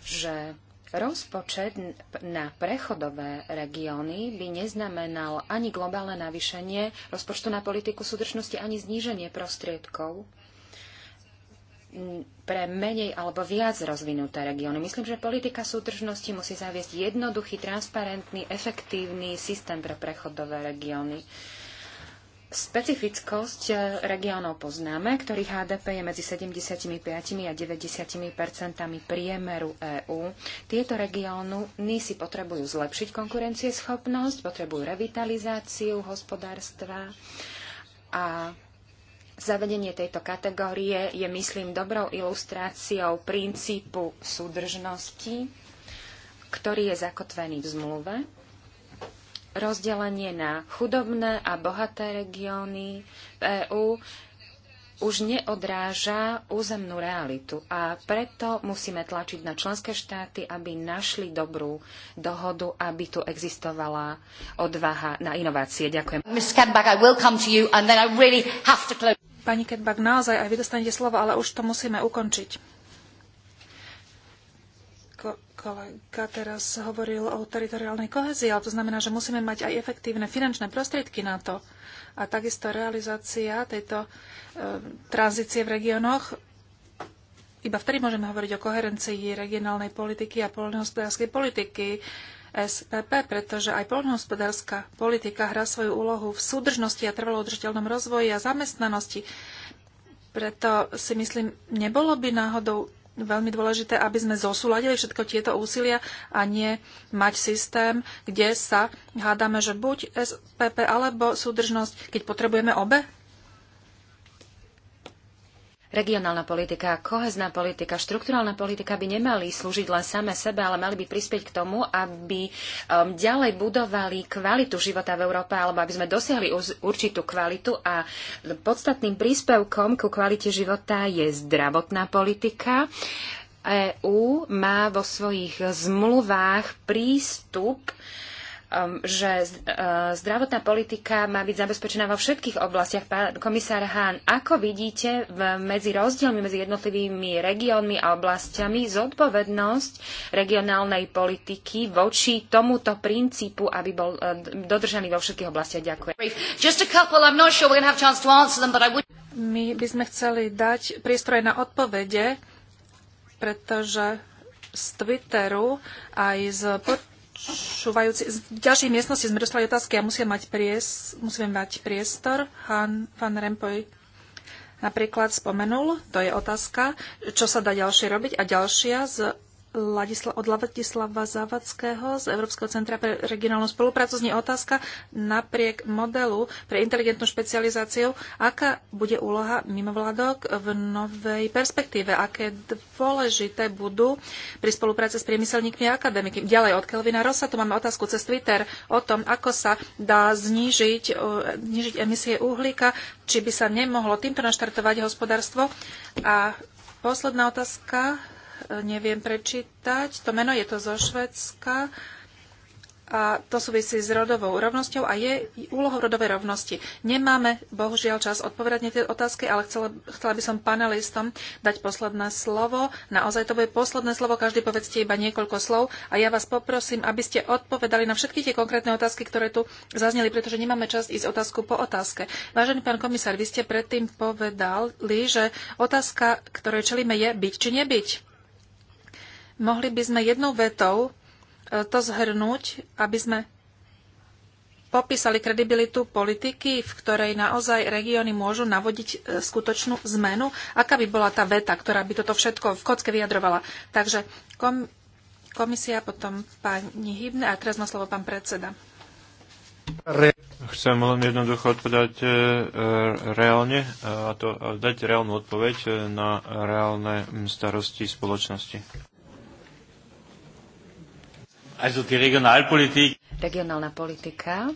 Speaker 2: že Rozpočet na prechodové regióny by neznamenal ani globálne navýšenie rozpočtu na politiku súdržnosti, ani zníženie prostriedkov pre menej alebo viac rozvinuté regióny. Myslím, že politika súdržnosti musí zaviesť jednoduchý, transparentný, efektívny systém pre prechodové regióny. Specifickosť e, regiónov poznáme, ktorých HDP je medzi 75 a 90 percentami priemeru EÚ. Tieto regióny si potrebujú zlepšiť konkurencieschopnosť, potrebujú revitalizáciu hospodárstva a Zavedenie tejto kategórie je, myslím, dobrou ilustráciou princípu súdržnosti, ktorý je zakotvený v zmluve rozdelenie na chudobné a bohaté regióny v EÚ už neodráža územnú realitu a preto musíme tlačiť na členské štáty, aby našli dobrú dohodu, aby tu existovala odvaha na inovácie. Ďakujem.
Speaker 1: Pani Kedbak, naozaj aj vy dostanete slovo, ale už to musíme ukončiť kolega teraz hovoril o teritoriálnej kohezii, ale to znamená, že musíme mať aj efektívne finančné prostriedky na to. A takisto realizácia tejto e, tranzície v regiónoch. Iba vtedy môžeme hovoriť o koherencii regionálnej politiky a poľnohospodárskej politiky SPP, pretože aj poľnohospodárska politika hrá svoju úlohu v súdržnosti a trvalo udržateľnom rozvoji a zamestnanosti. Preto si myslím, nebolo by náhodou veľmi dôležité, aby sme zosúladili všetko tieto úsilia a nie mať systém, kde sa hádame, že buď SPP alebo súdržnosť, keď potrebujeme obe?
Speaker 2: Regionálna politika, kohezná politika, štrukturálna politika by nemali slúžiť len same sebe, ale mali by prispieť k tomu, aby um, ďalej budovali kvalitu života v Európe, alebo aby sme dosiahli uz, určitú kvalitu. A podstatným príspevkom ku kvalite života je zdravotná politika. EÚ má vo svojich zmluvách prístup uh, Um, že uh, zdravotná politika má byť zabezpečená vo všetkých oblastiach. Pán komisár Hahn, ako vidíte medzi rozdielmi medzi jednotlivými regiónmi a oblastiami zodpovednosť regionálnej politiky voči tomuto princípu, aby bol uh, dodržaný vo všetkých
Speaker 1: oblastiach? Ďakujem. My by sme chceli dať aj na odpovede, pretože z Twitteru aj z pod počúvajúci. Z ďalších miestnosti sme dostali otázky a musíme mať, pries, musíme mať priestor. Han, pán Rempoj napríklad spomenul, to je otázka, čo sa dá ďalšie robiť. A ďalšia z Ladisla, od Ladislava Zavadského z Európskeho centra pre regionálnu spoluprácu znie otázka napriek modelu pre inteligentnú špecializáciu, aká bude úloha mimovládok v novej perspektíve, aké dôležité budú pri spolupráci s priemyselníkmi a akademiky. Ďalej od Kelvina Rosa tu máme otázku cez Twitter o tom, ako sa dá znížiť, e, znížiť emisie uhlíka, či by sa nemohlo týmto naštartovať hospodárstvo. A posledná otázka neviem prečítať. To meno je to zo Švedska a to súvisí s rodovou rovnosťou a je úlohou rodovej rovnosti. Nemáme, bohužiaľ, čas odpovedať na tie otázky, ale chcela, chcela by som panelistom dať posledné slovo. Naozaj to bude posledné slovo, každý povedzte iba niekoľko slov a ja vás poprosím, aby ste odpovedali na všetky tie konkrétne otázky, ktoré tu zazneli, pretože nemáme čas ísť otázku po otázke. Vážený pán komisár, vy ste predtým povedali, že otázka, ktorej čelíme, je byť či nebyť. Mohli by sme jednou vetou e, to zhrnúť, aby sme popísali kredibilitu politiky, v ktorej naozaj regióny môžu navodiť e, skutočnú zmenu? Aká by bola tá veta, ktorá by toto všetko v kocke vyjadrovala? Takže kom, komisia, potom pani Hybne a teraz má slovo pán predseda.
Speaker 3: Chcem len jednoducho odpovedať e, reálne a, to, a dať reálnu odpoveď na reálne starosti spoločnosti. Also die Regionalpolitik.
Speaker 2: Regionálna politika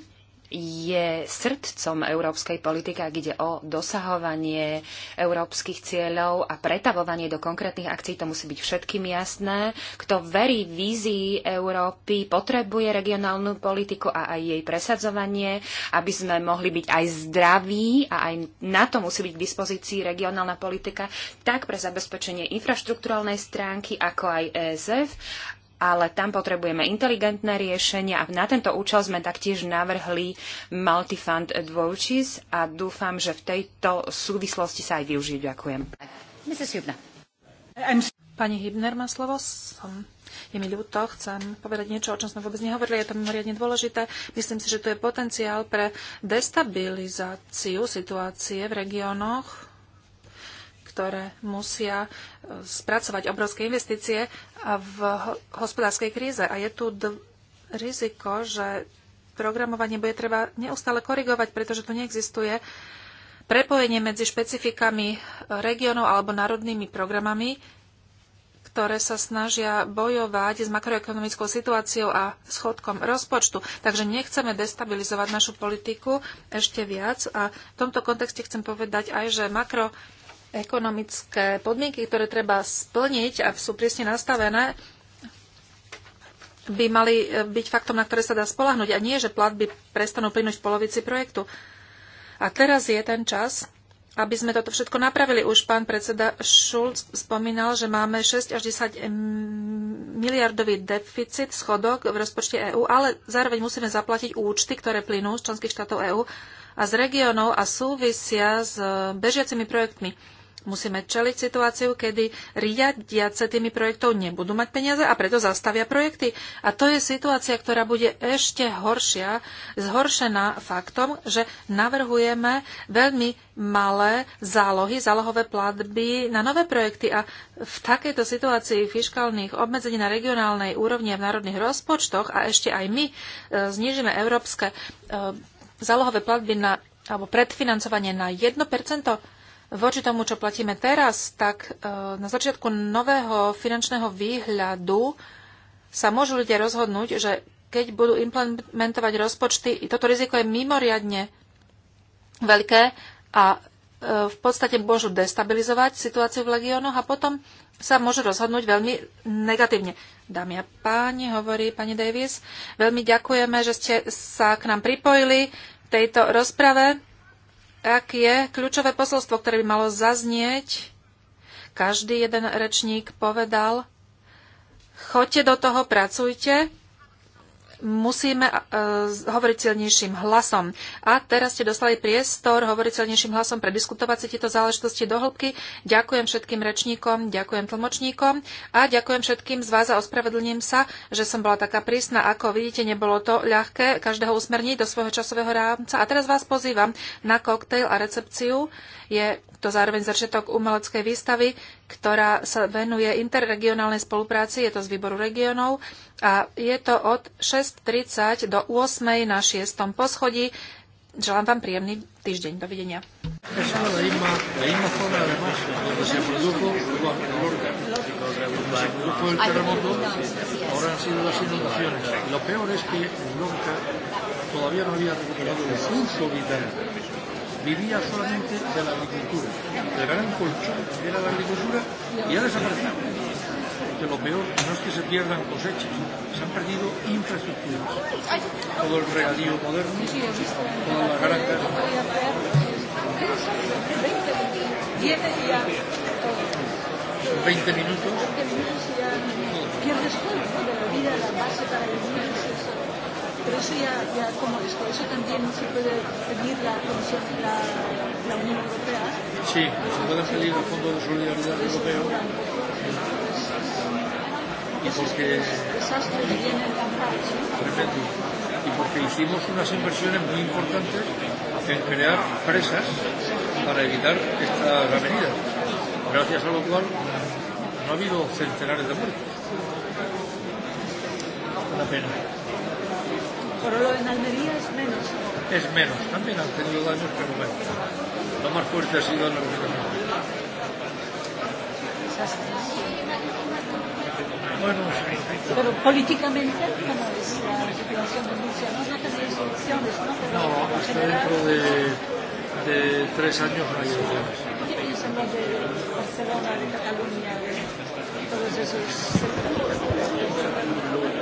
Speaker 2: je srdcom európskej politiky, ak ide o dosahovanie európskych cieľov a pretavovanie do konkrétnych akcií. To musí byť všetkým jasné. Kto verí vízii Európy, potrebuje regionálnu politiku a aj jej presadzovanie, aby sme mohli byť aj zdraví a aj na to musí byť k dispozícii regionálna politika, tak pre zabezpečenie infraštruktúralnej stránky, ako aj ESF, ale tam potrebujeme inteligentné riešenia a na tento účel sme taktiež navrhli Multifund Advoices a dúfam, že v tejto súvislosti sa aj využijú. Ďakujem.
Speaker 1: Pani Hybner má slovo. Som je mi ľúto, chcem povedať niečo, o čom sme vôbec nehovorili, je to mimoriadne dôležité. Myslím si, že tu je potenciál pre destabilizáciu situácie v regiónoch, ktoré musia e, spracovať obrovské investície v hospodárskej kríze. A je tu riziko, že programovanie bude treba neustále korigovať, pretože tu neexistuje prepojenie medzi špecifikami e, regiónov alebo národnými programami, ktoré sa snažia bojovať s makroekonomickou situáciou a schodkom rozpočtu. Takže nechceme destabilizovať našu politiku ešte viac. A v tomto kontexte chcem povedať aj, že makro ekonomické podmienky, ktoré treba splniť, a sú prísne nastavené, by mali eh, byť faktom, na ktoré sa dá spolahnuť a nie, že platby prestanú plynúť v polovici projektu. A teraz je ten čas, aby sme toto všetko napravili. Už pán predseda Šulc spomínal, že máme 6 až 10 miliardový deficit, schodok v rozpočte EÚ, ale zároveň musíme zaplatiť účty, ktoré plynú z členských štátov EÚ a z regiónov a súvisia s eh, bežiacimi projektmi. Musíme čeliť situáciu, kedy riadiace tými projektov nebudú mať peniaze a preto zastavia projekty. A to je situácia, ktorá bude ešte horšia, zhoršená faktom, že navrhujeme veľmi malé zálohy, zálohové platby na nové projekty. A v takejto situácii fiskálnych obmedzení na regionálnej úrovni a v národných rozpočtoch a ešte aj my e, znižíme európske e, zálohové platby na, alebo predfinancovanie na 1%, voči tomu, čo platíme teraz, tak e, na začiatku nového finančného výhľadu sa môžu ľudia rozhodnúť, že keď budú implementovať rozpočty, toto riziko je mimoriadne veľké a e, v podstate môžu destabilizovať situáciu v legiónoch a potom sa môžu rozhodnúť veľmi negatívne. Dámy a páni, hovorí pani Davis, veľmi ďakujeme, že ste sa k nám pripojili v tejto rozprave. Ak je kľúčové posolstvo, ktoré by malo zaznieť, každý jeden rečník povedal, choďte do toho, pracujte, musíme uh, hovoriť silnejším hlasom. A teraz ste dostali priestor hovoriť silnejším hlasom, prediskutovať si tieto záležitosti do hĺbky. Ďakujem všetkým rečníkom, ďakujem tlmočníkom a ďakujem všetkým z vás a ospravedlním sa, že som bola taká prísna. Ako vidíte, nebolo to ľahké každého usmerniť do svojho časového rámca. A teraz vás pozývam na koktejl a recepciu. Je to zároveň začiatok umeleckej výstavy, ktorá sa venuje interregionálnej spolupráci, je to z výboru regionov a je to od 6.30 do 8.00 na 6. poschodí. Želám vám príjemný týždeň. Dovidenia. Todavía no había recuperado el vital vivía solamente de la agricultura. El gran colchón era la agricultura y ha desaparecido. Porque lo peor no es que se pierdan cosechas, se han perdido infraestructuras. Todo el regadío moderno, toda la granja. En días. 20 minutos. 20 minutos ya pierdes todo, ¿no? De la vida, la base para el mundo pero eso ya, ya como es, por eso también se puede pedir la Comisión, la, la Unión Europea.
Speaker 3: Sí, se puede pedir el
Speaker 1: Fondo de Solidaridad Europeo. Y porque. Desastres ¿no? Tremendo. Y porque hicimos unas inversiones muy
Speaker 3: importantes en crear presas para evitar esta avenida, gracias a lo cual no ha habido centenares de muertos.
Speaker 1: Una pena. Por
Speaker 3: lo en Almería es menos.
Speaker 1: Es menos, también han tenido daños, pero bueno. Lo más fuerte ha sido en los Bueno, sí. Pero políticamente, ¿cómo es la situación de Rusia No, no tenéis elecciones, ¿no? Pero no, hasta general... dentro
Speaker 3: de, de tres años no hay elecciones.
Speaker 1: ¿Qué piensan los de Barcelona, de Cataluña, de todos esos sectores?